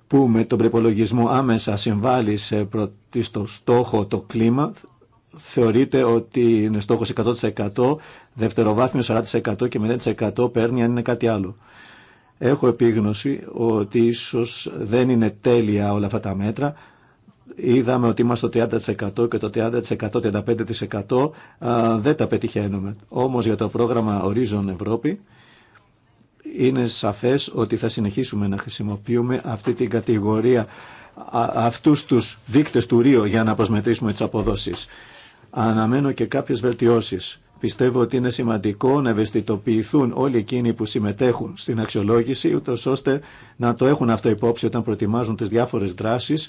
που με τον προπολογισμό άμεσα συμβάλλει σε στο στόχο το κλίμα θεωρείται ότι είναι στόχος 100%, δευτεροβάθμιο 40% και 0% παίρνει αν είναι κάτι άλλο. Έχω επίγνωση ότι ίσως δεν είναι τέλεια όλα αυτά τα μέτρα, είδαμε ότι είμαστε το 30% και το 30%, 35% δεν τα πετυχαίνουμε. Όμως για το πρόγραμμα Horizon Ευρώπη είναι σαφές ότι θα συνεχίσουμε να χρησιμοποιούμε αυτή την κατηγορία, αυτούς τους δείκτες του ρίου για να προσμετρήσουμε τις αποδόσεις. Αναμένω και κάποιες βελτιώσεις. Πιστεύω ότι είναι σημαντικό να ευαισθητοποιηθούν όλοι εκείνοι που συμμετέχουν στην αξιολόγηση, ούτως ώστε να το έχουν αυτό υπόψη όταν προετοιμάζουν τις διάφορες δράσεις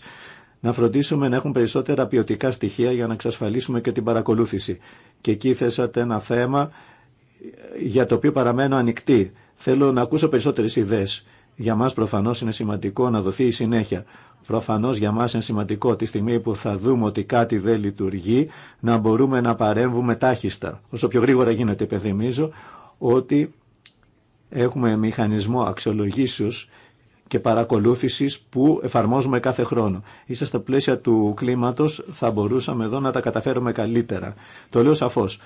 να φροντίσουμε να έχουν περισσότερα ποιοτικά στοιχεία για να εξασφαλίσουμε και την παρακολούθηση. Και εκεί θέσατε ένα θέμα ε, για το οποίο παραμένω ανοιχτή. Θέλω να ακούσω περισσότερες ιδέες. Για μας προφανώς είναι σημαντικό να δοθεί η συνέχεια. Προφανώς για μας είναι σημαντικό τη στιγμή που θα δούμε ότι κάτι δεν λειτουργεί να μπορούμε να παρέμβουμε τάχιστα. Όσο πιο γρήγορα γίνεται υπενθυμίζω ότι έχουμε μηχανισμό αξιολογήσεως και παρακολούθησης που εφαρμόζουμε κάθε χρόνο. Ίσα στα πλαίσια του κλίματος θα μπορούσαμε εδώ να τα καταφέρουμε καλύτερα. Το λέω σαφώς.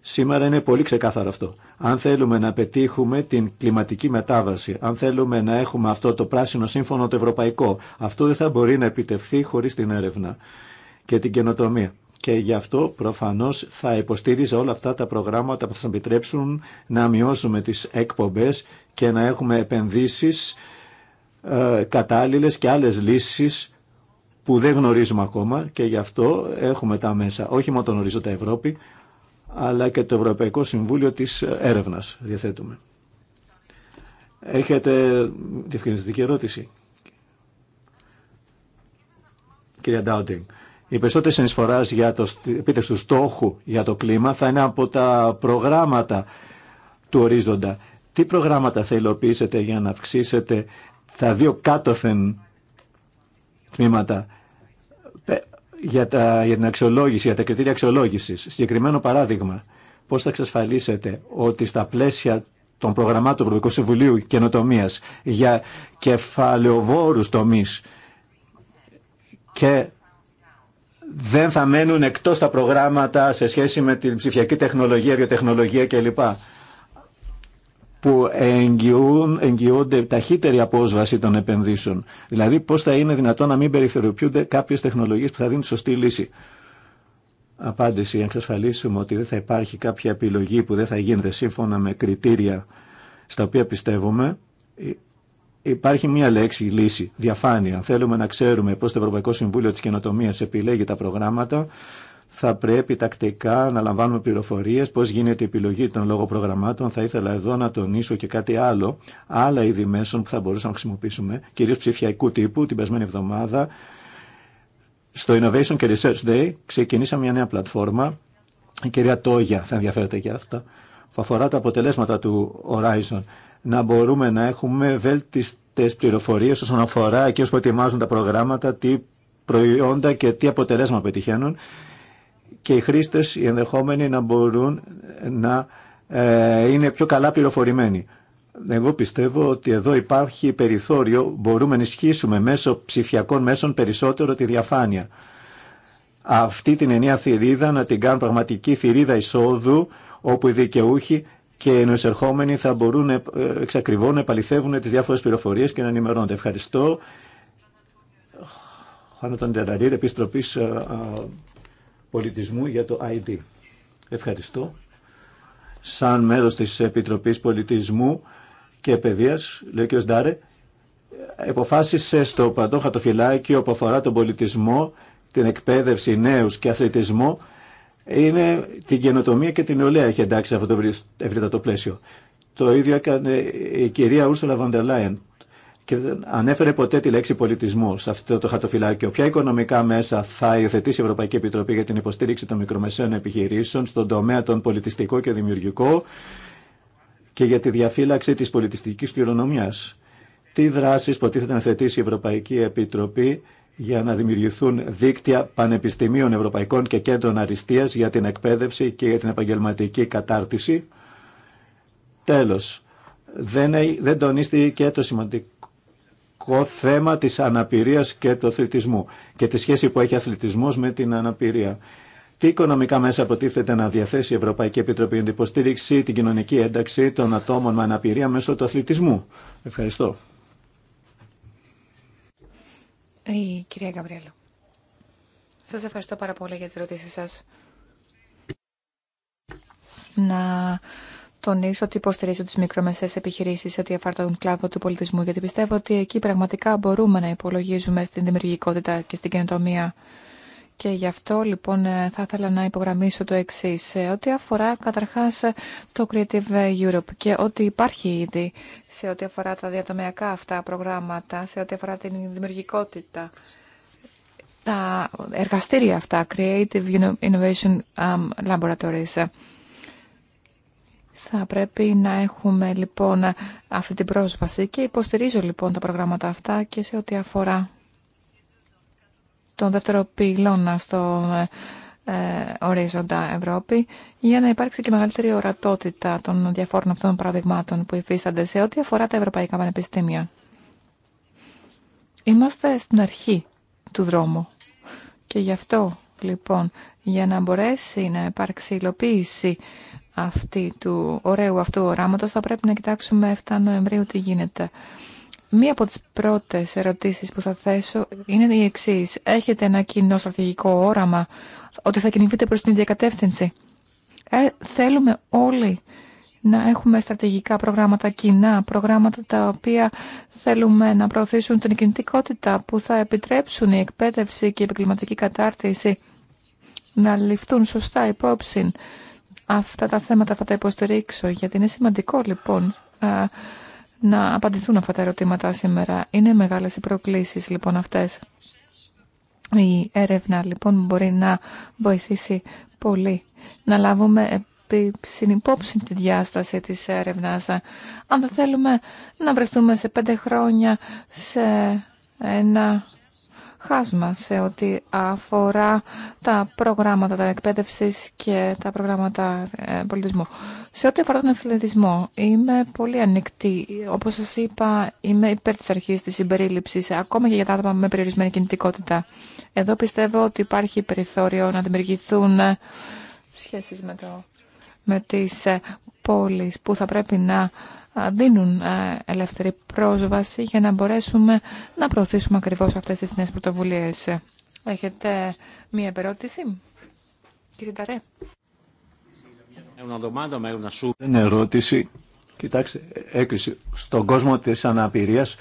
Σήμερα είναι πολύ ξεκάθαρο αυτό. Αν θέλουμε να πετύχουμε την κλιματική μετάβαση, αν θέλουμε να έχουμε αυτό το πράσινο σύμφωνο το ευρωπαϊκό, αυτό δεν θα μπορεί να επιτευχθεί χωρίς την έρευνα και την καινοτομία. Και γι' αυτό προφανώ θα υποστήριζα όλα αυτά τα προγράμματα που θα επιτρέψουν να μειώσουμε τι εκπομπές και να έχουμε επενδύσει ε, κατάλληλες και άλλες λύσεις που δεν γνωρίζουμε ακόμα και γι' αυτό έχουμε τα μέσα, όχι μόνο τον ορίζοντα Ευρώπη, αλλά και το Ευρωπαϊκό Συμβούλιο της Έρευνας διαθέτουμε. Έχετε διευκρινιστική ερώτηση. Κυρία Ντάουτινγκ, οι περισσότερε συνεισφορά για το επίτευξη του στόχου για το κλίμα θα είναι από τα προγράμματα του ορίζοντα. Τι προγράμματα θα υλοποιήσετε για να αυξήσετε τα δύο κάτωθεν τμήματα για, τα, για την αξιολόγηση, για τα κριτήρια αξιολόγησης. Συγκεκριμένο παράδειγμα, πώς θα εξασφαλίσετε ότι στα πλαίσια των προγραμμάτων του Ευρωπαϊκού Συμβουλίου καινοτομία για κεφαλαιοβόρου τομεί, και δεν θα μένουν εκτός τα προγράμματα σε σχέση με την ψηφιακή τεχνολογία, βιοτεχνολογία κλπ που εγγυούν, εγγυώνται ταχύτερη απόσβαση των επενδύσεων. Δηλαδή πώς θα είναι δυνατόν να μην περιθωριοποιούνται κάποιες τεχνολογίες που θα δίνουν σωστή λύση. Απάντηση, εξασφαλίσουμε ότι δεν θα υπάρχει κάποια επιλογή που δεν θα γίνεται σύμφωνα με κριτήρια στα οποία πιστεύουμε. Ε, υπάρχει μία λέξη, λύση, διαφάνεια. Θέλουμε να ξέρουμε πώ το Ευρωπαϊκό Συμβούλιο τη Καινοτομία επιλέγει τα προγράμματα θα πρέπει τακτικά να λαμβάνουμε πληροφορίε πώ γίνεται η επιλογή των λόγω προγραμμάτων. Θα ήθελα εδώ να τονίσω και κάτι άλλο, άλλα είδη μέσων που θα μπορούσαμε να χρησιμοποιήσουμε, κυρίω ψηφιακού τύπου. Την περσμένη εβδομάδα, στο Innovation και Research Day, ξεκινήσαμε μια νέα πλατφόρμα. Η κυρία Τόγια θα ενδιαφέρεται για αυτό, που αφορά τα αποτελέσματα του Horizon. Να μπορούμε να έχουμε βέλτιστε πληροφορίε όσον αφορά εκείνου που ετοιμάζουν τα προγράμματα, τι προϊόντα και τι αποτελέσματα πετυχαίνουν και οι χρήστες οι ενδεχόμενοι να μπορούν να ε, είναι πιο καλά πληροφορημένοι. Εγώ πιστεύω ότι εδώ υπάρχει περιθώριο, μπορούμε να ισχύσουμε μέσω ψηφιακών μέσων περισσότερο τη διαφάνεια. Αυτή την ενιαία θηρίδα να την κάνουν πραγματική θηρίδα εισόδου όπου οι δικαιούχοι και οι νοησερχόμενοι θα μπορούν ε, εξακριβώς να επαληθεύουν τις διάφορες πληροφορίες και να ενημερώνονται. Ευχαριστώ. Χάνω Επιστροπής ε, πολιτισμού για το ID. Ευχαριστώ. Σαν μέλος της Επιτροπής Πολιτισμού και Παιδείας, λέει ο κ. Ντάρε, εποφάσισε στο παντόχατο φυλάκιο που αφορά τον πολιτισμό, την εκπαίδευση νέους και αθλητισμό, είναι την καινοτομία και την νεολαία έχει εντάξει σε αυτό το ευρύτατο πλαίσιο. Το ίδιο έκανε η κυρία Ούρσουλα Βαντελάιεν και δεν ανέφερε ποτέ τη λέξη πολιτισμού σε αυτό το χαρτοφυλάκιο. Ποια οικονομικά μέσα θα υιοθετήσει η Ευρωπαϊκή Επιτροπή για την υποστήριξη των μικρομεσαίων επιχειρήσεων στον τομέα των πολιτιστικό και δημιουργικό και για τη διαφύλαξη τη πολιτιστική κληρονομιά. Τι δράσει προτίθεται να θετήσει η Ευρωπαϊκή Επιτροπή για να δημιουργηθούν δίκτυα πανεπιστημίων ευρωπαϊκών και κέντρων αριστεία, για την εκπαίδευση και για την επαγγελματική κατάρτιση. Τέλο, δεν, δεν τονίστηκε το σημαντικό το θέμα της αναπηρίας και του αθλητισμού και τη σχέση που έχει αθλητισμός με την αναπηρία. Τι οικονομικά μέσα αποτίθεται να διαθέσει η Ευρωπαϊκή Επιτροπή για την υποστήριξη, την κοινωνική ένταξη των ατόμων με αναπηρία μέσω του αθλητισμού. Ευχαριστώ. Η κυρία Γκαμπριέλο. Σας ευχαριστώ πάρα πολύ για τη σας. Να τονίσω ότι υποστηρίζω τι μικρομεσαίε επιχειρήσει σε ό,τι αφορά τον κλάδο του πολιτισμού, γιατί πιστεύω ότι εκεί πραγματικά μπορούμε να υπολογίζουμε στην δημιουργικότητα και στην καινοτομία. Και γι' αυτό λοιπόν ε, θα ήθελα να υπογραμμίσω το εξή. Ό,τι αφορά καταρχά το Creative Europe και ό,τι υπάρχει ήδη σε ό,τι αφορά τα διατομιακά αυτά προγράμματα, σε ό,τι αφορά την δημιουργικότητα, τα εργαστήρια αυτά, Creative Innovation um, Laboratories, θα πρέπει να έχουμε λοιπόν αυτή την πρόσβαση και υποστηρίζω λοιπόν τα προγράμματα αυτά και σε ό,τι αφορά τον δεύτερο πυλώνα στο ε, ορίζοντα Ευρώπη για να υπάρξει και μεγαλύτερη ορατότητα των διαφόρων αυτών παραδειγμάτων που υφίστανται σε ό,τι αφορά τα ευρωπαϊκά πανεπιστήμια. Είμαστε στην αρχή του δρόμου και γι' αυτό λοιπόν για να μπορέσει να υπάρξει υλοποίηση αυτή του ωραίου αυτού οράματος, θα πρέπει να κοιτάξουμε 7 Νοεμβρίου τι γίνεται. Μία από τις πρώτες ερωτήσεις που θα θέσω είναι η εξή. Έχετε ένα κοινό στρατηγικό όραμα ότι θα κινηθείτε προς την διακατεύθυνση. Ε, θέλουμε όλοι να έχουμε στρατηγικά προγράμματα κοινά, προγράμματα τα οποία θέλουμε να προωθήσουν την κινητικότητα που θα επιτρέψουν η εκπαίδευση και η επικλιματική κατάρτιση να ληφθούν σωστά υπόψη αυτά τα θέματα θα τα υποστηρίξω, γιατί είναι σημαντικό λοιπόν ε, να απαντηθούν αυτά τα ερωτήματα σήμερα. Είναι μεγάλες οι προκλήσεις λοιπόν αυτές. Η έρευνα λοιπόν μπορεί να βοηθήσει πολύ να λάβουμε στην υπόψη τη διάσταση της έρευνας. Αν δεν θέλουμε να βρεθούμε σε πέντε χρόνια σε ένα χάσμα σε ό,τι αφορά τα προγράμματα τα εκπαίδευση και τα προγράμματα ε, πολιτισμού. Σε ό,τι αφορά τον αθλητισμό, είμαι πολύ ανοιχτή. Όπως σας είπα, είμαι υπέρ της αρχής της συμπερίληψης, ακόμα και για τα άτομα με περιορισμένη κινητικότητα. Εδώ πιστεύω ότι υπάρχει περιθώριο να δημιουργηθούν ε, σχέσεις με, με ε, που θα πρέπει να δίνουν ελεύθερη πρόσβαση για να μπορέσουμε να προωθήσουμε ακριβώς αυτές τις νέες πρωτοβουλίες. Έχετε μία ερώτηση, κύριε Ταρέ. Είναι ερώτηση. Κοιτάξτε, Έκλεισε. Στον κόσμο της αναπηρίας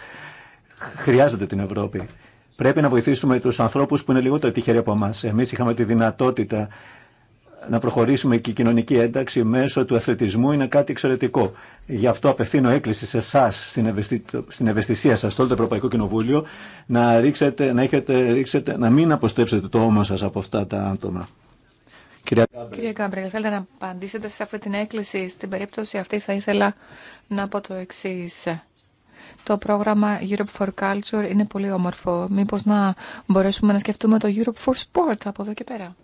χρειάζεται την Ευρώπη. Πρέπει να βοηθήσουμε τους ανθρώπους που είναι λιγότερο τυχεροί από εμά. Εμείς είχαμε τη δυνατότητα να προχωρήσουμε και η κοινωνική ένταξη μέσω του αθλητισμού είναι κάτι εξαιρετικό. Γι' αυτό απευθύνω έκκληση σε εσά, στην, ευαισθη... στην ευαισθησία σα, στο όλο το Ευρωπαϊκό Κοινοβούλιο, να, ρίξετε, να, έχετε, ρίξετε, να μην αποστρέψετε το όμορφο σα από αυτά τα άτομα. Κυρία, Κύριε Κάμπρελ, θέλετε να απαντήσετε σε αυτή την έκκληση. Στην περίπτωση αυτή θα ήθελα να πω το εξή. Το πρόγραμμα Europe for Culture είναι πολύ όμορφο. Μήπως να μπορέσουμε να σκεφτούμε το Europe for Sport από εδώ και πέρα.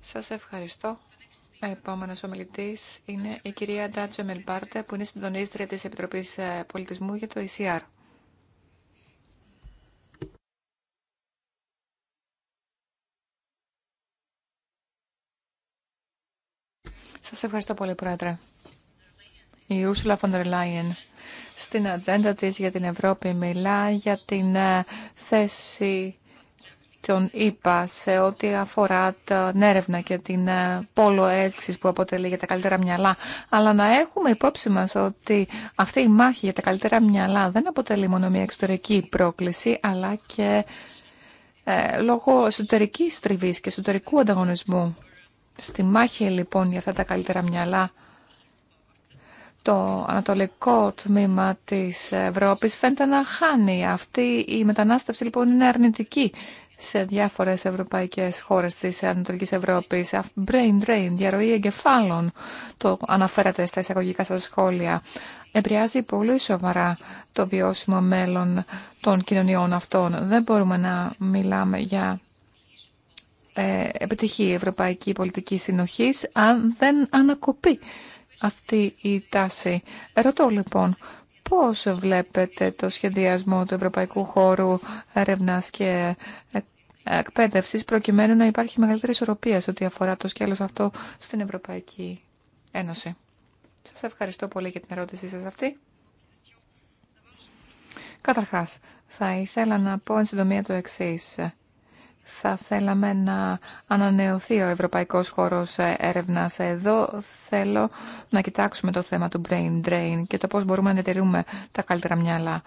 Σας ευχαριστώ. Επόμενο ομιλητή είναι η κυρία Ντάτσε Μελπάρτε, που είναι συντονίστρια τη Επιτροπή ε, Πολιτισμού για το ECR. Σα ευχαριστώ πολύ, Πρόεδρε. Η Ursula von der στην ατζέντα της για την Ευρώπη μιλά για την ε, θέση τον είπα σε ό,τι αφορά την έρευνα και την ε, πόλο έλξης που αποτελεί για τα καλύτερα μυαλά. Αλλά να έχουμε υπόψη μας ότι αυτή η μάχη για τα καλύτερα μυαλά δεν αποτελεί μόνο μια εξωτερική πρόκληση, αλλά και ε, λόγω εσωτερικής τριβής και εσωτερικού ανταγωνισμού. Στη μάχη λοιπόν για αυτά τα καλύτερα μυαλά, το ανατολικό τμήμα της Ευρώπης φαίνεται να χάνει. Αυτή η μετανάστευση λοιπόν είναι αρνητική σε διάφορες ευρωπαϊκές χώρες της Ανατολικής Ευρώπης. Brain drain, διαρροή εγκεφάλων, το αναφέρατε στα εισαγωγικά σας σχόλια. Επηρεάζει πολύ σοβαρά το βιώσιμο μέλλον των κοινωνιών αυτών. Δεν μπορούμε να μιλάμε για ε, επιτυχή ευρωπαϊκή πολιτική συνοχής αν δεν ανακοπεί αυτή η τάση. Ρωτώ λοιπόν, Πώς βλέπετε το σχεδιασμό του Ευρωπαϊκού Χώρου Έρευνας και ε, Εκπαίδευσης προκειμένου να υπάρχει μεγαλύτερη ισορροπία σε ό,τι αφορά το σκέλος αυτό στην Ευρωπαϊκή Ένωση. Σας ευχαριστώ πολύ για την ερώτησή σας αυτή. Καταρχάς, θα ήθελα να πω εν συντομία το εξής θα θέλαμε να ανανεωθεί ο ευρωπαϊκός χώρος έρευνας. Εδώ θέλω να κοιτάξουμε το θέμα του brain drain και το πώς μπορούμε να διατηρούμε τα καλύτερα μυαλά.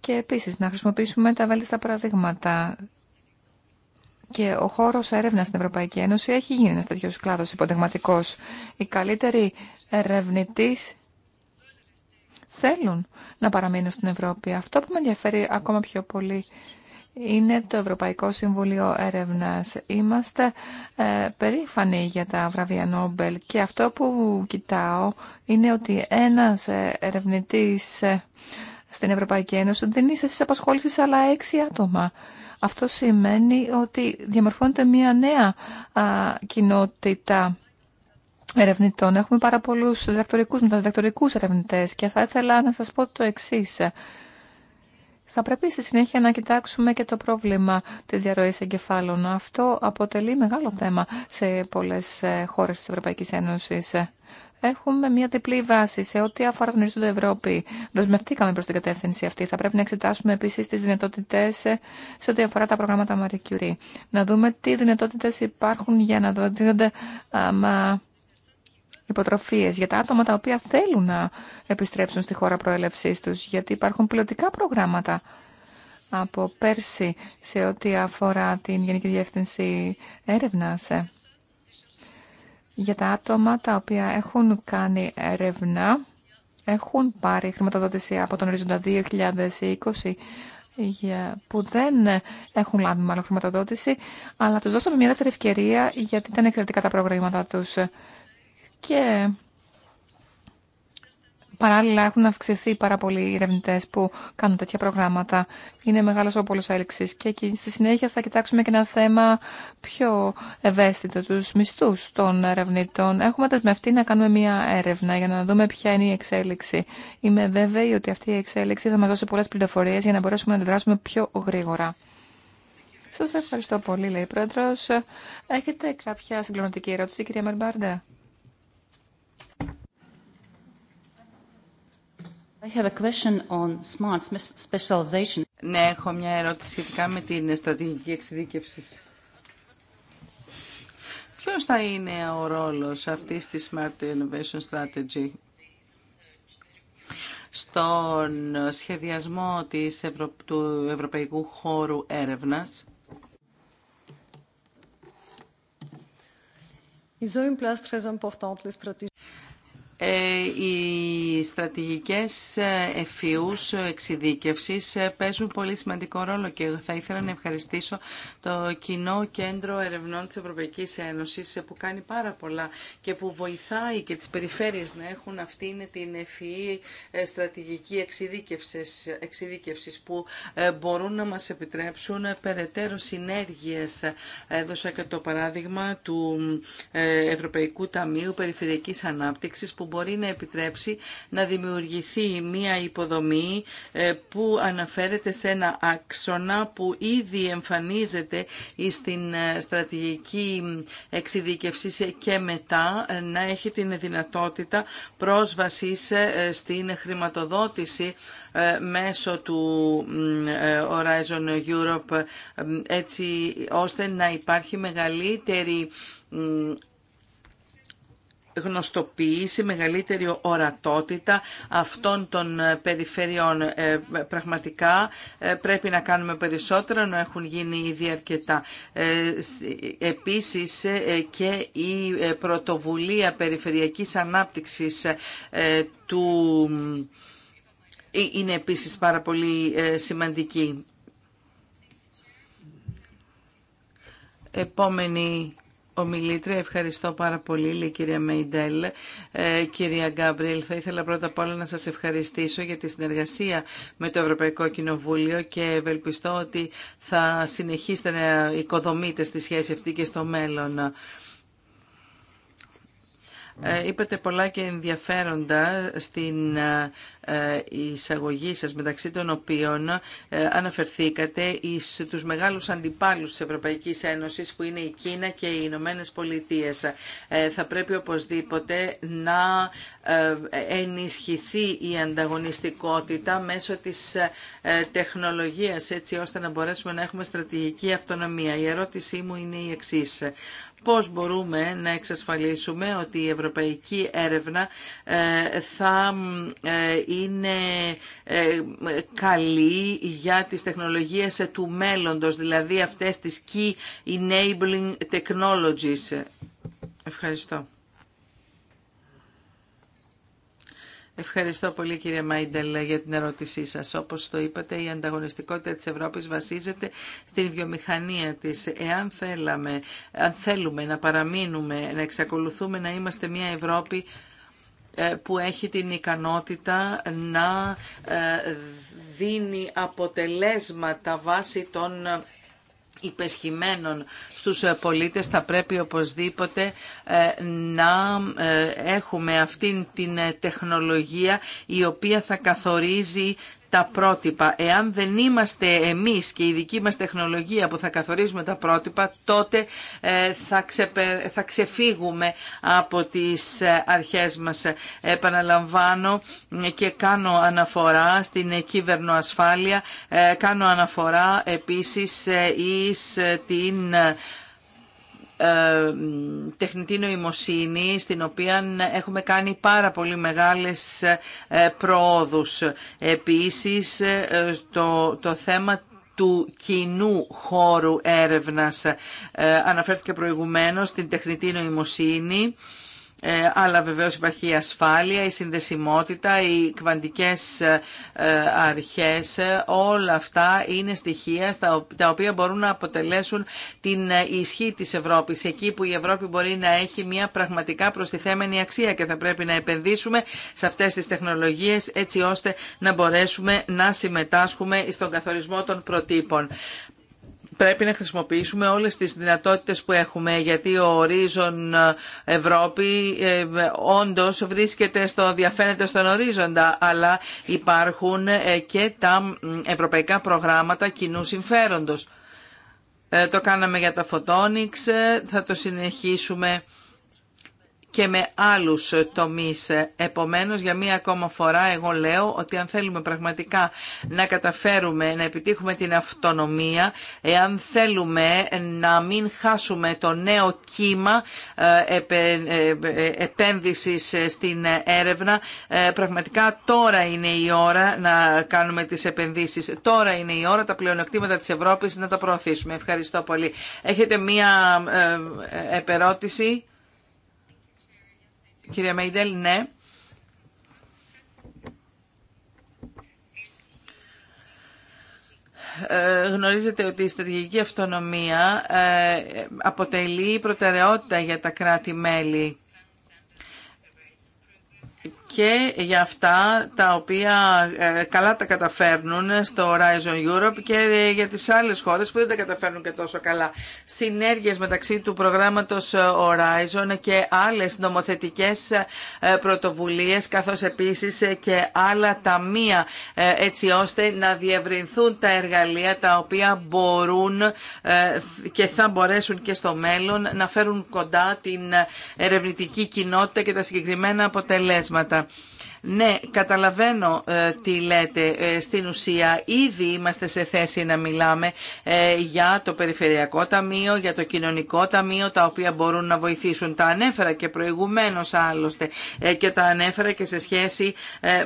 Και επίσης να χρησιμοποιήσουμε τα βέλτιστα παραδείγματα. Και ο χώρος έρευνας στην Ευρωπαϊκή Ένωση έχει γίνει ένας τέτοιος κλάδος Οι καλύτεροι ερευνητής θέλουν να παραμείνουν στην Ευρώπη. Αυτό που με ενδιαφέρει ακόμα πιο πολύ είναι το Ευρωπαϊκό Συμβουλίο Έρευνας. Είμαστε ε, περήφανοι για τα βραβεία Νόμπελ και αυτό που κοιτάω είναι ότι ένας ε, ερευνητής ε, στην Ευρωπαϊκή Ένωση δεν είναι θέση απασχόλησης αλλά έξι άτομα. Αυτό σημαίνει ότι διαμορφώνεται μια νέα α, κοινότητα ερευνητών. Έχουμε πάρα πολλούς διδακτορικούς, μεταδιδακτορικούς ερευνητές και θα ήθελα να σας πω το εξής. Θα πρέπει στη συνέχεια να κοιτάξουμε και το πρόβλημα της διαρροής εγκεφάλων. Αυτό αποτελεί μεγάλο θέμα σε πολλές ε, χώρες της Ευρωπαϊκής Ένωσης. Έχουμε μια διπλή βάση σε ό,τι αφορά τον ορίζοντα Ευρώπη. Δεσμευτήκαμε προ την κατεύθυνση αυτή. Θα πρέπει να εξετάσουμε επίση τι δυνατότητε ε, σε ό,τι αφορά τα προγράμματα Marie Curie. Να δούμε τι δυνατότητε υπάρχουν για να δίνονται υποτροφίες για τα άτομα τα οποία θέλουν να επιστρέψουν στη χώρα προέλευσής τους, γιατί υπάρχουν πιλωτικά προγράμματα από πέρσι σε ό,τι αφορά την Γενική Διεύθυνση Έρευνας ε, για τα άτομα τα οποία έχουν κάνει έρευνα, έχουν πάρει χρηματοδότηση από τον ορίζοντα 2020 για, που δεν έχουν λάβει μάλλον χρηματοδότηση, αλλά τους δώσαμε μια δεύτερη ευκαιρία γιατί ήταν εξαιρετικά τα προγράμματα τους και παράλληλα έχουν αυξηθεί πάρα πολλοί οι ερευνητέ που κάνουν τέτοια προγράμματα. Είναι μεγάλο ο πόλο έλξη. Και στη συνέχεια θα κοιτάξουμε και ένα θέμα πιο ευαίσθητο, του μισθού των ερευνητών. Έχουμε δεσμευτεί να κάνουμε μία έρευνα για να δούμε ποια είναι η εξέλιξη. Είμαι βέβαιη ότι αυτή η εξέλιξη θα μα δώσει πολλέ πληροφορίε για να μπορέσουμε να αντιδράσουμε πιο γρήγορα. Σα ευχαριστώ πολύ, λέει η Πρόεδρο. Έχετε κάποια συγκλονιστική ερώτηση, κυρία Μερμπαρντέ. Ναι, έχω μια ερώτηση σχετικά με την στρατηγική εξειδίκευση. Ποιο θα είναι ο ρόλος αυτή τη Smart Innovation Strategy στον σχεδιασμό της του Ευρωπαϊκού Χώρου Έρευνας. Ε, οι στρατηγικές ε, εφιούς ε, εξειδίκευσης παίζουν πολύ σημαντικό ρόλο και θα ήθελα να ευχαριστήσω το Κοινό Κέντρο Ερευνών της Ευρωπαϊκής Ένωσης που κάνει πάρα πολλά και που βοηθάει και τις περιφέρειες να έχουν αυτήν την ευφυή στρατηγική εξειδίκευσης που μπορούν να μας επιτρέψουν περαιτέρω συνέργειες. Έδωσα και το παράδειγμα του Ευρωπαϊκού Ταμείου Περιφερειακής Ανάπτυξης μπορεί να επιτρέψει να δημιουργηθεί μία υποδομή ε, που αναφέρεται σε ένα άξονα που ήδη εμφανίζεται στην ε, στρατηγική εξειδικευσή και μετά ε, να έχει την δυνατότητα πρόσβασης στην χρηματοδότηση μέσω του Horizon Europe έτσι ώστε να υπάρχει μεγαλύτερη γνωστοποίηση, μεγαλύτερη ορατότητα αυτών των ε, περιφερειών. Ε, πραγματικά ε, πρέπει να κάνουμε περισσότερα, να έχουν γίνει ήδη αρκετά. Επίσης και η πρωτοβουλία περιφερειακής ανάπτυξης του είναι επίσης πάρα πολύ σημαντική. Επόμενη Ομιλήτρια, ευχαριστώ πάρα πολύ, λέει η κυρία Μέιντελ. Ε, κυρία Γκάμπριελ, θα ήθελα πρώτα απ' όλα να σας ευχαριστήσω για τη συνεργασία με το Ευρωπαϊκό Κοινοβούλιο και ευελπιστώ ότι θα συνεχίσετε να οικοδομείτε στη σχέση αυτή και στο μέλλον. Ε, είπατε πολλά και ενδιαφέροντα στην ε, ε, εισαγωγή σας, μεταξύ των οποίων αναφερθήκατε εις τους μεγάλους αντιπάλους της Ευρωπαϊκής Ένωσης που είναι η Κίνα και οι Ηνωμένε Πολιτείες. Θα πρέπει οπωσδήποτε να ενισχυθεί η ανταγωνιστικότητα μέσω της τεχνολογίας έτσι ώστε να μπορέσουμε να έχουμε στρατηγική αυτονομία. Η ερώτησή μου είναι η εξής πώς μπορούμε να εξασφαλίσουμε ότι η ευρωπαϊκή έρευνα ε, θα ε, είναι ε, καλή για τις τεχνολογίες του μέλλοντος, δηλαδή αυτές τις key enabling technologies. Ευχαριστώ. Ευχαριστώ πολύ κύριε Μάιντελ για την ερώτησή σας. Όπως το είπατε, η ανταγωνιστικότητα της Ευρώπης βασίζεται στην βιομηχανία της. Εάν θέλαμε, αν θέλουμε να παραμείνουμε, να εξακολουθούμε να είμαστε μια Ευρώπη ε, που έχει την ικανότητα να ε, δίνει αποτελέσματα βάσει των υπεσχημένων στους ε, πολίτες θα πρέπει οπωσδήποτε ε, να ε, έχουμε αυτήν την τεχνολογία η οποία θα καθορίζει τα πρότυπα. Εάν δεν είμαστε εμείς και η δική μας τεχνολογία που θα καθορίζουμε τα πρότυπα, τότε ε, θα, ξεφύγουμε από τις ε, αρχές μας. Επαναλαμβάνω και κάνω αναφορά στην ε, κυβερνοασφάλεια, κάνω αναφορά επίσης εις την ε, τεχνητή νοημοσύνη στην οποία έχουμε κάνει πάρα πολύ μεγάλες ε, προόδους. Επίσης ε, το, το θέμα του κοινού χώρου έρευνας αναφέρθηκε προηγουμένως στην τεχνητή νοημοσύνη ε, αλλά βεβαίως υπάρχει η ασφάλεια, η συνδεσιμότητα, οι κβαντικές ε, αρχές, ε, όλα αυτά είναι στοιχεία τα οποία μπορούν να αποτελέσουν την ε, ισχύ της Ευρώπης, εκεί που η Ευρώπη μπορεί να έχει μια πραγματικά προστιθέμενη αξία και θα πρέπει να επενδύσουμε σε αυτές τις τεχνολογίες έτσι ώστε να μπορέσουμε να συμμετάσχουμε στον καθορισμό των προτύπων πρέπει να χρησιμοποιήσουμε όλες τις δυνατότητες που έχουμε γιατί ο ορίζον ε, Ευρώπη ε, όντως βρίσκεται στο, διαφαίνεται στον ορίζοντα αλλά υπάρχουν ε, και τα ευρωπαϊκά προγράμματα κοινού συμφέροντος. Το κάναμε για τα Photonics, θα το συνεχίσουμε και με άλλους τομείς. Επομένως, για μία ακόμα φορά εγώ λέω ότι αν θέλουμε πραγματικά να καταφέρουμε να επιτύχουμε την αυτονομία, εάν θέλουμε να μην χάσουμε το νέο κύμα ε, ε, ε, επένδυσης στην έρευνα, πραγματικά τώρα είναι η ώρα να κάνουμε τις επενδύσεις. Τώρα είναι η ώρα τα πλεονεκτήματα της Ευρώπης να τα προωθήσουμε. Ευχαριστώ πολύ. Έχετε μία επερώτηση. Κυρία Μέιντελ, ναι. Ε, γνωρίζετε ότι η στρατηγική αυτονομία ε, αποτελεί προτεραιότητα για τα κράτη-μέλη και για αυτά τα οποία ε, καλά τα καταφέρνουν στο Horizon Europe και για τις άλλες χώρες που δεν τα καταφέρνουν και τόσο καλά. Συνέργειες μεταξύ του προγράμματος ε, Horizon και άλλες νομοθετικές ε, πρωτοβουλίες καθώς επίσης και άλλα ταμεία έτσι ώστε να διευρυνθούν τα εργαλεία τα οποία μπορούν και θα μπορέσουν και στο μέλλον να φέρουν κοντά την ερευνητική κοινότητα και τα συγκεκριμένα αποτελέσματα. Ναι, καταλαβαίνω ε, τι λέτε. Ε, στην ουσία ήδη είμαστε σε θέση να μιλάμε ε, για το Περιφερειακό Ταμείο, για το Κοινωνικό Ταμείο, τα οποία μπορούν να βοηθήσουν. Τα ανέφερα και προηγουμένως άλλωστε και τα ανέφερα και σε σχέση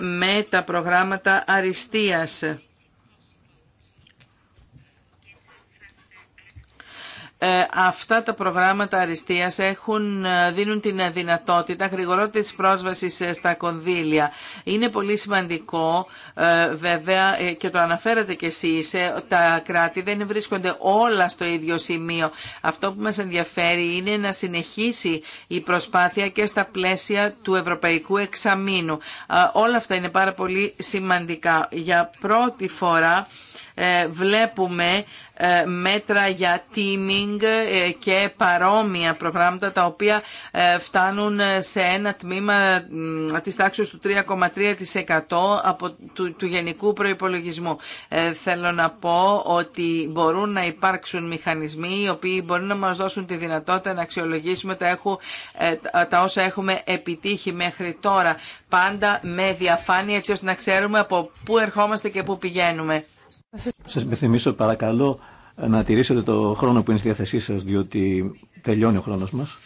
με τα προγράμματα αριστείας. Ε, αυτά τα προγράμματα αριστείας έχουν, ε, δίνουν την δυνατότητα γρηγορότερης πρόσβασης ε, στα κονδύλια. Είναι πολύ σημαντικό βέβαια και το αναφέρατε κι εσείς, τα κράτη δεν βρίσκονται όλα στο ίδιο σημείο. Αυτό που μας ενδιαφέρει είναι να συνεχίσει η προσπάθεια και στα πλαίσια του Ευρωπαϊκού Εξαμήνου. Όλα αυτά είναι πάρα πολύ σημαντικά. Για πρώτη φορά ε, βλέπουμε ε, μέτρα για teaming ε, και παρόμοια προγράμματα τα οποία φτάνουν σε ένα τμήμα της τάξης του 3,3% από του, γενικού προϋπολογισμού. Θέλω να πω ότι μπορούν να υπάρξουν μηχανισμοί οι οποίοι μπορούν να μας δώσουν τη δυνατότητα να αξιολογήσουμε τα, τα όσα έχουμε επιτύχει μέχρι τώρα πάντα με διαφάνεια έτσι ώστε να ξέρουμε από πού ερχόμαστε και πού πηγαίνουμε. Σα υπενθυμίσω παρακαλώ να τηρήσετε το χρόνο που είναι στη διάθεσή σα διότι τελειώνει ο χρόνος μας.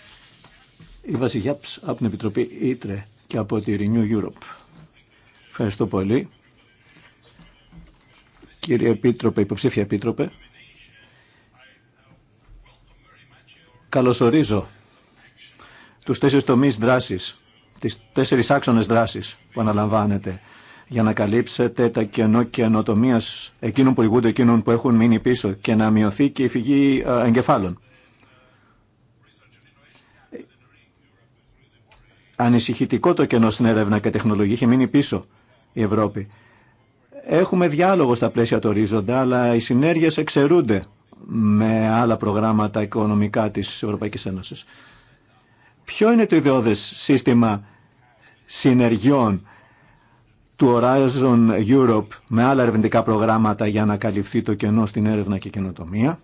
Η Βασιλιάψ από την Επιτροπή Ήτρε και από τη Renew Europe. Ευχαριστώ πολύ. Κύριε Επίτροπε, υποψήφια Επίτροπε, καλωσορίζω τους τέσσερις τομείς δράσης, τις τέσσερις άξονες δράσης που αναλαμβάνετε για να καλύψετε τα κενό καινοτομία εκείνων που λυγούνται, εκείνων που έχουν μείνει πίσω και να μειωθεί και η φυγή εγκεφάλων. Ανησυχητικό το κενό στην έρευνα και τεχνολογία. Είχε μείνει πίσω η Ευρώπη. Έχουμε διάλογο στα πλαίσια του ορίζοντα, αλλά οι συνέργειες εξαιρούνται με άλλα προγράμματα οικονομικά της Ευρωπαϊκής Ένωσης. Ποιο είναι το ιδεώδες σύστημα συνεργειών του Horizon Europe με άλλα ερευνητικά προγράμματα για να καλυφθεί το κενό στην έρευνα και καινοτομία.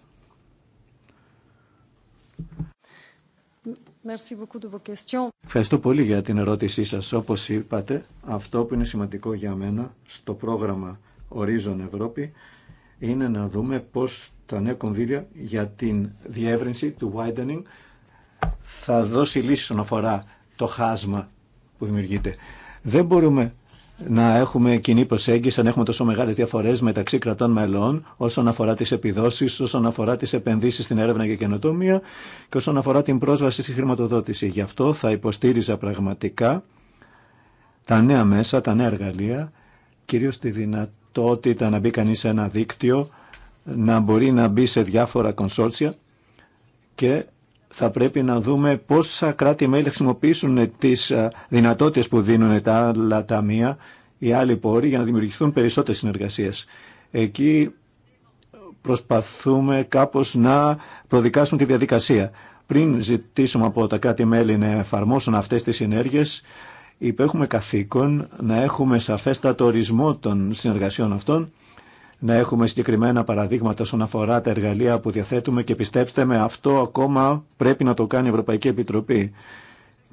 Ευχαριστώ πολύ για την ερώτησή σας. Όπως είπατε, αυτό που είναι σημαντικό για μένα στο πρόγραμμα Horizon Ευρώπη είναι να δούμε πώς τα νέα κονδύλια για την διεύρυνση του widening θα δώσει λύσεις όσον αφορά το χάσμα που δημιουργείται. Δεν μπορούμε να έχουμε κοινή προσέγγιση αν έχουμε τόσο μεγάλες διαφορές μεταξύ κρατών μελών όσον αφορά τις επιδόσεις, όσον αφορά τις επενδύσεις στην έρευνα και καινοτομία και όσον αφορά την πρόσβαση στη χρηματοδότηση. Γι' αυτό θα υποστήριζα πραγματικά τα νέα μέσα, τα νέα εργαλεία, κυρίως τη δυνατότητα να μπει κανείς σε ένα δίκτυο, να μπορεί να μπει σε διάφορα κονσόρτσια και θα πρέπει να δούμε πόσα κράτη-μέλη χρησιμοποιήσουν τις ε, δυνατότητες που δίνουν τα άλλα ταμεία οι άλλοι πόροι για να δημιουργηθούν περισσότερες συνεργασίες. Εκεί προσπαθούμε κάπως να προδικάσουμε τη διαδικασία. Πριν ζητήσουμε από τα κράτη-μέλη να εφαρμόσουν αυτές τις συνέργειες, υπέχουμε καθήκον να έχουμε σαφέστατο ορισμό των συνεργασιών αυτών να έχουμε συγκεκριμένα παραδείγματα όσον αφορά τα εργαλεία που διαθέτουμε και πιστέψτε με αυτό ακόμα πρέπει να το κάνει η Ευρωπαϊκή Επιτροπή.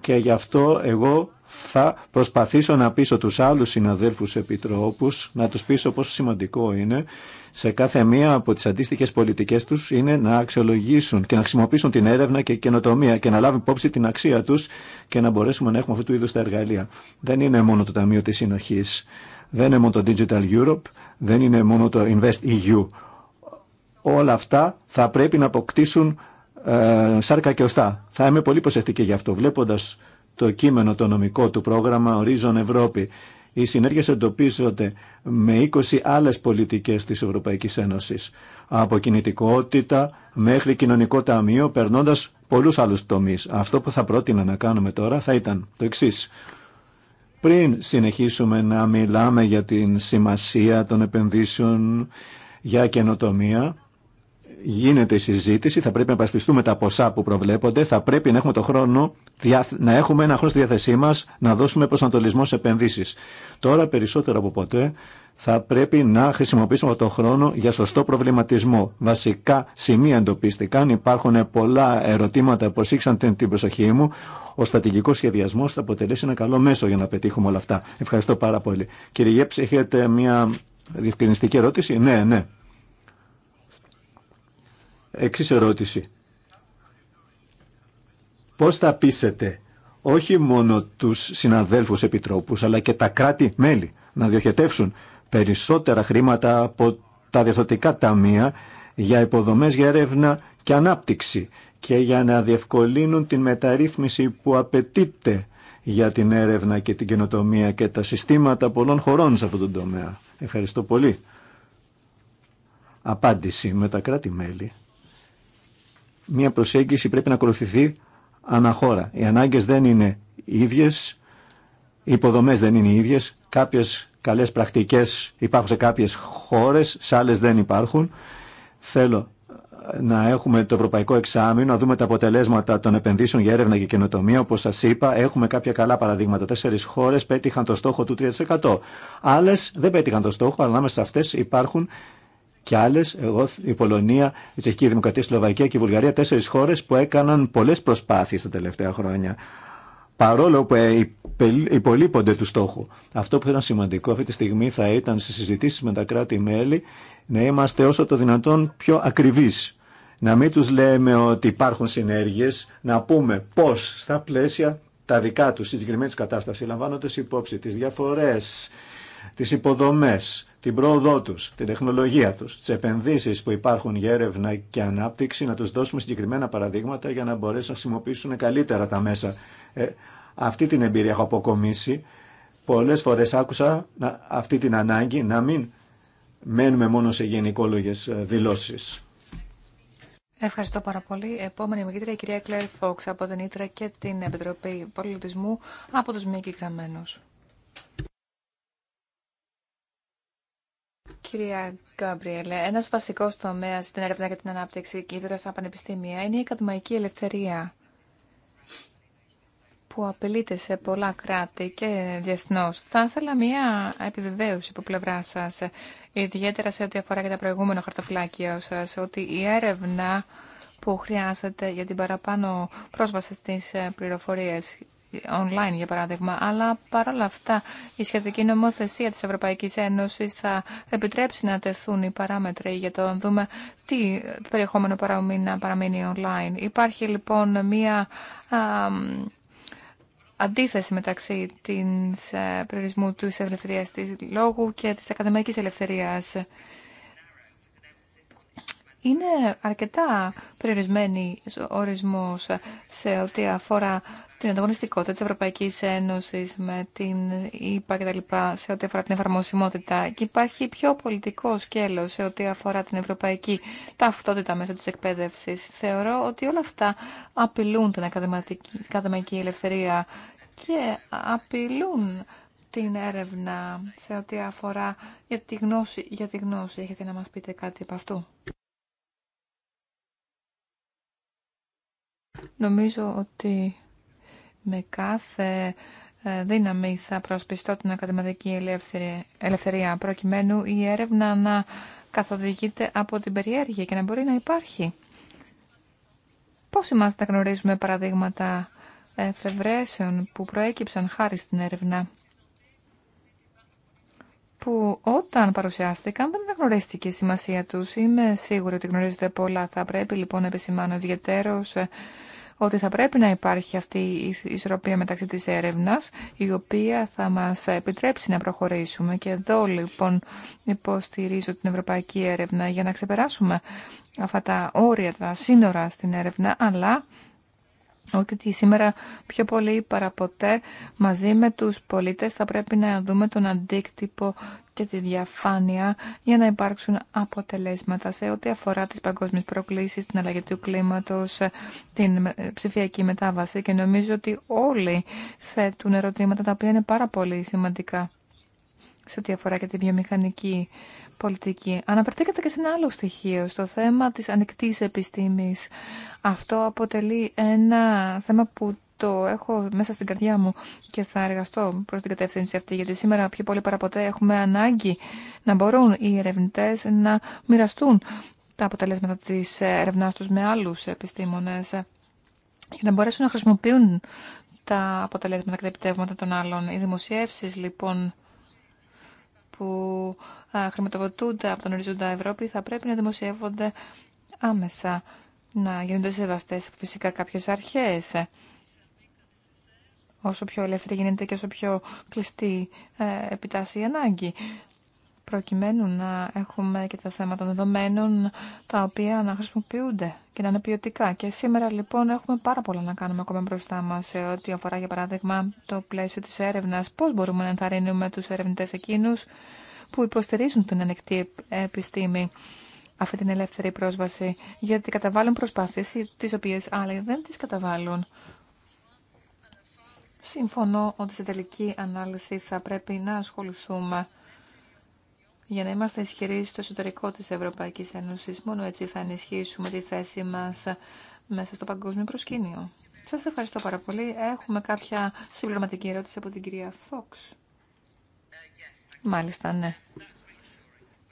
Και γι' αυτό εγώ θα προσπαθήσω να πείσω τους άλλους συναδέλφους επιτρόπους, να τους πείσω πόσο σημαντικό είναι σε κάθε μία από τις αντίστοιχες πολιτικές τους είναι να αξιολογήσουν και να χρησιμοποιήσουν την έρευνα και καινοτομία και να λάβουν υπόψη την αξία τους και να μπορέσουμε να έχουμε αυτού του είδους τα εργαλεία. Δεν είναι μόνο το Ταμείο της Συνοχής, δεν είναι μόνο το Digital Europe, δεν είναι μόνο το Invest EU. Όλα αυτά θα πρέπει να αποκτήσουν ε, σάρκα και οστά. Θα είμαι πολύ προσεκτική γι' αυτό. Βλέποντας το κείμενο το νομικό του πρόγραμμα Horizon Ευρώπη, οι συνέργειες εντοπίζονται με 20 άλλες πολιτικές της Ευρωπαϊκής Ένωσης. Από κινητικότητα μέχρι κοινωνικό ταμείο, περνώντας πολλούς άλλους τομείς. Αυτό που θα πρότεινα να κάνουμε τώρα θα ήταν το εξής πριν συνεχίσουμε να μιλάμε για την σημασία των επενδύσεων για καινοτομία, γίνεται η συζήτηση, θα πρέπει να επασπιστούμε τα ποσά που προβλέπονται, θα πρέπει να έχουμε το χρόνο, να έχουμε ένα χρόνο στη διάθεσή μας, να δώσουμε προσανατολισμό σε επενδύσεις. Τώρα περισσότερο από ποτέ θα πρέπει να χρησιμοποιήσουμε τον χρόνο για σωστό προβληματισμό. Βασικά σημεία εντοπίστηκαν, υπάρχουν πολλά ερωτήματα που προσήξαν την, προσοχή μου. Ο στατηγικός σχεδιασμός θα αποτελέσει ένα καλό μέσο για να πετύχουμε όλα αυτά. Ευχαριστώ πάρα πολύ. Κύριε Γέψη, έχετε μια διευκρινιστική ερώτηση. Ναι, ναι. Εξής ερώτηση. Πώς θα πείσετε όχι μόνο τους συναδέλφους επιτρόπους, αλλά και τα κράτη-μέλη να διοχετεύσουν περισσότερα χρήματα από τα διευθυντικά ταμεία για υποδομές, για έρευνα και ανάπτυξη και για να διευκολύνουν την μεταρρύθμιση που απαιτείται για την έρευνα και την καινοτομία και τα συστήματα πολλών χωρών σε αυτόν τον τομέα. Ευχαριστώ πολύ. Απάντηση με τα κράτη-μέλη. Μία προσέγγιση πρέπει να ακολουθηθεί αναχώρα. Οι ανάγκες δεν είναι ίδιες, οι υποδομές δεν είναι ίδιες. Κάποιες Καλές πρακτικές υπάρχουν σε κάποιες χώρες, σε άλλες δεν υπάρχουν. Θέλω να έχουμε το ευρωπαϊκό εξάμεινο, να δούμε τα αποτελέσματα των επενδύσεων για έρευνα και καινοτομία. Όπω σα είπα, έχουμε κάποια καλά παραδείγματα. Τέσσερι χώρε πέτυχαν το στόχο του 3%. Άλλε δεν πέτυχαν το στόχο, αλλά ανάμεσα σε αυτέ υπάρχουν και άλλε. Εγώ, η Πολωνία, η Τσεχική Δημοκρατία, η Σλοβακία και η Βουλγαρία, τέσσερι χώρε που έκαναν πολλέ προσπάθειε τα τελευταία χρόνια παρόλο που ε, υπολείπονται του στόχου. Αυτό που ήταν σημαντικό αυτή τη στιγμή θα ήταν σε συζητήσεις με τα κράτη-μέλη να είμαστε όσο το δυνατόν πιο ακριβείς. Να μην τους λέμε ότι υπάρχουν συνέργειες, να πούμε πώς στα πλαίσια τα δικά τους, συγκεκριμένη τους κατάσταση, λαμβάνοντας υπόψη τις διαφορές, τις υποδομές, την πρόοδό του, την τεχνολογία του, τι επενδύσει που υπάρχουν για έρευνα και ανάπτυξη, να του δώσουμε συγκεκριμένα παραδείγματα για να μπορέσουν να χρησιμοποιήσουν καλύτερα τα μέσα ε, αυτή την εμπειρία έχω αποκομίσει. Πολλές φορές άκουσα αυτή την ανάγκη να μην μένουμε μόνο σε γενικόλογες ε, δηλώσεις. Ευχαριστώ πάρα πολύ. Επόμενη μεγήτρια, η κυρία Κλέρ Φόξ από την Ήτρα και την Επιτροπή Πολιτισμού από τους μη Γραμμένους Κυρία Γκάμπριελε, ένας βασικός τομέας στην έρευνα και την ανάπτυξη και στα πανεπιστήμια είναι η ακαδημαϊκή ελευθερία που απειλείται σε πολλά κράτη και διεθνώ. Θα ήθελα μια επιβεβαίωση από πλευρά σα, ιδιαίτερα σε ό,τι αφορά και τα προηγούμενα χαρτοφυλάκια σα, ότι η έρευνα που χρειάζεται για την παραπάνω πρόσβαση στις ε, πληροφορίες online για παράδειγμα, αλλά παρόλα αυτά η σχετική νομοθεσία της Ευρωπαϊκής Ένωσης θα επιτρέψει να τεθούν οι παράμετροι για το να δούμε τι περιεχόμενο παραμείνει, online. Υπάρχει λοιπόν μία αντίθεση μεταξύ της ε, περιορισμού της ελευθερίας της λόγου και της ακαδημαϊκής ελευθερίας. Είναι αρκετά περιορισμένη ο ορισμός σε ό,τι αφορά την ανταγωνιστικότητα της Ευρωπαϊκής Ένωσης με την ΕΠΑ κτλ. σε ό,τι αφορά την εφαρμοσιμότητα. Και υπάρχει πιο πολιτικό σκέλος σε ό,τι αφορά την ευρωπαϊκή ταυτότητα μέσω της εκπαίδευσης. Θεωρώ ότι όλα αυτά απειλούν την ακαδημαϊκή ελευθερία και απειλούν την έρευνα σε ό,τι αφορά για τη γνώση. Για τη γνώση. Έχετε να μας πείτε κάτι από αυτού. Νομίζω ότι με κάθε ε, δύναμη θα προσπιστώ την ακαδηματική ελευθερία προκειμένου η έρευνα να καθοδηγείται από την περιέργεια και να μπορεί να υπάρχει. Πώς είμαστε να γνωρίζουμε παραδείγματα εφευρέσεων που προέκυψαν χάρη στην έρευνα που όταν παρουσιάστηκαν δεν γνωρίστηκε η σημασία τους. Είμαι σίγουρη ότι γνωρίζετε πολλά. Θα πρέπει λοιπόν να επισημάνω ιδιαίτερως ε, ότι θα πρέπει να υπάρχει αυτή η ισορροπία μεταξύ της έρευνας, η οποία θα μας επιτρέψει να προχωρήσουμε. Και εδώ λοιπόν υποστηρίζω την ευρωπαϊκή έρευνα για να ξεπεράσουμε αυτά τα όρια, τα σύνορα στην έρευνα, αλλά ότι σήμερα πιο πολύ παραποτέ μαζί με τους πολίτες θα πρέπει να δούμε τον αντίκτυπο και τη διαφάνεια για να υπάρξουν αποτελέσματα σε ό,τι αφορά τις παγκόσμιες προκλήσεις, την αλλαγή του κλίματος, την ε, ψηφιακή μετάβαση και νομίζω ότι όλοι θέτουν ερωτήματα τα οποία είναι πάρα πολύ σημαντικά σε ό,τι αφορά και τη βιομηχανική πολιτική. Αναφερθήκατε και σε ένα άλλο στοιχείο, στο θέμα της ανοιχτής επιστήμης. Αυτό αποτελεί ένα θέμα που το έχω μέσα στην καρδιά μου και θα εργαστώ προς την κατεύθυνση αυτή, γιατί σήμερα πιο πολύ παραποτέ έχουμε ανάγκη να μπορούν οι ερευνητές να μοιραστούν τα αποτελέσματα της ερευνά τους με άλλους επιστήμονες και να μπορέσουν να χρησιμοποιούν τα αποτελέσματα και τα επιτεύγματα των άλλων. Οι δημοσιεύσεις λοιπόν που χρηματοδοτούνται από τον οριζόντα Ευρώπη θα πρέπει να δημοσιεύονται άμεσα, να γίνονται σεβαστές φυσικά κάποιε αρχέ. Όσο πιο ελεύθερη γίνεται και όσο πιο κλειστή ε, επιτάσσει η ανάγκη προκειμένου να έχουμε και τα θέματα δεδομένων τα οποία να χρησιμοποιούνται και να είναι ποιοτικά. Και σήμερα λοιπόν έχουμε πάρα πολλά να κάνουμε ακόμα μπροστά μα σε ό,τι αφορά για παράδειγμα το πλαίσιο τη έρευνα. Πώ μπορούμε να ενθαρρύνουμε του ερευνητέ εκείνου που υποστηρίζουν την ανοιχτή επιστήμη αυτή την ελεύθερη πρόσβαση, γιατί καταβάλουν προσπάθειες τις οποίες άλλοι δεν τις καταβάλουν. Συμφωνώ ότι σε τελική ανάλυση θα πρέπει να ασχοληθούμε για να είμαστε ισχυροί στο εσωτερικό της Ευρωπαϊκής Ένωσης. Μόνο έτσι θα ενισχύσουμε τη θέση μας μέσα στο παγκόσμιο προσκήνιο. Σας ευχαριστώ πάρα πολύ. Έχουμε κάποια συμπληρωματική ερώτηση από την κυρία Φόξ. Μάλιστα, ναι.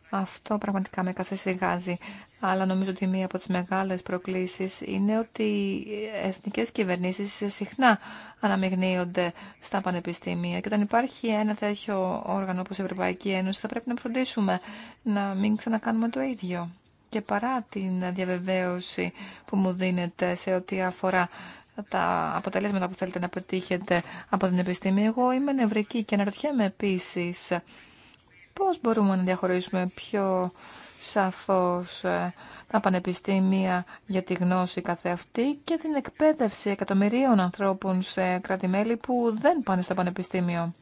Αυτό πραγματικά με καθεσυγάζει. Αλλά νομίζω ότι μία από τις μεγάλες προκλήσεις είναι ότι οι εθνικές κυβερνήσεις συχνά αναμειγνύονται στα πανεπιστήμια. Και όταν υπάρχει ένα τέτοιο όργανο όπως η Ευρωπαϊκή Ένωση θα πρέπει να φροντίσουμε να μην ξανακάνουμε το ίδιο. Και παρά την διαβεβαίωση που μου δίνεται σε ό,τι αφορά τα αποτελέσματα που θέλετε να πετύχετε από την επιστήμη. Εγώ είμαι νευρική και αναρωτιέμαι επίση. πώς μπορούμε να διαχωρίσουμε πιο σαφώς ε, τα πανεπιστήμια για τη γνώση καθεαυτή και την εκπαίδευση εκατομμυρίων ανθρώπων σε κρατη που δεν πάνε στο πανεπιστήμιο.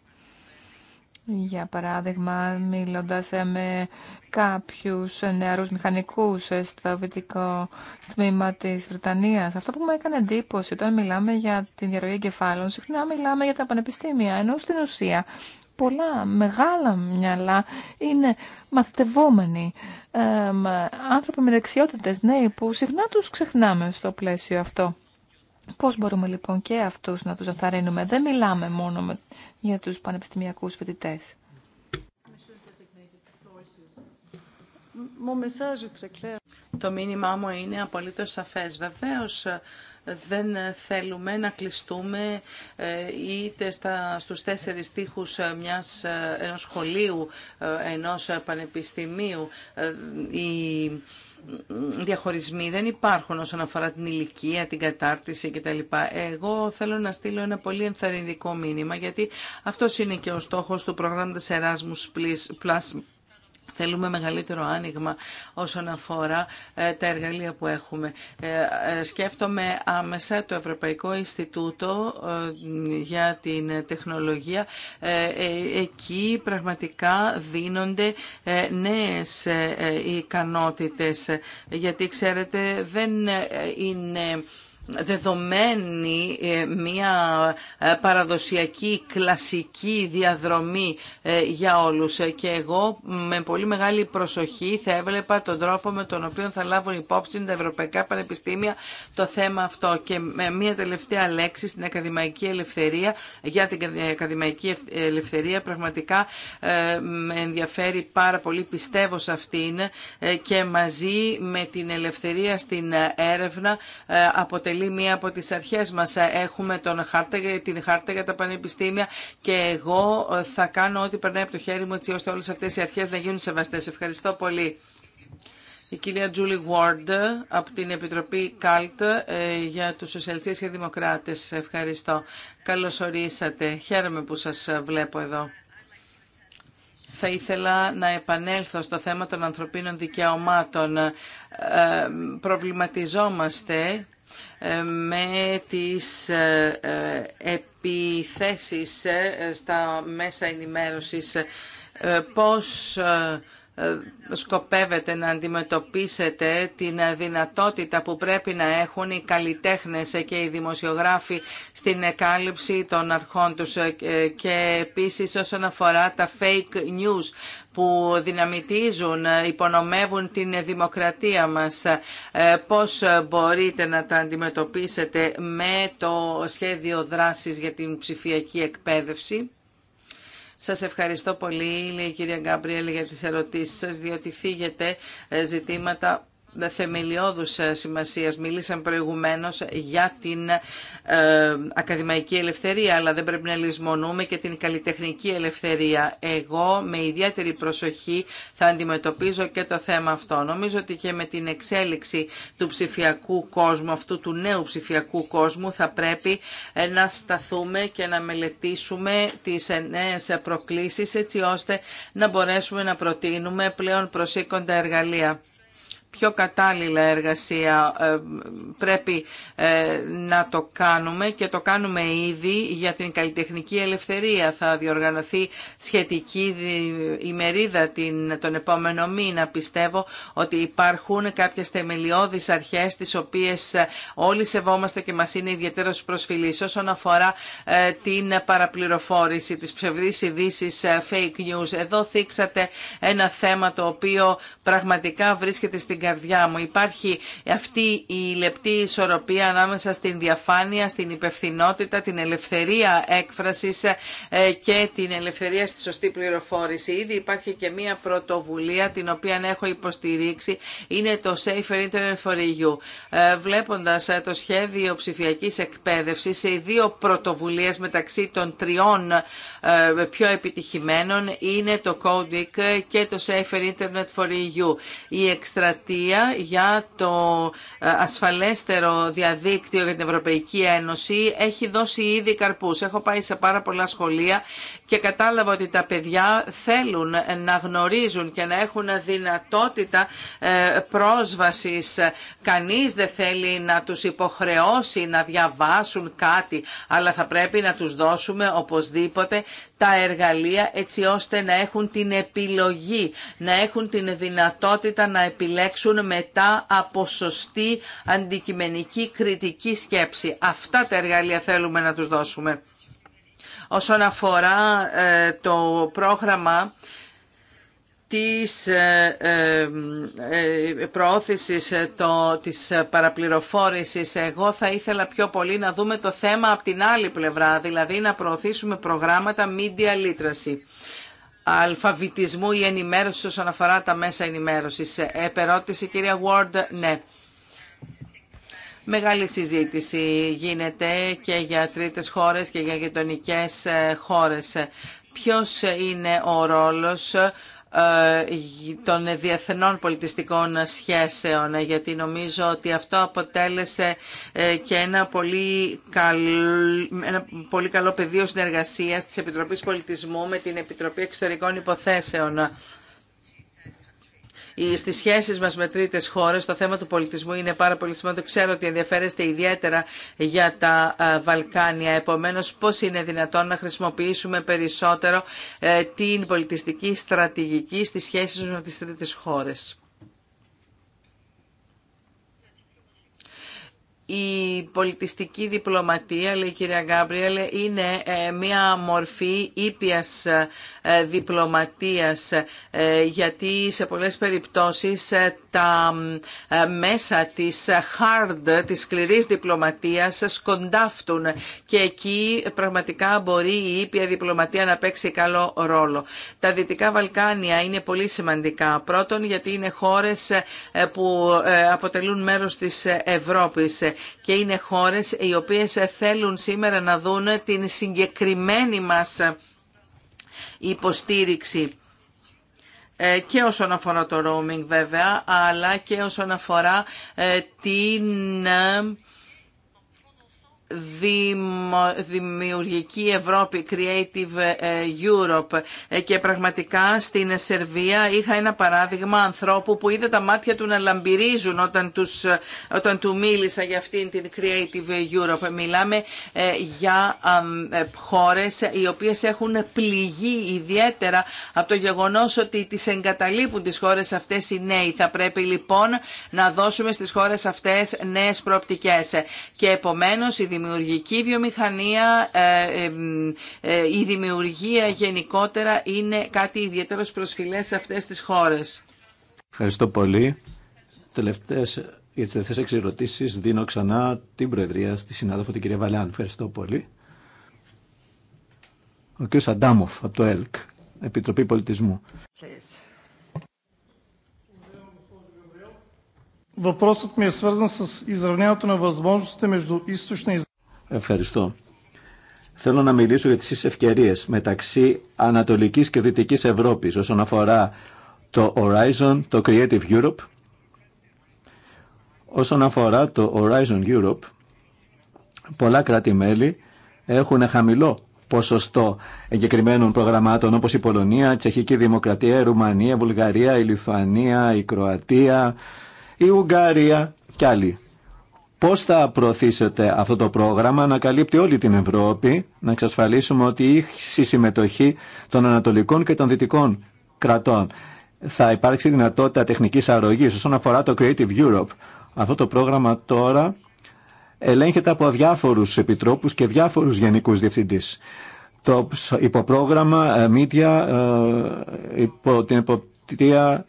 Για παράδειγμα, μιλώντας με κάποιους νεαρούς μηχανικούς στο βυτικό τμήμα της Βρετανίας. Αυτό που μου έκανε εντύπωση όταν μιλάμε για την διαρροή εγκεφάλων, συχνά μιλάμε για τα πανεπιστήμια, ενώ στην ουσία πολλά μεγάλα μυαλά είναι μαθητευόμενοι ε, άνθρωποι με δεξιότητες νέοι που συχνά τους ξεχνάμε στο πλαίσιο αυτό. Πώς μπορούμε λοιπόν και αυτούς να τους αθαρρύνουμε. Δεν μιλάμε μόνο για τους πανεπιστημιακούς φοιτητές. Το μήνυμά μου είναι απολύτως σαφές. Βεβαίως ε, δεν θέλουμε να κλειστούμε ε, είτε στα, στους τέσσερις τείχους ε, μιας, ενός σχολείου, ενός πανεπιστημίου. Η διαχωρισμοί δεν υπάρχουν όσον αφορά την ηλικία, την κατάρτιση κτλ. Εγώ θέλω να στείλω ένα πολύ ενθαρρυντικό μήνυμα γιατί αυτό είναι και ο στόχος του προγράμματος Erasmus Plus Θέλουμε μεγαλύτερο άνοιγμα όσον αφορά ε, τα εργαλεία που έχουμε. Ε, ε, σκέφτομαι άμεσα το Ευρωπαϊκό Ινστιτούτο για την Τεχνολογία. Εκεί πραγματικά δίνονται νέες ικανότητες, γιατί ξέρετε δεν είναι δεδομένη ε, μια ε, παραδοσιακή κλασική διαδρομή ε, για όλους και εγώ με πολύ μεγάλη προσοχή θα έβλεπα τον τρόπο με τον οποίο θα λάβουν υπόψη τα Ευρωπαϊκά Πανεπιστήμια το θέμα αυτό και με μια τελευταία λέξη στην ακαδημαϊκή ελευθερία για την ακαδημαϊκή ελευθερία πραγματικά με ενδιαφέρει πάρα πολύ πιστεύω σε αυτήν και μαζί με την ελευθερία στην έρευνα αποτελεί αποτελεί μία από τις αρχές μας. Έχουμε τον χάρτα, την χάρτα για τα πανεπιστήμια και εγώ θα κάνω ό,τι περνάει από το χέρι μου έτσι ώστε όλες αυτές οι αρχές να γίνουν σεβαστές. Ευχαριστώ πολύ. Η κυρία Τζούλι Ward από την Επιτροπή ΚΑΛΤ ε, για τους Σοσιαλιστές και Δημοκράτες. Ευχαριστώ. Καλώς ορίσατε. Χαίρομαι που σας βλέπω εδώ. Θα ήθελα να επανέλθω στο θέμα των ανθρωπίνων δικαιωμάτων. Ε, ε, προβληματιζόμαστε ε, με τις ε, ε, επιθέσεις στα μέσα ενημέρωσης πώς σκοπεύετε να αντιμετωπίσετε την δυνατότητα που πρέπει να έχουν οι καλλιτέχνες και οι δημοσιογράφοι στην εκάλυψη των αρχών τους και επίσης όσον αφορά τα fake news που δυναμητίζουν, υπονομεύουν την δημοκρατία μας. Ε, πώς μπορείτε να τα αντιμετωπίσετε με το σχέδιο δράσης για την ψηφιακή εκπαίδευση. Σας ευχαριστώ πολύ, λέει η κυρία Γκάμπριελ, για τις ερωτήσεις σας, διότι θίγεται ε, ζητήματα θεμελιώδους ε, σημασίας. μίλησαν προηγουμένως για την ε, ακαδημαϊκή ελευθερία, αλλά δεν πρέπει να λησμονούμε και την καλλιτεχνική ελευθερία. Εγώ με ιδιαίτερη προσοχή θα αντιμετωπίζω και το θέμα αυτό. Νομίζω ότι και με την εξέλιξη του ψηφιακού κόσμου, αυτού του νέου ψηφιακού κόσμου, θα πρέπει ε, να σταθούμε και να μελετήσουμε τις νέες προκλήσεις, έτσι ώστε να μπορέσουμε να προτείνουμε πλέον προσήκοντα εργαλεία πιο κατάλληλα εργασία. Ε, πρέπει ε, να το κάνουμε και το κάνουμε ήδη για την καλλιτεχνική ελευθερία. Θα διοργανωθεί σχετική ημερίδα την, τον επόμενο μήνα. Πιστεύω ότι υπάρχουν κάποιες θεμελιώδεις αρχές τις οποίες ε, όλοι σεβόμαστε και μας είναι ιδιαίτερος προσφυλής όσον αφορά την παραπληροφόρηση, της ψευδής ειδήσει fake news. Εδώ θίξατε ένα θέμα το οποίο πραγματικά βρίσκεται στην καρδιά μου. Υπάρχει αυτή η λεπτή ισορροπία ανάμεσα στην διαφάνεια, στην υπευθυνότητα, την ελευθερία έκφρασης ε, και την ελευθερία στη σωστή πληροφόρηση. Ήδη υπάρχει και μία πρωτοβουλία την οποία έχω υποστηρίξει. Είναι το Safer Internet for EU. Ε, βλέποντας ε, το σχέδιο ψηφιακής εκπαίδευσης, οι δύο πρωτοβουλίες μεταξύ των τριών πιο επιτυχημένων είναι το Codic και το Safer Internet for EU. Η εκστρατεία για το ε, ασφαλέστερο διαδίκτυο για την Ευρωπαϊκή Ένωση έχει δώσει ήδη καρπούς. Έχω πάει σε πάρα πολλά σχολεία και κατάλαβα ότι τα παιδιά θέλουν να γνωρίζουν και να έχουν δυνατότητα ε, πρόσβασης. Κανείς δεν θέλει να τους υποχρεώσει να διαβάσουν κάτι, αλλά θα πρέπει να τους δώσουμε οπωσδήποτε τα εργαλεία έτσι ώστε να έχουν την επιλογή, να έχουν την δυνατότητα να επιλέξουν μετά από σωστή αντικειμενική κριτική σκέψη. Αυτά τα εργαλεία θέλουμε να τους δώσουμε. Όσον αφορά ε, το πρόγραμμα της ε, ε, προώθησης το, της παραπληροφόρησης εγώ θα ήθελα πιο πολύ να δούμε το θέμα από την άλλη πλευρά δηλαδή να προωθήσουμε προγράμματα media literacy αλφαβητισμού ή ενημέρωση όσον αφορά τα μέσα ενημέρωσης. Ε, επερώτηση, κυρία Ward, ναι. Μεγάλη συζήτηση γίνεται και για τρίτες χώρες και για γειτονικέ ε, χώρες. Ποιος είναι ο ρόλος ε, των διεθνών πολιτιστικών σχέσεων ε, γιατί νομίζω ότι αυτό αποτέλεσε ε, και ένα πολύ, καλό, ένα πολύ καλό πεδίο συνεργασίας της Επιτροπής Πολιτισμού με την Επιτροπή Εξωτερικών Υποθέσεων στις σχέσεις μας με τρίτες χώρες το θέμα του πολιτισμού είναι πάρα πολύ σημαντικό. Ξέρω ότι ενδιαφέρεστε ιδιαίτερα για τα ε, Βαλκάνια. Επομένως, πώς είναι δυνατόν να χρησιμοποιήσουμε περισσότερο ε, την πολιτιστική στρατηγική στις σχέσεις μας με τις τρίτες χώρες. η πολιτιστική διπλωματία, λέει η κυρία Γκάμπριελ, είναι ε, μία μορφή ήπιας ε, διπλωματίας, ε, γιατί σε πολλές περιπτώσεις τα μέσα της hard, της σκληρής διπλωματίας σκοντάφτουν και εκεί πραγματικά μπορεί η ήπια διπλωματία να παίξει καλό ρόλο. Τα Δυτικά Βαλκάνια είναι πολύ σημαντικά. Πρώτον, γιατί είναι χώρες που αποτελούν μέρος της Ευρώπης και είναι χώρες οι οποίες θέλουν σήμερα να δουν την συγκεκριμένη μας υποστήριξη ε, και όσον αφορά το roaming βέβαια, αλλά και όσον αφορά ε, την ε, Δημιουργική Ευρώπη, Creative ε, Europe ε, και πραγματικά στην Σερβία είχα ένα παράδειγμα ανθρώπου που είδε τα μάτια του να λαμπυρίζουν όταν, τους, όταν του μίλησα για αυτήν την Creative Europe. Μιλάμε ε, για χώρες οι οποίες έχουν πληγεί ιδιαίτερα από το γεγονός ότι τις εγκαταλείπουν τις χώρες αυτές οι νέοι. Θα πρέπει λοιπόν να δώσουμε στις χώρες αυτές νέες προοπτικές και επομένως η δημιουργική βιομηχανία, ε, ε, η δημιουργία γενικότερα είναι κάτι ιδιαίτερο προσφυλές σε αυτές τις χώρες. Ευχαριστώ πολύ. Τελευταίες, για τις τελευταίες εξερωτήσεις δίνω ξανά την Προεδρία στη συνάδελφο την κυρία Βαλάν. Ευχαριστώ πολύ. Ο κ. Αντάμοφ από το ΕΛΚ, Επιτροπή Πολιτισμού. Въпросът ми е свързан с изравняването на възможностите между източна и... Ευχαριστώ. Θέλω να μιλήσω για τι ευκαιρίε μεταξύ Ανατολική και δυτική Ευρώπη όσον αφορά το Horizon, το Creative Europe. Όσον αφορά το Horizon Europe, πολλά κράτη-μέλη έχουν χαμηλό ποσοστό εγκεκριμένων προγραμμάτων όπως η Πολωνία, η Τσεχική Δημοκρατία, η Ρουμανία, η Βουλγαρία, η Λιθουανία, η Κροατία, η Ουγγαρία και άλλοι. Πώς θα προωθήσετε αυτό το πρόγραμμα να καλύπτει όλη την Ευρώπη, να εξασφαλίσουμε ότι η συμμετοχή των ανατολικών και των δυτικών κρατών θα υπάρξει δυνατότητα τεχνικής αρρωγής όσον αφορά το Creative Europe. Αυτό το πρόγραμμα τώρα ελέγχεται από διάφορους επιτρόπους και διάφορους γενικούς διευθυντής. Το υποπρόγραμμα ε, Media ε, υπό την υποπτήρια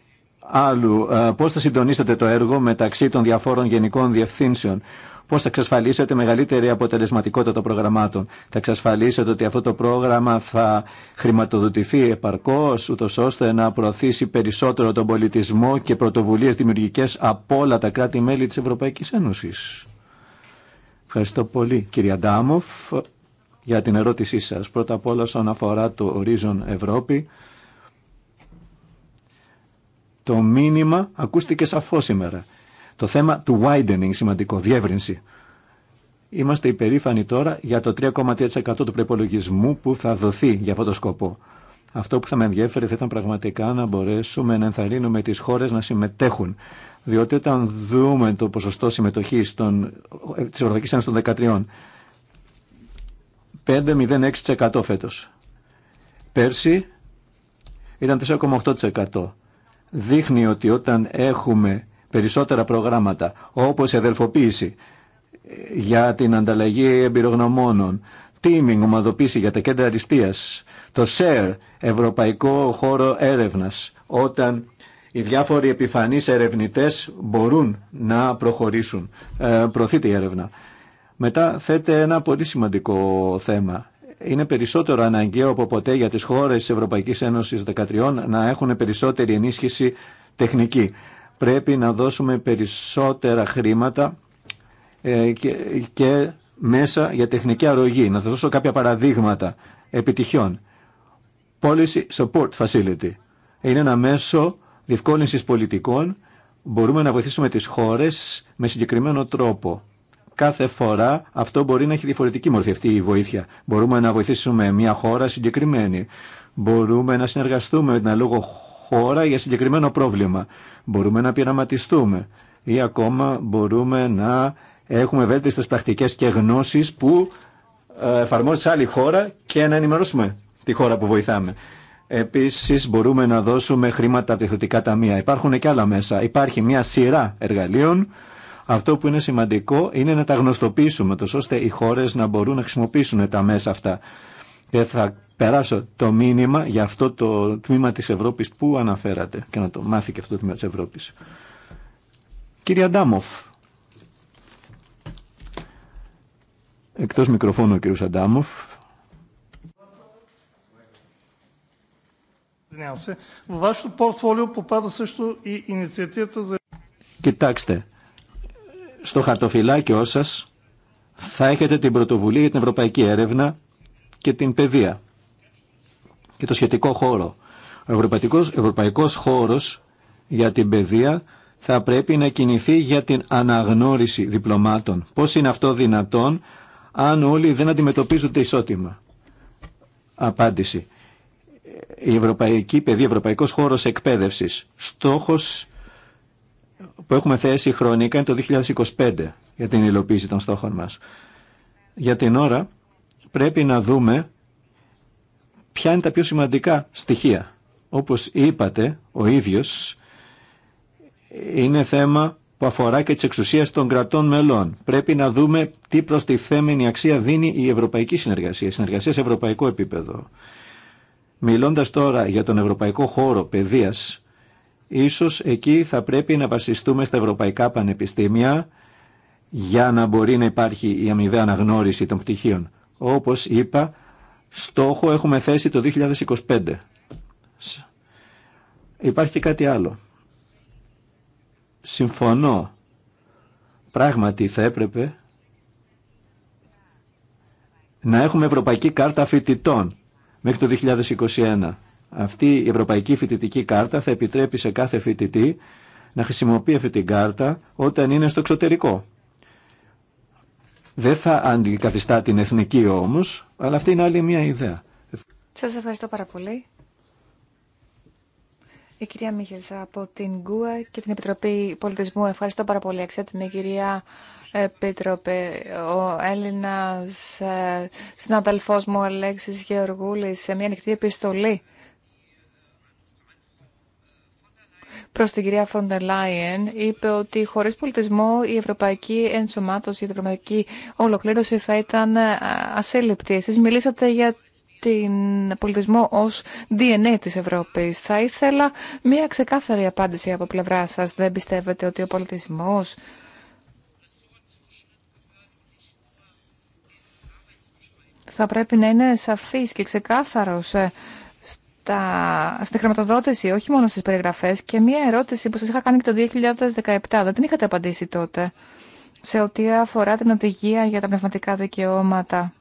άλλου. Ε, πώς θα συντονίσετε το έργο μεταξύ των διαφόρων γενικών διευθύνσεων. Πώ θα εξασφαλίσετε μεγαλύτερη αποτελεσματικότητα των προγραμμάτων. Θα εξασφαλίσετε ότι αυτό το πρόγραμμα θα χρηματοδοτηθεί επαρκώ, ούτω ώστε να προωθήσει περισσότερο τον πολιτισμό και πρωτοβουλίε δημιουργικέ από όλα τα κράτη-μέλη τη Ευρωπαϊκή Ένωση. Ευχαριστώ πολύ, κύριε Ντάμοφ, για την ερώτησή σα. Πρώτα απ' όλα, όσον αφορά το ορίζον Ευρώπη. Το μήνυμα ακούστηκε σαφώς σήμερα. Το θέμα του widening σημαντικό, διεύρυνση. Είμαστε υπερήφανοι τώρα για το 3,3% του προπολογισμού που θα δοθεί για αυτό το σκοπό. Αυτό που θα με ενδιέφερε θα ήταν πραγματικά να μπορέσουμε να ενθαρρύνουμε τις χώρες να συμμετέχουν. Διότι όταν δούμε το ποσοστό συμμετοχής τη ε, της Ευρωπαϊκής των 13, 5,06% φέτος. Πέρσι ήταν 4,8% δείχνει ότι όταν έχουμε περισσότερα προγράμματα όπως η αδελφοποίηση για την ανταλλαγή εμπειρογνωμόνων, teaming, ομαδοποίηση για τα κέντρα αριστείας, το SHARE, Ευρωπαϊκό Χώρο Έρευνας, όταν οι διάφοροι επιφανείς ερευνητές μπορούν να προχωρήσουν. Ε, προωθείται η έρευνα. Μετά θέτε ένα πολύ σημαντικό θέμα είναι περισσότερο αναγκαίο από ποτέ για τις χώρες της Ευρωπαϊκής Ένωσης 13 να έχουν περισσότερη ενίσχυση τεχνική. Πρέπει να δώσουμε περισσότερα χρήματα ε, και μέσα για τεχνική αρρωγή. Να σας δώσω κάποια παραδείγματα επιτυχιών. Policy Support Facility είναι ένα μέσο διευκόλυνσης πολιτικών. Μπορούμε να βοηθήσουμε τις χώρες με συγκεκριμένο τρόπο κάθε φορά αυτό μπορεί να έχει διαφορετική μορφή αυτή η βοήθεια. Μπορούμε να βοηθήσουμε μια χώρα συγκεκριμένη. Μπορούμε να συνεργαστούμε με την αλόγω χώρα για συγκεκριμένο πρόβλημα. Μπορούμε να πειραματιστούμε ή ακόμα μπορούμε να έχουμε βέλτιστες πρακτικές και γνώσεις που ε, εφαρμόζει σε άλλη χώρα και να ενημερώσουμε τη χώρα που βοηθάμε. Επίσης μπορούμε να δώσουμε χρήματα από τη τα ταμεία. Υπάρχουν και άλλα μέσα. Υπάρχει μια σειρά εργαλείων αυτό που είναι σημαντικό είναι να τα γνωστοποιήσουμε, τόσο ώστε οι χώρες να μπορούν να χρησιμοποιήσουν τα μέσα αυτά. θα περάσω το μήνυμα για αυτό το τμήμα της Ευρώπης που αναφέρατε και να το μάθει και αυτό το τμήμα της Ευρώπης. Κύριε Αντάμοφ. Εκτός μικροφώνου ο κύριος Αντάμοφ. Κοιτάξτε, στο χαρτοφυλάκιό σας θα έχετε την πρωτοβουλία για την ευρωπαϊκή έρευνα και την παιδεία και το σχετικό χώρο. Ο ευρωπαϊκός, ευρωπαϊκός χώρος για την παιδεία θα πρέπει να κινηθεί για την αναγνώριση διπλωμάτων. Πώς είναι αυτό δυνατόν αν όλοι δεν αντιμετωπίζονται ισότιμα. Απάντηση. Η Ευρωπαϊκή Παιδεία, Ευρωπαϊκός Χώρος Εκπαίδευσης. Στόχος που έχουμε θέσει χρονικά είναι το 2025 για την υλοποίηση των στόχων μας. Για την ώρα πρέπει να δούμε ποια είναι τα πιο σημαντικά στοιχεία. Όπως είπατε, ο ίδιος είναι θέμα που αφορά και τις εξουσίες των κρατών μελών. Πρέπει να δούμε τι προστιθέμενη αξία δίνει η ευρωπαϊκή συνεργασία, η συνεργασία σε ευρωπαϊκό επίπεδο. Μιλώντας τώρα για τον ευρωπαϊκό χώρο παιδείας, Ίσως εκεί θα πρέπει να βασιστούμε στα ευρωπαϊκά πανεπιστήμια για να μπορεί να υπάρχει η αμοιβαία αναγνώριση των πτυχίων. Όπως είπα, στόχο έχουμε θέσει το 2025. Υπάρχει κάτι άλλο. Συμφωνώ. Πράγματι θα έπρεπε να έχουμε Ευρωπαϊκή Κάρτα Φοιτητών μέχρι το 2021. Αυτή η Ευρωπαϊκή Φοιτητική Κάρτα θα επιτρέπει σε κάθε φοιτητή να χρησιμοποιεί αυτή την κάρτα όταν είναι στο εξωτερικό. Δεν θα αντικαθιστά την εθνική όμως, αλλά αυτή είναι άλλη μια ιδέα. Σας ευχαριστώ πάρα πολύ. Η κυρία Μίχελσα από την ΚΟΕ και την Επιτροπή Πολιτισμού. Ευχαριστώ πάρα πολύ. την κυρία Επίτροπε, ο Έλληνας ε, συναδελφός μου Αλέξης Γεωργούλης σε μια ανοιχτή επιστολή Προ την κυρία Φόντερ Λάιεν είπε ότι χωρί πολιτισμό η ευρωπαϊκή ενσωμάτωση, η ευρωπαϊκή ολοκλήρωση θα ήταν ε, ασύλληπτη. Εσεί μιλήσατε για την πολιτισμό ως DNA της Ευρώπης. Θα ήθελα μία ξεκάθαρη απάντηση από πλευρά σας. Δεν πιστεύετε ότι ο πολιτισμός θα πρέπει να είναι σαφής και ξεκάθαρος ε, στα, στη χρηματοδότηση, όχι μόνο στις περιγραφές και μία ερώτηση που σας είχα κάνει και το 2017, δεν την είχατε απαντήσει τότε, σε ό,τι αφορά την οδηγία για τα πνευματικά δικαιώματα,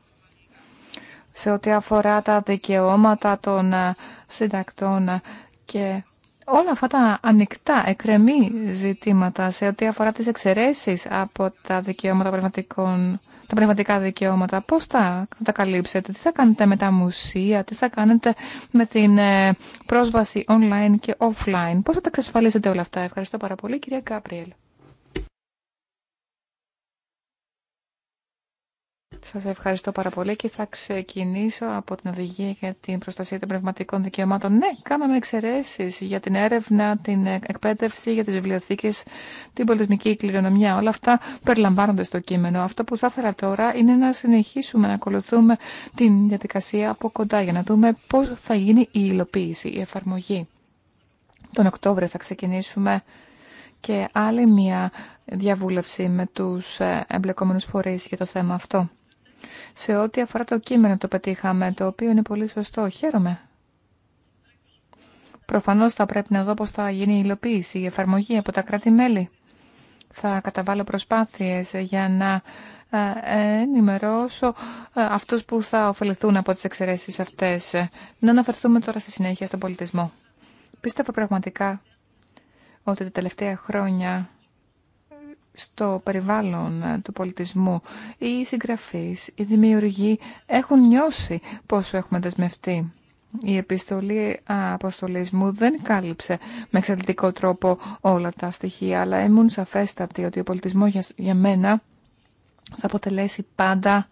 σε ό,τι αφορά τα δικαιώματα των ε, συντακτών ε, και όλα αυτά τα ανοιχτά, εκρεμή ζητήματα, σε ό,τι αφορά τις εξαιρέσεις από τα δικαιώματα πνευματικών τα πνευματικά δικαιώματα. Πώς θα, τα καλύψετε, τι θα κάνετε με τα μουσεία, τι θα κάνετε με την ε, πρόσβαση online και offline. Πώς θα τα εξασφαλίσετε όλα αυτά. Ευχαριστώ πάρα πολύ κυρία Κάπριελ. Σας ευχαριστώ πάρα πολύ και θα ξεκινήσω από την οδηγία για την προστασία των πνευματικών δικαιωμάτων. Ναι, κάναμε εξαιρέσει για την έρευνα, την εκπαίδευση, για τις βιβλιοθήκες, την πολιτισμική κληρονομιά. Όλα αυτά περιλαμβάνονται στο κείμενο. Αυτό που θα ήθελα τώρα είναι να συνεχίσουμε να ακολουθούμε την διαδικασία από κοντά για να δούμε πώς θα γίνει η υλοποίηση, η εφαρμογή. Τον Οκτώβριο θα ξεκινήσουμε και άλλη μια διαβούλευση με τους εμπλεκόμενους φορείς για το θέμα αυτό. Σε ό,τι αφορά το κείμενο το πετύχαμε, το οποίο είναι πολύ σωστό. Χαίρομαι. Προφανώς θα πρέπει να δω πώς θα γίνει η υλοποίηση, η εφαρμογή από τα κράτη-μέλη. Θα καταβάλω προσπάθειες για να ε, ενημερώσω ε, αυτούς που θα ωφεληθούν από τις εξαιρέσεις αυτές. Να αναφερθούμε τώρα στη συνέχεια στον πολιτισμό. Πίστευα πραγματικά ότι τα τελευταία χρόνια στο περιβάλλον ε, του πολιτισμού, οι συγγραφείς, οι δημιουργοί έχουν νιώσει πόσο έχουμε δεσμευτεί. Η επιστολή ε, αποστολής μου δεν κάλυψε με εξαιρετικό τρόπο όλα τα στοιχεία, αλλά ήμουν σαφέστατη ότι ο πολιτισμός για, μένα θα αποτελέσει πάντα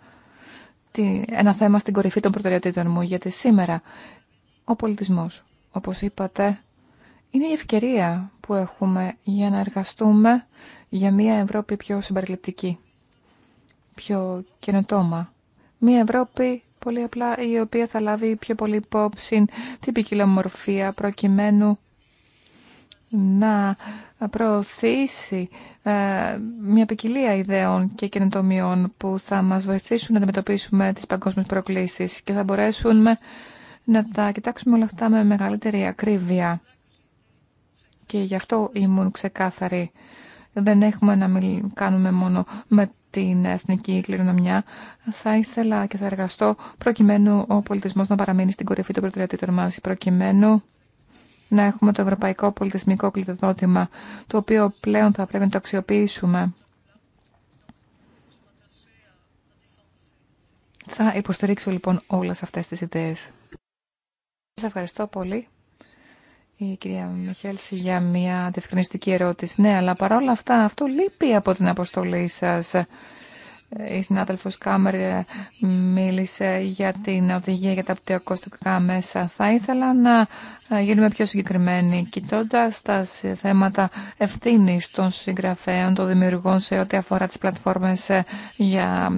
ένα θέμα στην κορυφή των προτεραιοτήτων μου, γιατί σήμερα ο πολιτισμός, όπως είπατε, είναι η ευκαιρία που έχουμε για να εργαστούμε για μια Ευρώπη πιο συμπεριληπτική, πιο καινοτόμα. Μια Ευρώπη πολύ απλά η οποία θα λάβει πιο πολύ υπόψη την ποικιλομορφία προκειμένου να προωθήσει ε, μια ποικιλία ιδέων και καινοτομιών που θα μας βοηθήσουν να αντιμετωπίσουμε τις παγκόσμιες προκλήσεις και θα μπορέσουμε να τα κοιτάξουμε όλα αυτά με μεγαλύτερη ακρίβεια και γι' αυτό ήμουν ξεκάθαρη. Δεν έχουμε να κάνουμε μόνο με την εθνική κληρονομιά. Θα ήθελα και θα εργαστώ προκειμένου ο πολιτισμός να παραμείνει στην κορυφή των προτεραιοτήτων μας, προκειμένου να έχουμε το ευρωπαϊκό πολιτισμικό κλειδοδότημα, το οποίο πλέον θα πρέπει να το αξιοποιήσουμε. Θα υποστηρίξω λοιπόν όλες αυτές τις ιδέες. Σας ευχαριστώ πολύ η κυρία Μιχέλση για μια διευκρινιστική ερώτηση. Ναι, αλλά παρόλα αυτά αυτό λείπει από την αποστολή σας. Η συνάδελφος Κάμερ ε, μίλησε για την οδηγία για τα πτυακοστικά μέσα. Θα ήθελα να ε, γίνουμε πιο συγκεκριμένοι, κοιτώντα τα θέματα ευθύνη των συγγραφέων, των δημιουργών σε ό,τι αφορά τι πλατφόρμες ε, για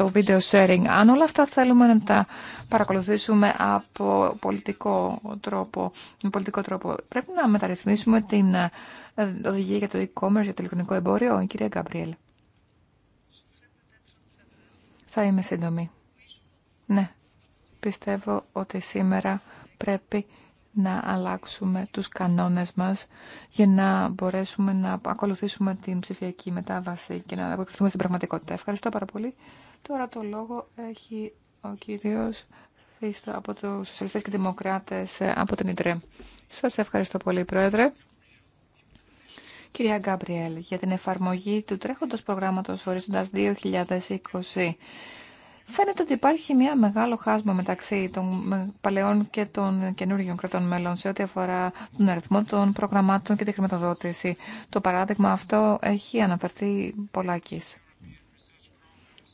το video sharing. Αν όλα αυτά θέλουμε να τα παρακολουθήσουμε από πολιτικό τρόπο, με πολιτικό τρόπο, πρέπει να μεταρρυθμίσουμε την ε, οδηγία για το e-commerce, για το ηλεκτρονικό εμπόριο. Κυρία Γκαμπριέλ. Θα είμαι σύντομη. Ναι, πιστεύω ότι σήμερα πρέπει να αλλάξουμε τους κανόνες μας για να μπορέσουμε να ακολουθήσουμε την ψηφιακή μετάβαση και να αποκριθούμε στην πραγματικότητα. Ευχαριστώ πάρα πολύ. Τώρα το λόγο έχει ο κύριος Φίστο από τους Σοσιαλιστές και Δημοκράτες ε, από την ΙΤΡΕΜ. Σας ευχαριστώ πολύ, Πρόεδρε. Κυρία Γκάμπριελ, για την εφαρμογή του τρέχοντος προγράμματος Ορίζοντας 2020, Φαίνεται ότι υπάρχει μια μεγάλο χάσμα μεταξύ των παλαιών και των καινούργιων κρατών μέλων σε ό,τι αφορά τον αριθμό των προγραμμάτων και τη χρηματοδότηση. Το παράδειγμα αυτό έχει αναφερθεί πολλάκις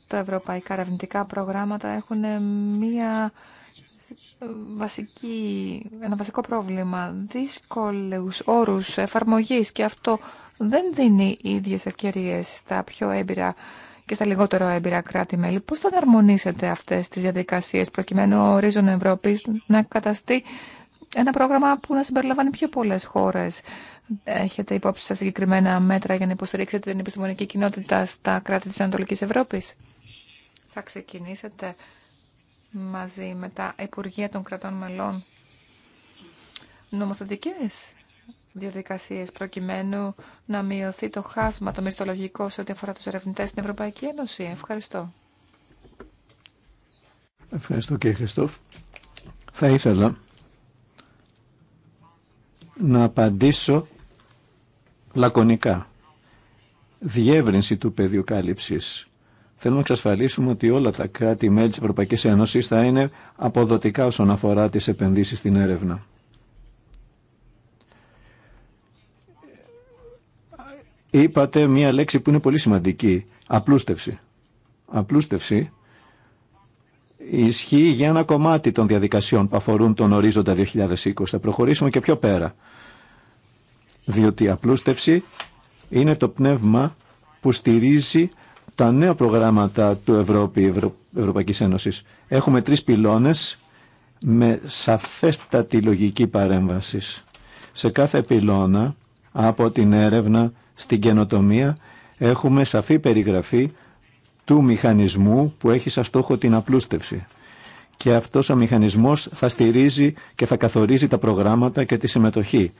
τα ευρωπαϊκά ερευνητικά προγράμματα έχουν μία βασική, ένα βασικό πρόβλημα, δύσκολους όρους εφαρμογής και αυτό δεν δίνει οι ίδιες ευκαιρίες στα πιο έμπειρα και στα λιγότερο έμπειρα κράτη-μέλη. Πώς θα αναρμονίσετε αυτές τις διαδικασίες προκειμένου ο Ορίζον Ευρώπης να καταστεί ένα πρόγραμμα που να συμπεριλαμβάνει πιο πολλές χώρες. Έχετε υπόψη σας συγκεκριμένα μέτρα για να υποστηρίξετε την επιστημονική κοινότητα στα κράτη της Ανατολικής Ευρώπης θα ξεκινήσετε μαζί με τα Υπουργεία των Κρατών Μελών νομοθετικές διαδικασίες προκειμένου να μειωθεί το χάσμα το μισθολογικό σε ό,τι αφορά τους ερευνητές στην Ευρωπαϊκή Ένωση. Ευχαριστώ. Ευχαριστώ κύριε Χριστόφ. Θα ήθελα να απαντήσω λακωνικά. Διεύρυνση του πεδίου κάλυψης Θέλουμε να εξασφαλίσουμε ότι όλα τα κράτη-μέλη της Ευρωπαϊκής Ένωσης θα είναι αποδοτικά όσον αφορά τις επενδύσεις στην έρευνα. Είπατε μία λέξη που είναι πολύ σημαντική. Απλούστευση. Απλούστευση ισχύει για ένα κομμάτι των διαδικασιών που αφορούν τον ορίζοντα 2020. Θα προχωρήσουμε και πιο πέρα. Διότι απλούστευση είναι το πνεύμα που στηρίζει τα νέα προγράμματα του Ευρώπη, Ευρω... Ευρωπαϊκής Ένωσης. Έχουμε τρεις πυλώνες με σαφέστατη λογική παρέμβαση. Σε κάθε πυλώνα, από την έρευνα στην καινοτομία, έχουμε σαφή περιγραφή του μηχανισμού που έχει σαν στόχο την απλούστευση. Και αυτός ο μηχανισμός θα στηρίζει και θα καθορίζει τα προγράμματα και τη συμμετοχή.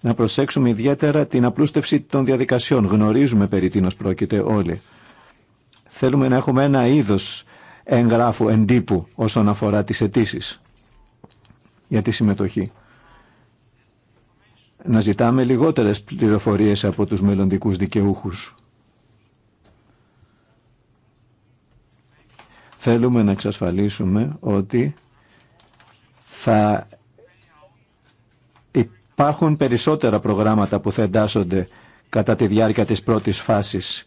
Να προσέξουμε ιδιαίτερα την απλούστευση των διαδικασιών. Γνωρίζουμε περί τίνος πρόκειται όλοι. Θέλουμε να έχουμε ένα είδος εγγράφου, εντύπου όσον αφορά τις αιτήσει για τη συμμετοχή. Να ζητάμε λιγότερες πληροφορίες από τους μελλοντικούς δικαιούχους. Θέλουμε να εξασφαλίσουμε ότι θα υπάρχουν περισσότερα προγράμματα που θα εντάσσονται κατά τη διάρκεια της πρώτης φάσης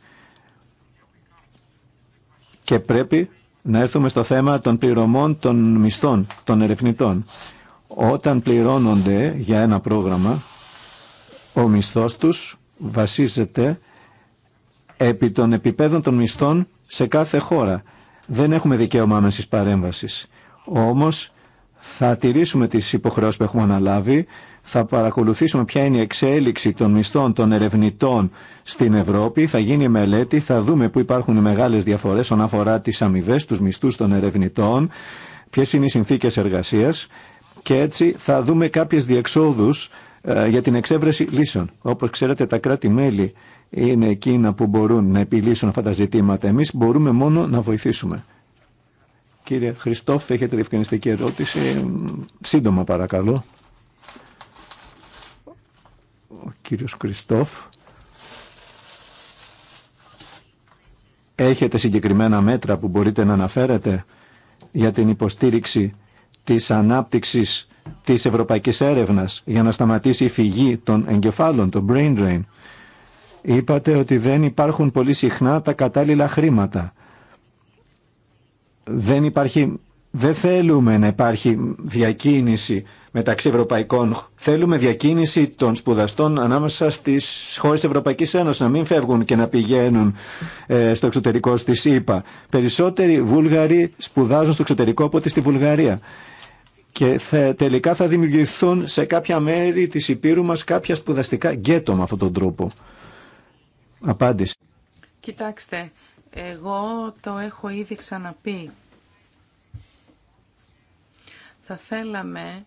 και πρέπει να έρθουμε στο θέμα των πληρωμών των μισθών, των ερευνητών. Όταν πληρώνονται για ένα πρόγραμμα, ο μισθός τους βασίζεται επί των επιπέδων των μισθών σε κάθε χώρα. Δεν έχουμε δικαίωμα άμεση παρέμβασης. Όμως θα τηρήσουμε τις υποχρεώσεις που έχουμε αναλάβει θα παρακολουθήσουμε ποια είναι η εξέλιξη των μισθών των ερευνητών στην Ευρώπη. Θα γίνει μελέτη, θα δούμε πού υπάρχουν οι μεγάλες διαφορές όσον αφορά τις αμοιβέ, τους μισθούς των ερευνητών, ποιες είναι οι συνθήκες εργασίας και έτσι θα δούμε κάποιες διεξόδους ε, για την εξέβρεση λύσεων. Όπως ξέρετε τα κράτη-μέλη είναι εκείνα που μπορούν να επιλύσουν αυτά τα ζητήματα. Εμείς μπορούμε μόνο να βοηθήσουμε. Κύριε Χριστόφ, έχετε διευκρινιστική ερώτηση. Σύντομα παρακαλώ ο κύριος Κριστόφ. Έχετε συγκεκριμένα μέτρα που μπορείτε να αναφέρετε για την υποστήριξη της ανάπτυξης της ευρωπαϊκής έρευνας για να σταματήσει η φυγή των εγκεφάλων, το brain drain. Είπατε ότι δεν υπάρχουν πολύ συχνά τα κατάλληλα χρήματα. Δεν υπάρχει δεν θέλουμε να υπάρχει διακίνηση μεταξύ ευρωπαϊκών. Θέλουμε διακίνηση των σπουδαστών ανάμεσα στις χώρες της Ευρωπαϊκής Ένωσης, να μην φεύγουν και να πηγαίνουν ε, στο εξωτερικό στη ΗΠΑ. Περισσότεροι Βούλγαροι σπουδάζουν στο εξωτερικό από ότι στη Βουλγαρία. Και τελικά θα δημιουργηθούν σε κάποια μέρη της Υπήρου μας κάποια σπουδαστικά γκέτο με αυτόν τον τρόπο. Απάντηση. Κοιτάξτε, εγώ το έχω ήδη ξαναπεί θα θέλαμε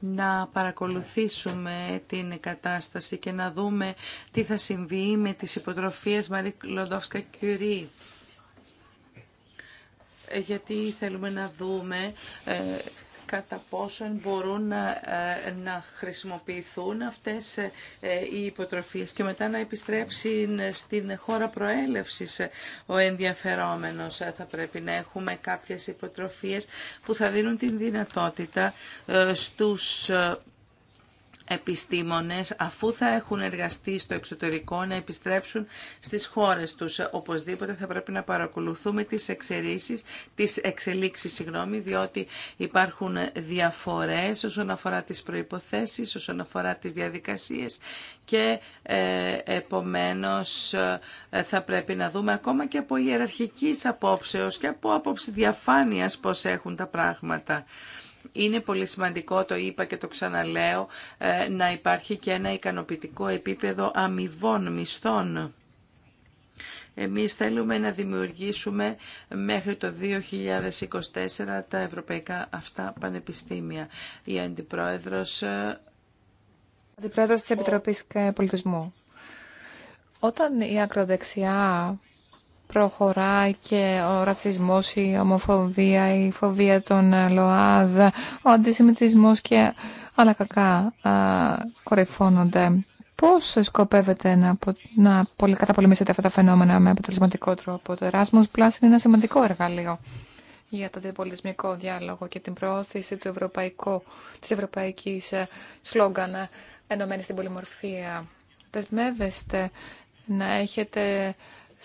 να παρακολουθήσουμε την κατάσταση και να δούμε τι θα συμβεί με τις υποτροφίες Μαρή Λοντόφσκα Κιουρί. Ε, γιατί θέλουμε να δούμε ε, κατά πόσον μπορούν να, ε, να χρησιμοποιηθούν αυτές ε, οι υποτροφίες και μετά να επιστρέψει στην χώρα προέλευσης ο ενδιαφερόμενος. Ε, θα πρέπει να έχουμε κάποιες υποτροφίες που θα δίνουν την δυνατότητα στους επιστήμονες αφού θα έχουν εργαστεί στο εξωτερικό να επιστρέψουν στις χώρες τους. Οπωσδήποτε θα πρέπει να παρακολουθούμε τις, εξελίξεις, τις εξελίξεις, συγγνώμη, διότι υπάρχουν διαφορές όσον αφορά τις προϋποθέσεις, όσον αφορά τις διαδικασίες και ε, επομένως ε, θα πρέπει να δούμε ακόμα και από ιεραρχικής απόψεως και από άποψη διαφάνειας πώς έχουν τα πράγματα. Είναι πολύ σημαντικό, το είπα και το ξαναλέω, ε, να υπάρχει και ένα ικανοποιητικό επίπεδο αμοιβών μισθών. Εμείς θέλουμε να δημιουργήσουμε μέχρι το 2024 τα ευρωπαϊκά αυτά πανεπιστήμια. Η Αντιπρόεδρος... Ε, Αντιπρόεδρος της Επιτροπής Πολιτισμού. Όταν η ακροδεξιά προχωράει και ο ρατσισμός, η ομοφοβία, η φοβία των ε, ΛΟΑΔ, ο αντισημιτισμός και άλλα κακά α, κορυφώνονται. Πώς σκοπεύετε να, να καταπολεμήσετε αυτά τα φαινόμενα με αποτελεσματικό τρόπο. Το Erasmus Plus είναι ένα σημαντικό εργαλείο για το διαπολιτισμικό διάλογο και την προώθηση του ευρωπαϊκού, της ευρωπαϊκής ε, σλόγγανα ε, ενωμένη στην πολυμορφία. Δεσμεύεστε να έχετε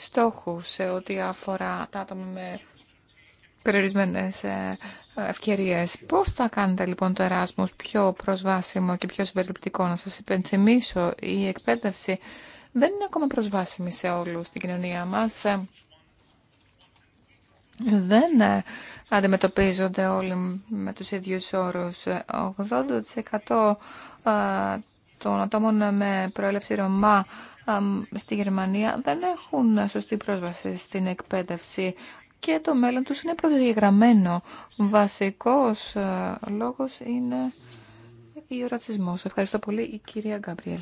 στόχου σε ό,τι αφορά τα άτομα με περιορισμένες ε, ευκαιρίες. Πώς θα κάνετε λοιπόν το Εράσμος πιο προσβάσιμο και πιο συμπεριληπτικό. Να σας υπενθυμίσω, η εκπαίδευση δεν είναι ακόμα προσβάσιμη σε όλους στην κοινωνία μας. Ε, δεν ε, αντιμετωπίζονται όλοι με τους ίδιους όρους. 80% των ατόμων με προέλευση Ρωμά στη Γερμανία δεν έχουν σωστή πρόσβαση στην εκπαίδευση και το μέλλον τους είναι προδιαγραμμένο. Βασικός ε, λόγος είναι ο ρατσισμός. Ευχαριστώ πολύ η κυρία Γκάμπριελ.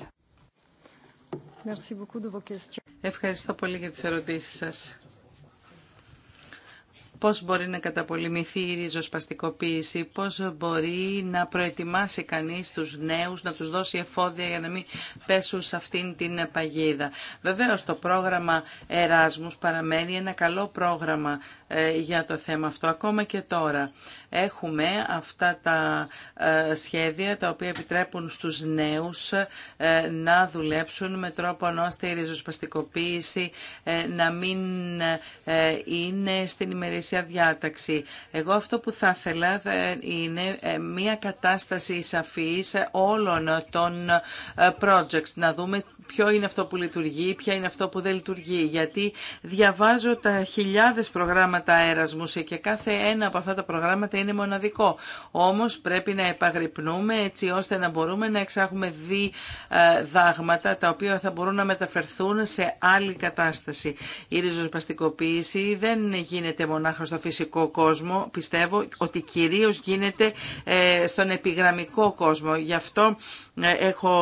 Ευχαριστώ πολύ για τις ερωτήσεις σας πώς μπορεί να καταπολεμηθεί η ριζοσπαστικοποίηση, πώς μπορεί να προετοιμάσει κανείς τους νέους, να τους δώσει εφόδια για να μην πέσουν σε αυτήν την παγίδα. Βεβαίως το πρόγραμμα Εράσμους παραμένει ένα καλό πρόγραμμα ε, για το θέμα αυτό, ακόμα και τώρα έχουμε αυτά τα ε, σχέδια τα οποία επιτρέπουν στους νέους ε, να δουλέψουν με τρόπο ώστε η ριζοσπαστικοποίηση ε, να μην είναι στην ημερήσια διάταξη. Εγώ αυτό που θα ήθελα είναι μια κατάσταση σαφής όλων των projects, να δούμε ποιο είναι αυτό που λειτουργεί, ποια είναι αυτό που δεν λειτουργεί, γιατί διαβάζω τα χιλιάδες προγράμματα Erasmus και κάθε ένα από αυτά τα προγράμματα είναι μοναδικό. Όμως πρέπει να επαγρυπνούμε έτσι ώστε να μπορούμε να εξάγουμε δύο ε, δάγματα τα οποία θα μπορούν να μεταφερθούν σε άλλη κατάσταση. Η ριζοσπαστικοποίηση δεν γίνεται μονάχα στο φυσικό κόσμο. Πιστεύω ότι κυρίως γίνεται ε, στον επιγραμμικό κόσμο. Γι' αυτό ε, έχω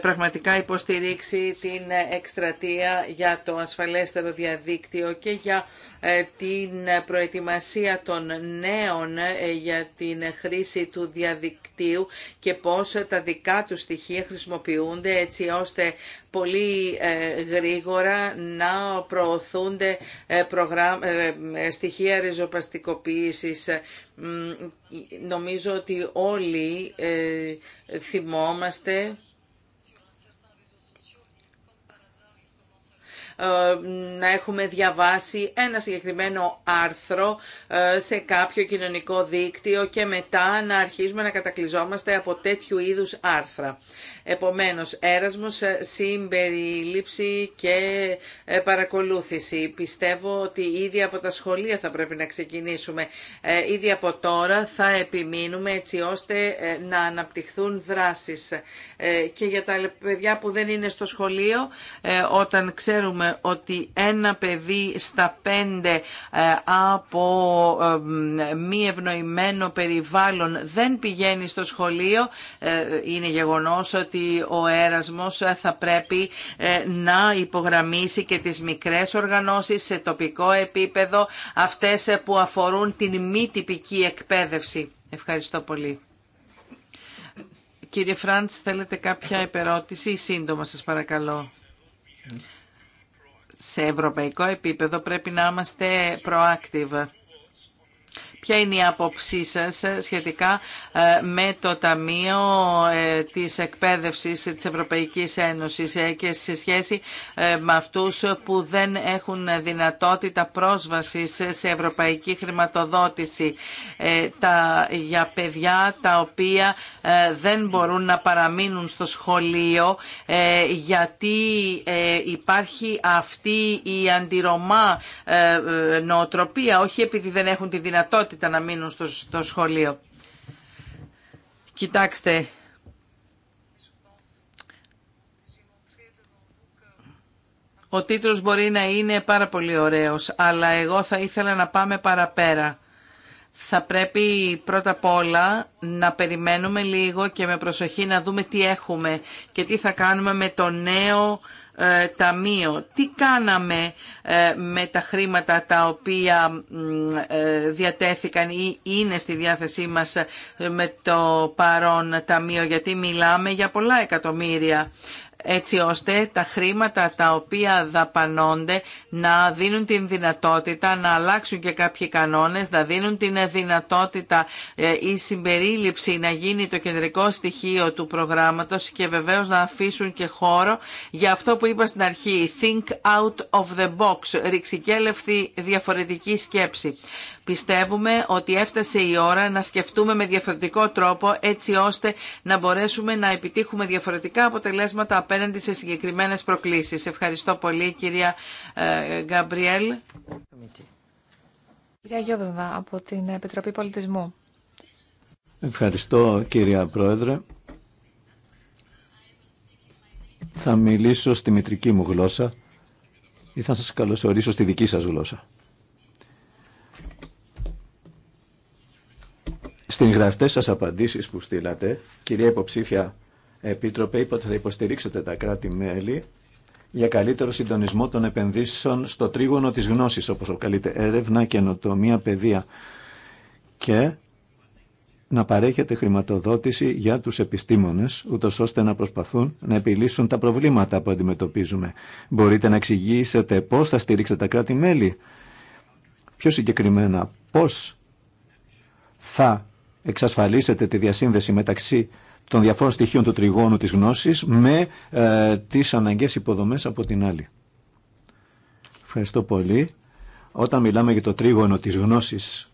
πραγματικά υποστηρίξει την εκστρατεία για το ασφαλέστερο διαδίκτυο και για ε, την προετοιμασία των νέων ε, για την χρήση του διαδικτύου και πώς τα δικά του στοιχεία χρησιμοποιούνται έτσι ώστε πολύ ε, γρήγορα να προωθούνται στοιχεία ριζοπαστικοποίησης. Νομίζω ότι όλοι θυμόμαστε Ε, να έχουμε διαβάσει ένα συγκεκριμένο άρθρο ε, σε κάποιο κοινωνικό δίκτυο και μετά να αρχίζουμε να κατακλυζόμαστε από τέτοιου είδους άρθρα. Επομένως, έρασμος, ε, συμπεριλήψη και ε, παρακολούθηση. Πιστεύω ότι ήδη από τα σχολεία θα πρέπει να ξεκινήσουμε. Ε, ήδη από τώρα θα επιμείνουμε έτσι ώστε να αναπτυχθούν δράσεις. Και για τα παιδιά που δεν είναι στο σχολείο, όταν ξέρουμε ότι ένα παιδί στα πέντε από μη ευνοημένο περιβάλλον δεν πηγαίνει στο σχολείο, είναι γεγονός ότι ότι ο έρασμος θα πρέπει ε, να υπογραμμίσει και τις μικρές οργανώσεις σε τοπικό επίπεδο, αυτές ε, που αφορούν την μη τυπική εκπαίδευση. Ευχαριστώ πολύ. Κύριε Φραντς, θέλετε κάποια επερώτηση ή σύντομα σας παρακαλώ. Σε ευρωπαϊκό επίπεδο πρέπει να είμαστε proactive Ποια είναι η άποψή σας ε, σχετικά ε, με το Ταμείο ε, της Εκπαίδευσης της Ευρωπαϊκής Ένωσης και σε σχέση με αυτούς που δεν έχουν δυνατότητα πρόσβασης σε ευρωπαϊκή χρηματοδότηση τα, για παιδιά τα οποία δεν μπορούν να παραμείνουν στο σχολείο γιατί υπάρχει αυτή η αντιρωμά νοοτροπία, όχι επειδή δεν έχουν τη δυνατότητα τα να μείνουν στο, στο σχολείο. Κοιτάξτε, ο τίτλος μπορεί να είναι πάρα πολύ ωραίος, αλλά εγώ θα ήθελα να πάμε παραπέρα. Θα πρέπει πρώτα απ' όλα να περιμένουμε λίγο και με προσοχή να δούμε τι έχουμε και τι θα κάνουμε με το νέο ε, ταμείο. Τι κάναμε ε, με τα χρήματα τα οποία ε, διατέθηκαν ή είναι στη διάθεσή μας με το παρόν ταμείο, γιατί μιλάμε για πολλά εκατομμύρια έτσι ώστε τα χρήματα τα οποία δαπανώνται να δίνουν την δυνατότητα να αλλάξουν και κάποιοι κανόνες, να δίνουν την δυνατότητα ε, η συμπερίληψη να γίνει το κεντρικό στοιχείο του προγράμματος και βεβαίως να αφήσουν και χώρο για αυτό που είπα στην αρχή, think out of the box, ρηξικέλευθη διαφορετική σκέψη. Πιστεύουμε ότι έφτασε η ώρα να σκεφτούμε με διαφορετικό τρόπο έτσι ώστε να μπορέσουμε να επιτύχουμε διαφορετικά αποτελέσματα απέναντι σε συγκεκριμένες προκλήσεις. Ευχαριστώ πολύ κυρία ε, Γκαμπριέλ. Κυρία Γιώβεβα από την Επιτροπή Πολιτισμού. Ευχαριστώ κυρία Πρόεδρε. Θα μιλήσω στη μητρική μου γλώσσα ή θα σας καλωσορίσω στη δική σας γλώσσα. Στην γραφτές σας απαντήσεις που στείλατε, κυρία υποψήφια Επίτροπε, είπατε ότι θα υποστηρίξετε τα κράτη-μέλη για καλύτερο συντονισμό των επενδύσεων στο τρίγωνο της γνώσης, όπως οκαλείται έρευνα, καινοτομία, παιδεία και να παρέχετε χρηματοδότηση για τους επιστήμονες, ούτως ώστε να προσπαθούν να επιλύσουν τα προβλήματα που αντιμετωπίζουμε. Μπορείτε να εξηγήσετε πώς θα στηρίξετε τα κράτη-μέλη. Πιο συγκεκριμένα, πώς θα εξασφαλίσετε τη διασύνδεση μεταξύ των διαφόρων στοιχείων του τριγώνου της γνώσης με ε, τις αναγκαίες υποδομές από την άλλη. Ευχαριστώ πολύ. Όταν μιλάμε για το τρίγωνο της γνώσης,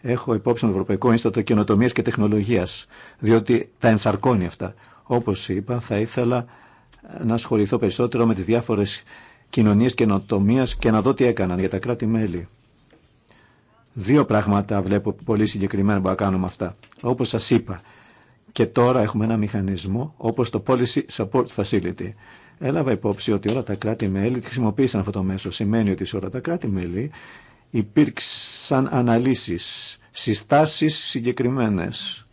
έχω υπόψη τον Ευρωπαϊκό Ινστιτούτο Καινοτομία και Τεχνολογίας, διότι τα ενσαρκώνει αυτά. Όπως είπα, θα ήθελα ε, να ασχοληθώ περισσότερο με τις διάφορες κοινωνίες καινοτομίας και να δω τι έκαναν για τα κράτη-μέλη. Δύο πράγματα βλέπω πολύ συγκεκριμένα που θα κάνουμε αυτά. Όπως σας είπα, και τώρα έχουμε ένα μηχανισμό όπως το Policy Support Facility. Έλαβα υπόψη ότι όλα τα κράτη-μέλη χρησιμοποίησαν αυτό το μέσο. Σημαίνει ότι σε όλα τα κράτη-μέλη υπήρξαν αναλύσεις, συστάσεις συγκεκριμένες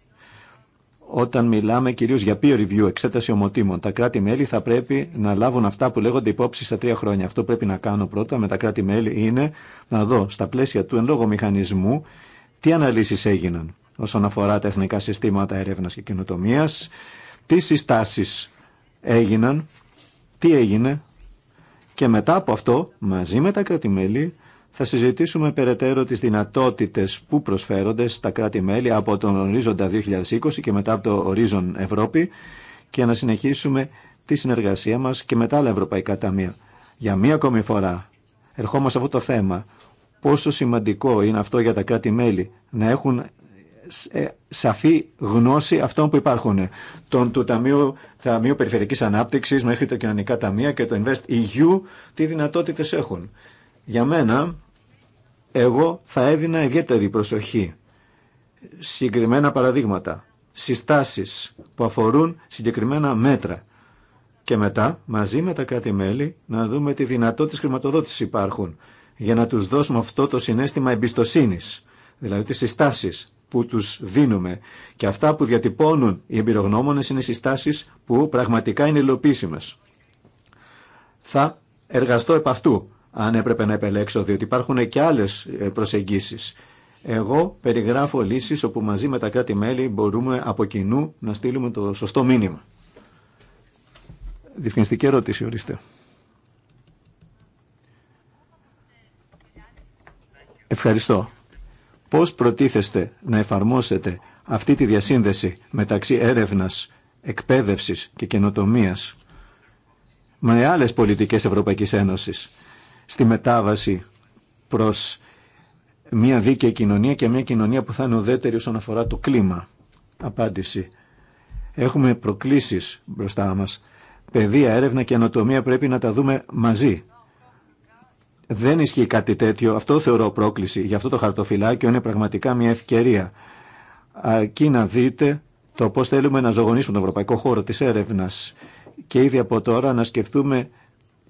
όταν μιλάμε κυρίως για peer review, εξέταση ομοτήμων, τα κράτη-μέλη θα πρέπει να λάβουν αυτά που λέγονται υπόψη στα τρία χρόνια. Αυτό πρέπει να κάνω πρώτα με τα κράτη-μέλη είναι να δω στα πλαίσια του εν λόγω μηχανισμού τι αναλύσεις έγιναν όσον αφορά τα εθνικά συστήματα έρευνα και καινοτομίας, τι συστάσεις έγιναν, τι έγινε και μετά από αυτό μαζί με τα κράτη-μέλη θα συζητήσουμε περαιτέρω τις δυνατότητες που προσφέρονται στα κράτη-μέλη από τον ορίζοντα 2020 και μετά από το ορίζον Ευρώπη και να συνεχίσουμε τη συνεργασία μας και με τα άλλα ευρωπαϊκά ταμεία. Για μία ακόμη φορά ερχόμαστε σε αυτό το θέμα. Πόσο σημαντικό είναι αυτό για τα κράτη-μέλη να έχουν ε, σαφή γνώση αυτών που υπάρχουν. Τον, του Ταμείου, Ταμείου Περιφερειακής Ανάπτυξης μέχρι το Κοινωνικά Ταμεία και το Invest EU, τι δυνατότητες έχουν. Για μένα, εγώ θα έδινα ιδιαίτερη προσοχή. Συγκεκριμένα παραδείγματα, συστάσεις που αφορούν συγκεκριμένα μέτρα. Και μετά, μαζί με τα κράτη-μέλη, να δούμε τι δυνατότητες χρηματοδότησης υπάρχουν για να τους δώσουμε αυτό το συνέστημα εμπιστοσύνης, δηλαδή τις συστάσεις που τους δίνουμε. Και αυτά που διατυπώνουν οι εμπειρογνώμονες είναι συστάσεις που πραγματικά είναι υλοποιήσιμες. Θα εργαστώ επ' αυτού αν έπρεπε να επελέξω, διότι υπάρχουν και άλλες ε, προσεγγίσεις. Εγώ περιγράφω λύσεις όπου μαζί με τα κράτη-μέλη μπορούμε από κοινού να στείλουμε το σωστό μήνυμα. Διευκρινιστική ερώτηση, ορίστε. Ευχαριστώ. Πώς προτίθεστε να εφαρμόσετε αυτή τη διασύνδεση μεταξύ έρευνας, εκπαίδευσης και καινοτομίας με άλλες πολιτικές Ευρωπαϊκής Ένωσης στη μετάβαση προς μια δίκαιη κοινωνία και μια κοινωνία που θα είναι ουδέτερη όσον αφορά το κλίμα. Απάντηση. Έχουμε προκλήσεις μπροστά μας. Παιδεία, έρευνα και ανατομία πρέπει να τα δούμε μαζί. Δεν ισχύει κάτι τέτοιο. Αυτό θεωρώ πρόκληση. Γι' αυτό το χαρτοφυλάκιο είναι πραγματικά μια ευκαιρία. Αρκεί να δείτε το πώς θέλουμε να ζωγονίσουμε τον ευρωπαϊκό χώρο της έρευνας και ήδη από τώρα να σκεφτούμε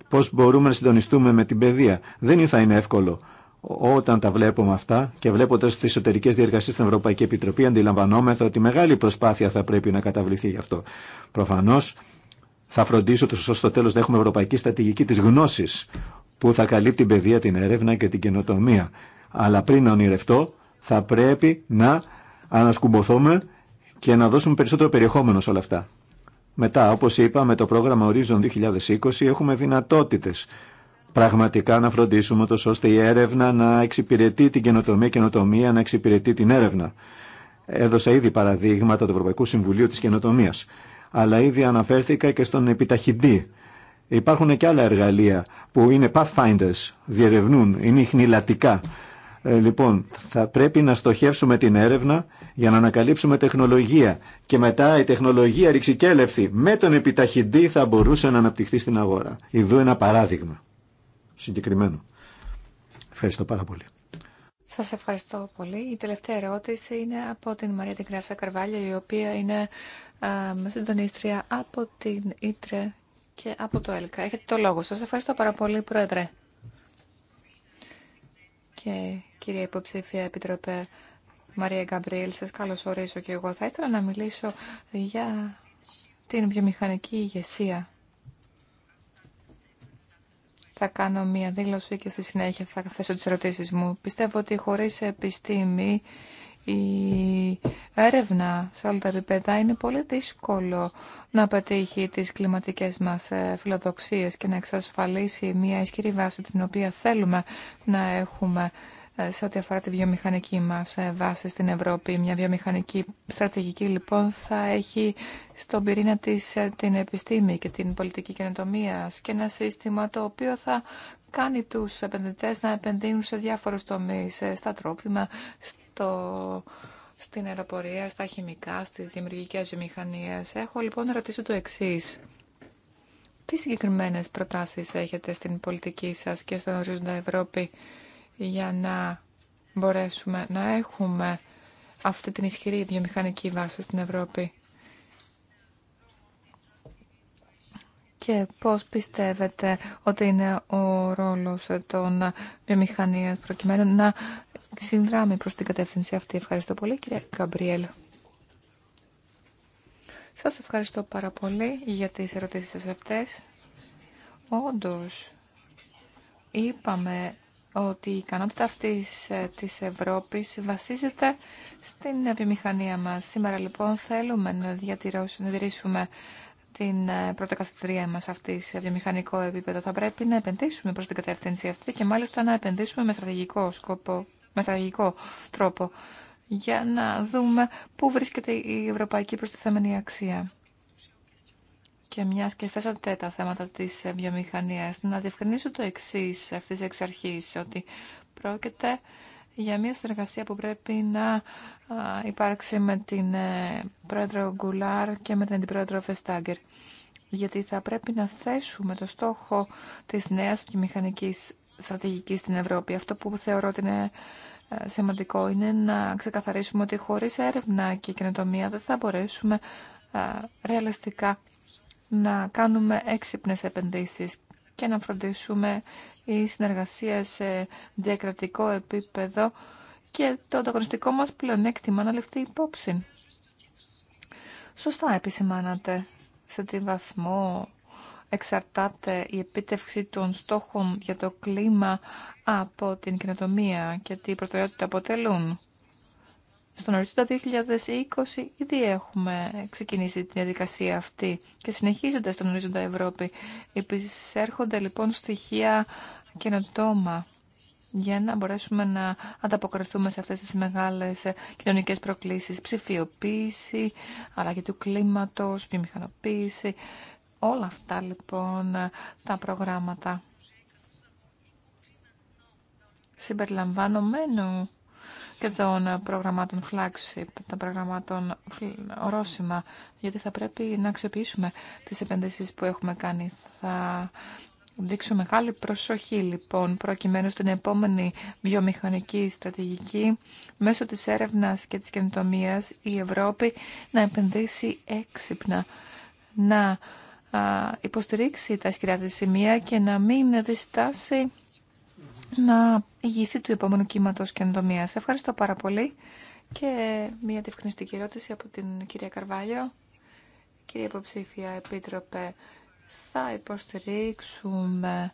πώς μπορούμε να συντονιστούμε με την παιδεία. Δεν θα είναι εύκολο. Όταν τα βλέπουμε αυτά και βλέποντα τι εσωτερικέ διεργασίε στην Ευρωπαϊκή Επιτροπή, αντιλαμβανόμεθα ότι μεγάλη προσπάθεια θα πρέπει να καταβληθεί γι' αυτό. Προφανώ θα φροντίσω ότι στο τέλο να έχουμε ευρωπαϊκή στρατηγική τη γνώση που θα καλύπτει την παιδεία, την έρευνα και την καινοτομία. Αλλά πριν να ονειρευτώ, θα πρέπει να ανασκουμποθούμε και να δώσουμε περισσότερο περιεχόμενο σε όλα αυτά. Μετά, όπως είπα, με το πρόγραμμα Horizon 2020 έχουμε δυνατότητες πραγματικά να φροντίσουμε το ώστε η έρευνα να εξυπηρετεί την καινοτομία, καινοτομία να εξυπηρετεί την έρευνα. Έδωσα ήδη παραδείγματα του Ευρωπαϊκού Συμβουλίου της Καινοτομίας, αλλά ήδη αναφέρθηκα και στον επιταχυντή. Υπάρχουν και άλλα εργαλεία που είναι pathfinders, διερευνούν, είναι χνηλατικά ε, λοιπόν, θα πρέπει να στοχεύσουμε την έρευνα για να ανακαλύψουμε τεχνολογία και μετά η τεχνολογία ρηξικέλευθη με τον επιταχυντή θα μπορούσε να αναπτυχθεί στην αγορά. Ιδού ένα παράδειγμα συγκεκριμένο. Ευχαριστώ πάρα πολύ. Σας ευχαριστώ πολύ. Η τελευταία ερώτηση είναι από την Μαρία Τικράσα Καρβάλια, η οποία είναι ε, συντονίστρια από την Ήτρε και από το ΕΛΚΑ. Έχετε το λόγο. Σα ευχαριστώ πάρα πολύ, Πρόεδρε και κυρία Υποψήφια Επιτροπέ Μαρία Γκαμπριέλ, σας καλωσορίζω και εγώ. Θα ήθελα να μιλήσω για την βιομηχανική ηγεσία. Θα κάνω μία δήλωση και στη συνέχεια θα θέσω τις ερωτήσεις μου. Πιστεύω ότι χωρίς επιστήμη η έρευνα σε όλα τα επίπεδα είναι πολύ δύσκολο να πετύχει τις κλιματικές μας ε, φιλοδοξίες και να εξασφαλίσει μια ισχυρή βάση την οποία θέλουμε να έχουμε ε, σε ό,τι αφορά τη βιομηχανική μας ε, βάση στην Ευρώπη. Μια βιομηχανική στρατηγική λοιπόν θα έχει στον πυρήνα της την επιστήμη και την πολιτική καινοτομία και ένα σύστημα το οποίο θα κάνει τους επενδυτές να επενδύουν σε διάφορους τομείς, στα τρόφιμα, στο, στην αεροπορία, στα χημικά, στις δημιουργικές βιομηχανίες. Έχω λοιπόν να ρωτήσω το εξής. Τι συγκεκριμένες προτάσεις έχετε στην πολιτική σας και στον ορίζοντα Ευρώπη για να μπορέσουμε να έχουμε αυτή την ισχυρή βιομηχανική βάση στην Ευρώπη. Και πώς πιστεύετε ότι είναι ο ρόλος των βιομηχανίας προκειμένου να συνδράμει προς την κατεύθυνση αυτή. Ευχαριστώ πολύ κυρία Καμπριέλ. Σας ευχαριστώ πάρα πολύ για τις ερωτήσεις σας αυτές. Όντως, είπαμε ότι η ικανότητα αυτής ε, της Ευρώπης βασίζεται στην βιομηχανία μας. Σήμερα λοιπόν θέλουμε να διατηρήσουμε την ε, πρώτη μα μας αυτή σε βιομηχανικό επίπεδο. Θα πρέπει να επενδύσουμε προς την κατεύθυνση αυτή και μάλιστα να επενδύσουμε με στρατηγικό σκοπό στρατηγικό τρόπο για να δούμε πού βρίσκεται η ευρωπαϊκή προστιθέμενη αξία. Και μια και θέσατε τα θέματα τη βιομηχανία, να διευκρινίσω το εξή αυτή τη εξαρχή ότι πρόκειται για μια συνεργασία που πρέπει να υπάρξει με την ε, πρόεδρο Γκουλάρ και με την αντιπρόεδρο Φεστάγκερ. Γιατί θα πρέπει να θέσουμε το στόχο της νέας βιομηχανικής στρατηγική στην Ευρώπη. Αυτό που θεωρώ ότι είναι ε, σημαντικό είναι να ξεκαθαρίσουμε ότι χωρίς έρευνα και καινοτομία δεν θα μπορέσουμε ε, ρεαλιστικά να κάνουμε έξυπνες επενδύσεις και να φροντίσουμε η συνεργασία σε διακρατικό επίπεδο και το ανταγωνιστικό μας πλεονέκτημα να λεφτεί υπόψη. Σωστά επισημάνατε σε τι βαθμό εξαρτάται η επίτευξη των στόχων για το κλίμα από την κοινοτομία και τι προτεραιότητα αποτελούν. Στον ορίζοντα 2020 ήδη έχουμε ξεκινήσει τη διαδικασία αυτή και συνεχίζεται στον ορίζοντα Ευρώπη. Επισέρχονται λοιπόν στοιχεία καινοτόμα για να μπορέσουμε να ανταποκριθούμε σε αυτές τις μεγάλες κοινωνικές προκλήσεις, ψηφιοποίηση, αλλαγή του κλίματος, βιομηχανοποίηση, Όλα αυτά λοιπόν τα προγράμματα συμπεριλαμβανομένου και των προγραμμάτων flagship, των προγραμμάτων ορόσημα, γιατί θα πρέπει να αξιοποιήσουμε τις επενδύσεις που έχουμε κάνει. Θα δείξω μεγάλη προσοχή λοιπόν προκειμένου στην επόμενη βιομηχανική στρατηγική μέσω της έρευνας και της καινοτομίας η Ευρώπη να επενδύσει έξυπνα, να υποστηρίξει τα ισχυρά της σημεία και να μην διστάσει να ηγηθεί του επόμενου κύματος εντομίας. Ευχαριστώ πάρα πολύ. Και μία διευκρινιστική ερώτηση από την κυρία Καρβάλιο. Κυρία Υποψήφια Επίτροπε, θα υποστηρίξουμε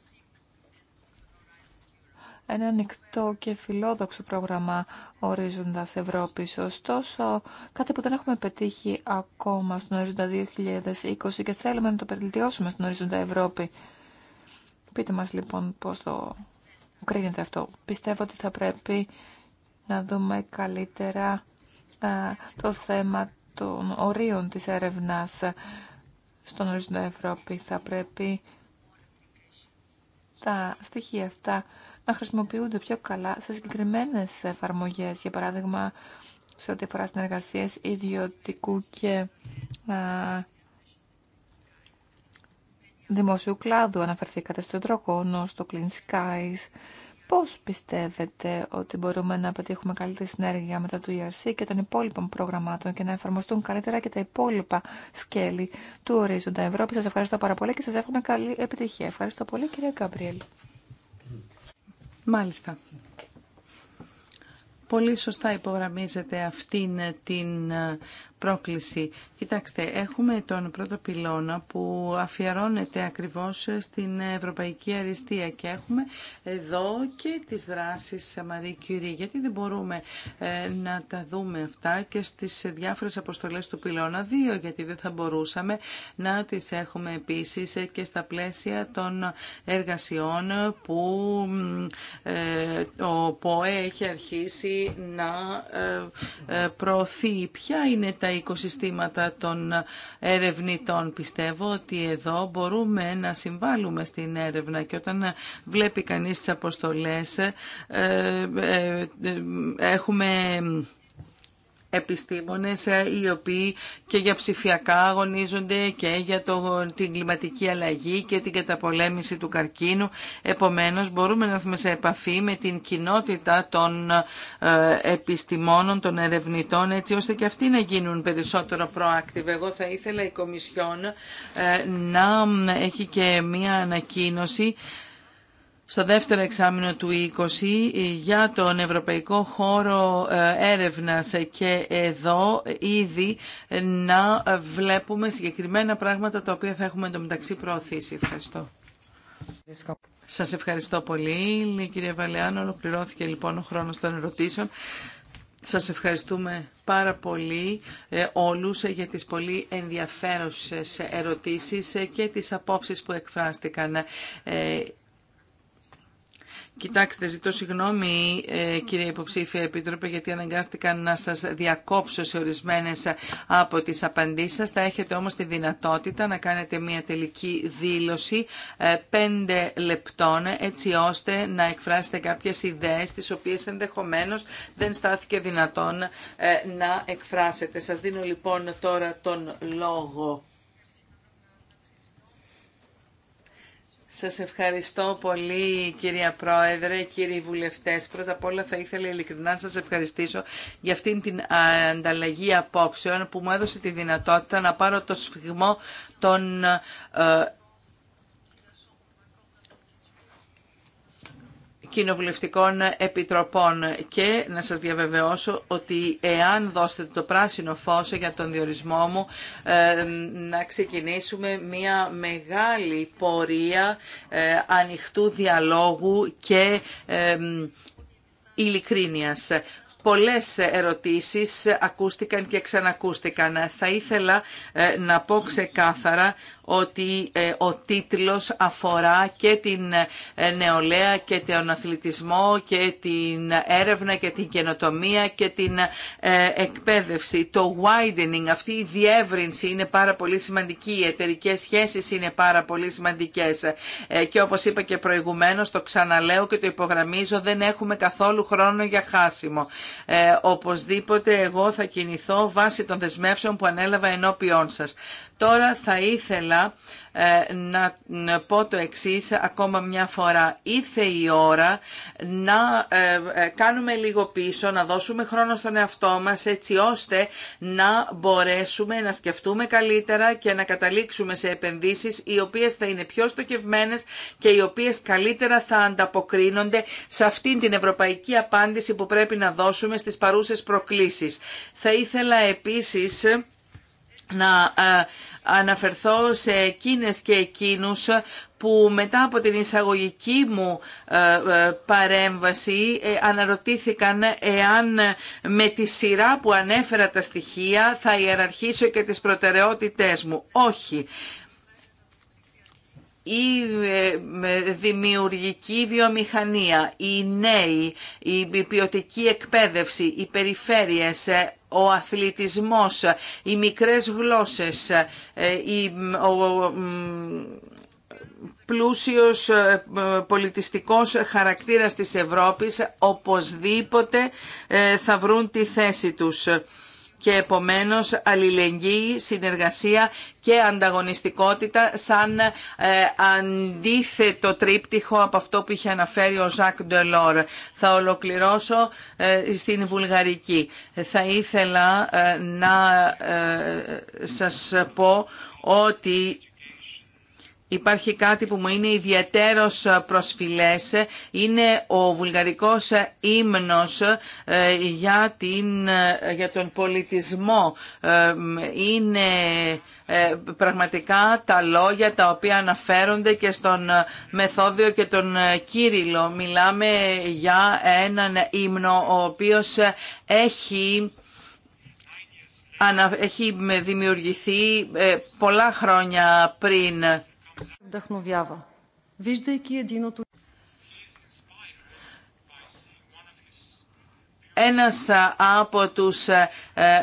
ένα ανοιχτό και φιλόδοξο πρόγραμμα ορίζοντας Ευρώπης. Ωστόσο, κάτι που δεν έχουμε πετύχει ακόμα στον ορίζοντα 2020 και θέλουμε να το περιλτιώσουμε στον ορίζοντα Ευρώπη. Πείτε μας λοιπόν πώς το κρίνετε αυτό. Πιστεύω ότι θα πρέπει να δούμε καλύτερα το θέμα των ορίων της έρευνας στον ορίζοντα Ευρώπη. Θα πρέπει τα στοιχεία αυτά να χρησιμοποιούνται πιο καλά σε συγκεκριμένε εφαρμογέ, για παράδειγμα σε ό,τι αφορά συνεργασίε ιδιωτικού και α, δημοσίου κλάδου. Αναφερθήκατε στο υδρογόνο, στο Clean Skies. Πώ πιστεύετε ότι μπορούμε να πετύχουμε καλύτερη συνέργεια μετά του ERC και των υπόλοιπων προγραμμάτων και να εφαρμοστούν καλύτερα και τα υπόλοιπα σκέλη του ορίζοντα Ευρώπη. Σα ευχαριστώ πάρα πολύ και σα εύχομαι καλή επιτυχία. Ευχαριστώ πολύ κυρία Γκαμπριέλ. Μάλιστα. Πολύ σωστά υπογραμμίζετε αυτήν την ε, πρόκληση. Κοιτάξτε, έχουμε τον πρώτο πυλώνα που αφιερώνεται ακριβώς στην Ευρωπαϊκή Αριστεία και έχουμε εδώ και τις δράσεις Μαρή Κυρί, Γιατί δεν μπορούμε ε, να τα δούμε αυτά και στις διάφορες αποστολές του πυλώνα 2, γιατί δεν θα μπορούσαμε να τις έχουμε επίσης και στα πλαίσια των εργασιών που ε, ο ΠΟΕ έχει αρχίσει να ε, προωθεί. Ποια είναι τα οικοσυστήματα των ερευνητών. Πιστεύω ότι εδώ μπορούμε να συμβάλλουμε στην έρευνα και όταν βλέπει κανείς τις αποστολές ε, ε, ε, έχουμε επιστήμονες ε, οι οποίοι και για ψηφιακά αγωνίζονται και για το, την κλιματική αλλαγή και την καταπολέμηση του καρκίνου. Επομένως μπορούμε να έρθουμε σε επαφή με την κοινότητα των ε, επιστημόνων, των ερευνητών έτσι ώστε και αυτοί να γίνουν περισσότερο proactive. Εγώ θα ήθελα η Κομισιόν ε, να έχει και μία ανακοίνωση στο δεύτερο εξάμεινο του 20 ε, για τον Ευρωπαϊκό Χώρο ε, Έρευνας ε, και εδώ ήδη να βλέπουμε συγκεκριμένα πράγματα τα οποία θα έχουμε εντωμεταξύ προωθήσει. Ευχαριστώ. Σας ευχαριστώ πολύ. Κύριε Βαλεάν, ολοκληρώθηκε λοιπόν ο χρόνος των ερωτήσεων. Σας ευχαριστούμε πάρα πολύ όλους για τις πολύ ενδιαφέρουσες ερωτήσεις και τις απόψεις που εκφράστηκαν. Κοιτάξτε, ζητώ συγγνώμη ε, κύριε υποψήφια επίτροπε γιατί αναγκάστηκα να σας διακόψω σε ορισμένες από τις απαντήσεις σας. Θα έχετε όμως τη δυνατότητα να κάνετε μια τελική δήλωση ε, πέντε λεπτών έτσι ώστε να εκφράσετε κάποιες ιδέες τις οποίες ενδεχομένως δεν στάθηκε δυνατόν ε, να εκφράσετε. Σας δίνω λοιπόν τώρα τον λόγο. Σας ευχαριστώ πολύ κυρία Πρόεδρε, κύριοι βουλευτές. Πρώτα απ' όλα θα ήθελα ειλικρινά να σας ευχαριστήσω για αυτήν την ανταλλαγή απόψεων που μου έδωσε τη δυνατότητα να πάρω το σφιγμό των ε, κοινοβουλευτικών επιτροπών και να σας διαβεβαιώσω ότι εάν δώσετε το πράσινο φως για τον διορισμό μου ε, να ξεκινήσουμε μια μεγάλη πορεία ε, ανοιχτού διαλόγου και ε, ειλικρίνειας. Πολλές ερωτήσεις ακούστηκαν και ξανακούστηκαν. Θα ήθελα να πω ξεκάθαρα ότι ε, ο τίτλος αφορά και την ε, νεολαία και τον αθλητισμό και την έρευνα και την καινοτομία και την ε, εκπαίδευση. Το widening, αυτή η διεύρυνση είναι πάρα πολύ σημαντική, οι εταιρικέ σχέσεις είναι πάρα πολύ σημαντικές και όπως είπα και προηγουμένως, το ξαναλέω και το υπογραμμίζω, δεν έχουμε καθόλου χρόνο για χάσιμο. οπωσδήποτε εγώ θα κινηθώ βάσει των δεσμεύσεων που ανέλαβα ενώπιόν σα. Τώρα θα ήθελα ε, να πω το εξής ακόμα μια φορά. Ήρθε η ώρα να ε, ε, κάνουμε λίγο πίσω, να δώσουμε χρόνο στον εαυτό μας έτσι ώστε να μπορέσουμε να σκεφτούμε καλύτερα και να καταλήξουμε σε επενδύσεις οι οποίες θα είναι πιο στοχευμένες και οι οποίες καλύτερα θα ανταποκρίνονται σε αυτήν την ευρωπαϊκή απάντηση που πρέπει να δώσουμε στις παρούσες προκλήσεις. Θα ήθελα επίσης να ε, αναφερθώ σε εκείνες και εκείνους που μετά από την εισαγωγική μου ε, ε, παρέμβαση αναρωτήθηκαν εάν με τη σειρά που ανέφερα τα στοιχεία θα ιεραρχήσω και τις προτεραιότητές μου. Όχι η ε, δημιουργική βιομηχανία, οι νέοι, η ποιοτική εκπαίδευση, οι περιφέρειες, ε, ο αθλητισμός, οι μικρές γλώσσες, ε, ο, πλούσιος πολιτιστικός χαρακτήρας της Ευρώπης οπωσδήποτε θα βρουν τη θέση τους και επομένως αλληλεγγύη, συνεργασία και ανταγωνιστικότητα σαν ε, αντίθετο τρίπτυχο από αυτό που είχε αναφέρει ο Ζακ Ντελόρ. Θα ολοκληρώσω ε, στην Βουλγαρική. Θα ήθελα ε, να σας πω ότι υπάρχει κάτι που μου είναι ιδιαίτερος ε, προσφυλές. Είναι ο βουλγαρικός ε, ύμνος ε, για, την, για τον πολιτισμό. Είναι πραγματικά τα λόγια τα οποία αναφέρονται και στον Μεθόδιο και τον Κύριλο. Μιλάμε για έναν ύμνο ο οποίος έχει έχει δημιουργηθεί πολλά χρόνια πριν. Ένας από τους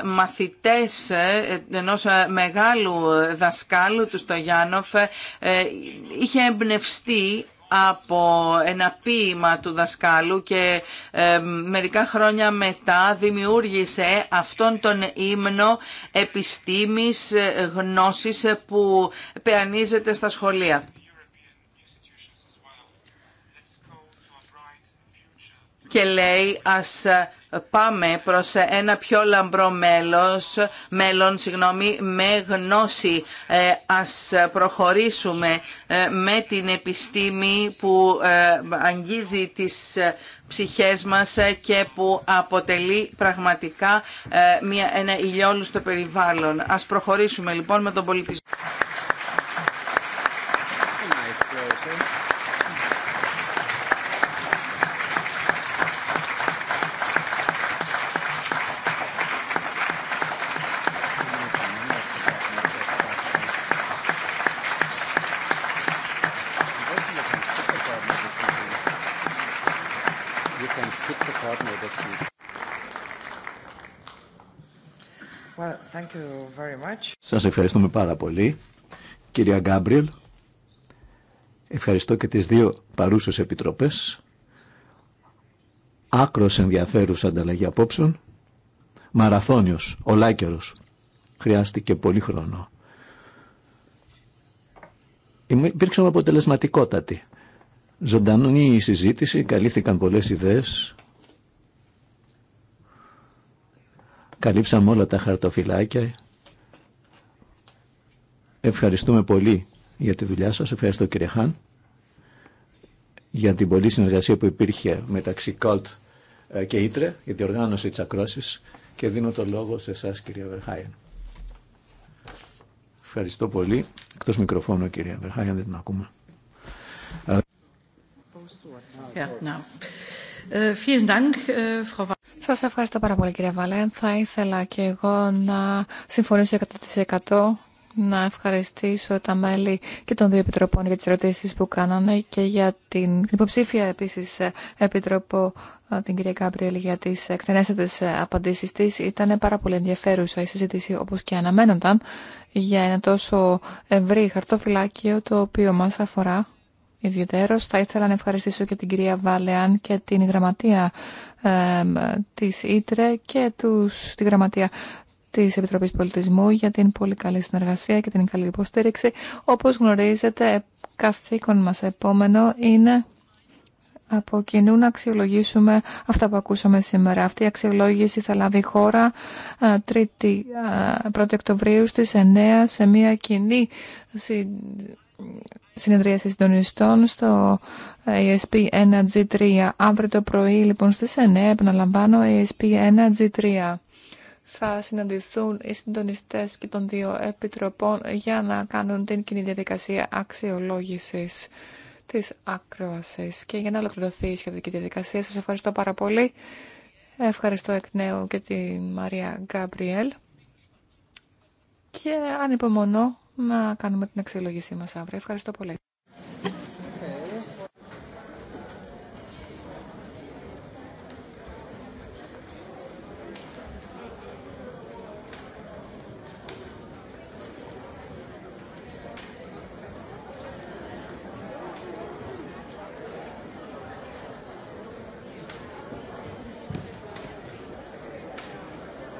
μαθητές ε, ενός ε, μεγάλου ε, δασκάλου του Στογιάννοφ είχε εμπνευστεί από ένα ποίημα του δασκάλου και μερικά χρόνια μετά δημιούργησε αυτόν τον ύμνο επιστήμης ε, γνώσης ε, που πεανίζεται στα σχολεία. Και λέει ας πάμε προς ένα πιο λαμπρό μέλος, μέλλον συγγνώμη, με γνώση. Ε, ας προχωρήσουμε ε, με την επιστήμη που ε, αγγίζει τις ψυχές μας και που αποτελεί πραγματικά μια, ένα ηλιόλουστο περιβάλλον. Ας προχωρήσουμε λοιπόν με τον πολιτισμό. Σα Σας ευχαριστούμε πάρα πολύ. Κυρία Γκάμπριελ, ευχαριστώ και τις δύο παρούσες επιτροπές. Άκρος ενδιαφέρουσα ανταλλαγή απόψεων. Μαραθώνιος, ολάκερος. Χρειάστηκε πολύ χρόνο. Υπήρξαμε αποτελεσματικότατοι. Ζωντανή η συζήτηση, καλύφθηκαν πολλές ιδέες. Καλύψαμε όλα τα χαρτοφυλάκια Ευχαριστούμε πολύ για τη δουλειά σας. Ευχαριστώ κύριε Χάν για την πολλή συνεργασία που υπήρχε μεταξύ ΚΟΛΤ ε, και Ήτρε για τη οργάνωση της ακρόσης και δίνω το λόγο σε εσάς, κυρία Βερχάιεν. Ευχαριστώ πολύ. Εκτός μικροφώνου κυρία Βερχάιεν δεν την ακούμε. Ε, ε, σας ευχαριστώ πάρα πολύ κύριε Βαλέν. Θα ήθελα και εγώ να συμφωνήσω 100% να ευχαριστήσω τα μέλη και των δύο επιτροπών για τις ερωτήσεις που κάνανε και για την υποψήφια επίσης επιτροπό ε, την κυρία Κάμπριελ για τις εκτενέστατες ε, απαντήσεις της. Ήταν πάρα πολύ ενδιαφέρουσα η συζήτηση όπως και αναμένονταν για ένα τόσο ευρύ χαρτοφυλάκιο το οποίο μας αφορά ιδιαίτερος. Θα ήθελα να ευχαριστήσω και την κυρία Βάλεαν και την γραμματεία ε, της Ήτρε και τους, τη γραμματεία τη Επιτροπή Πολιτισμού για την πολύ καλή συνεργασία και την καλή υποστήριξη. Όπω γνωρίζετε, καθήκον μα επόμενο είναι από κοινού να αξιολογήσουμε αυτά που ακούσαμε σήμερα. Αυτή η αξιολόγηση θα λάβει χώρα 3η, 1η Οκτωβρίου στις 9 σε μια κοινή συνεδρία συντονιστών στο ESP ε, 1G3. Αύριο το πρωί λοιπόν στις 9 επαναλαμβάνω ESP 1G3 θα συναντηθούν οι συντονιστές και των δύο επιτροπών για να κάνουν την κοινή διαδικασία αξιολόγησης της ακρόασης και για να ολοκληρωθεί η σχετική διαδικασία. Σας ευχαριστώ πάρα πολύ. Ευχαριστώ εκ νέου και τη Μαρία Γκάμπριελ και ανυπομονώ να κάνουμε την αξιολόγησή μας αύριο. Ευχαριστώ πολύ.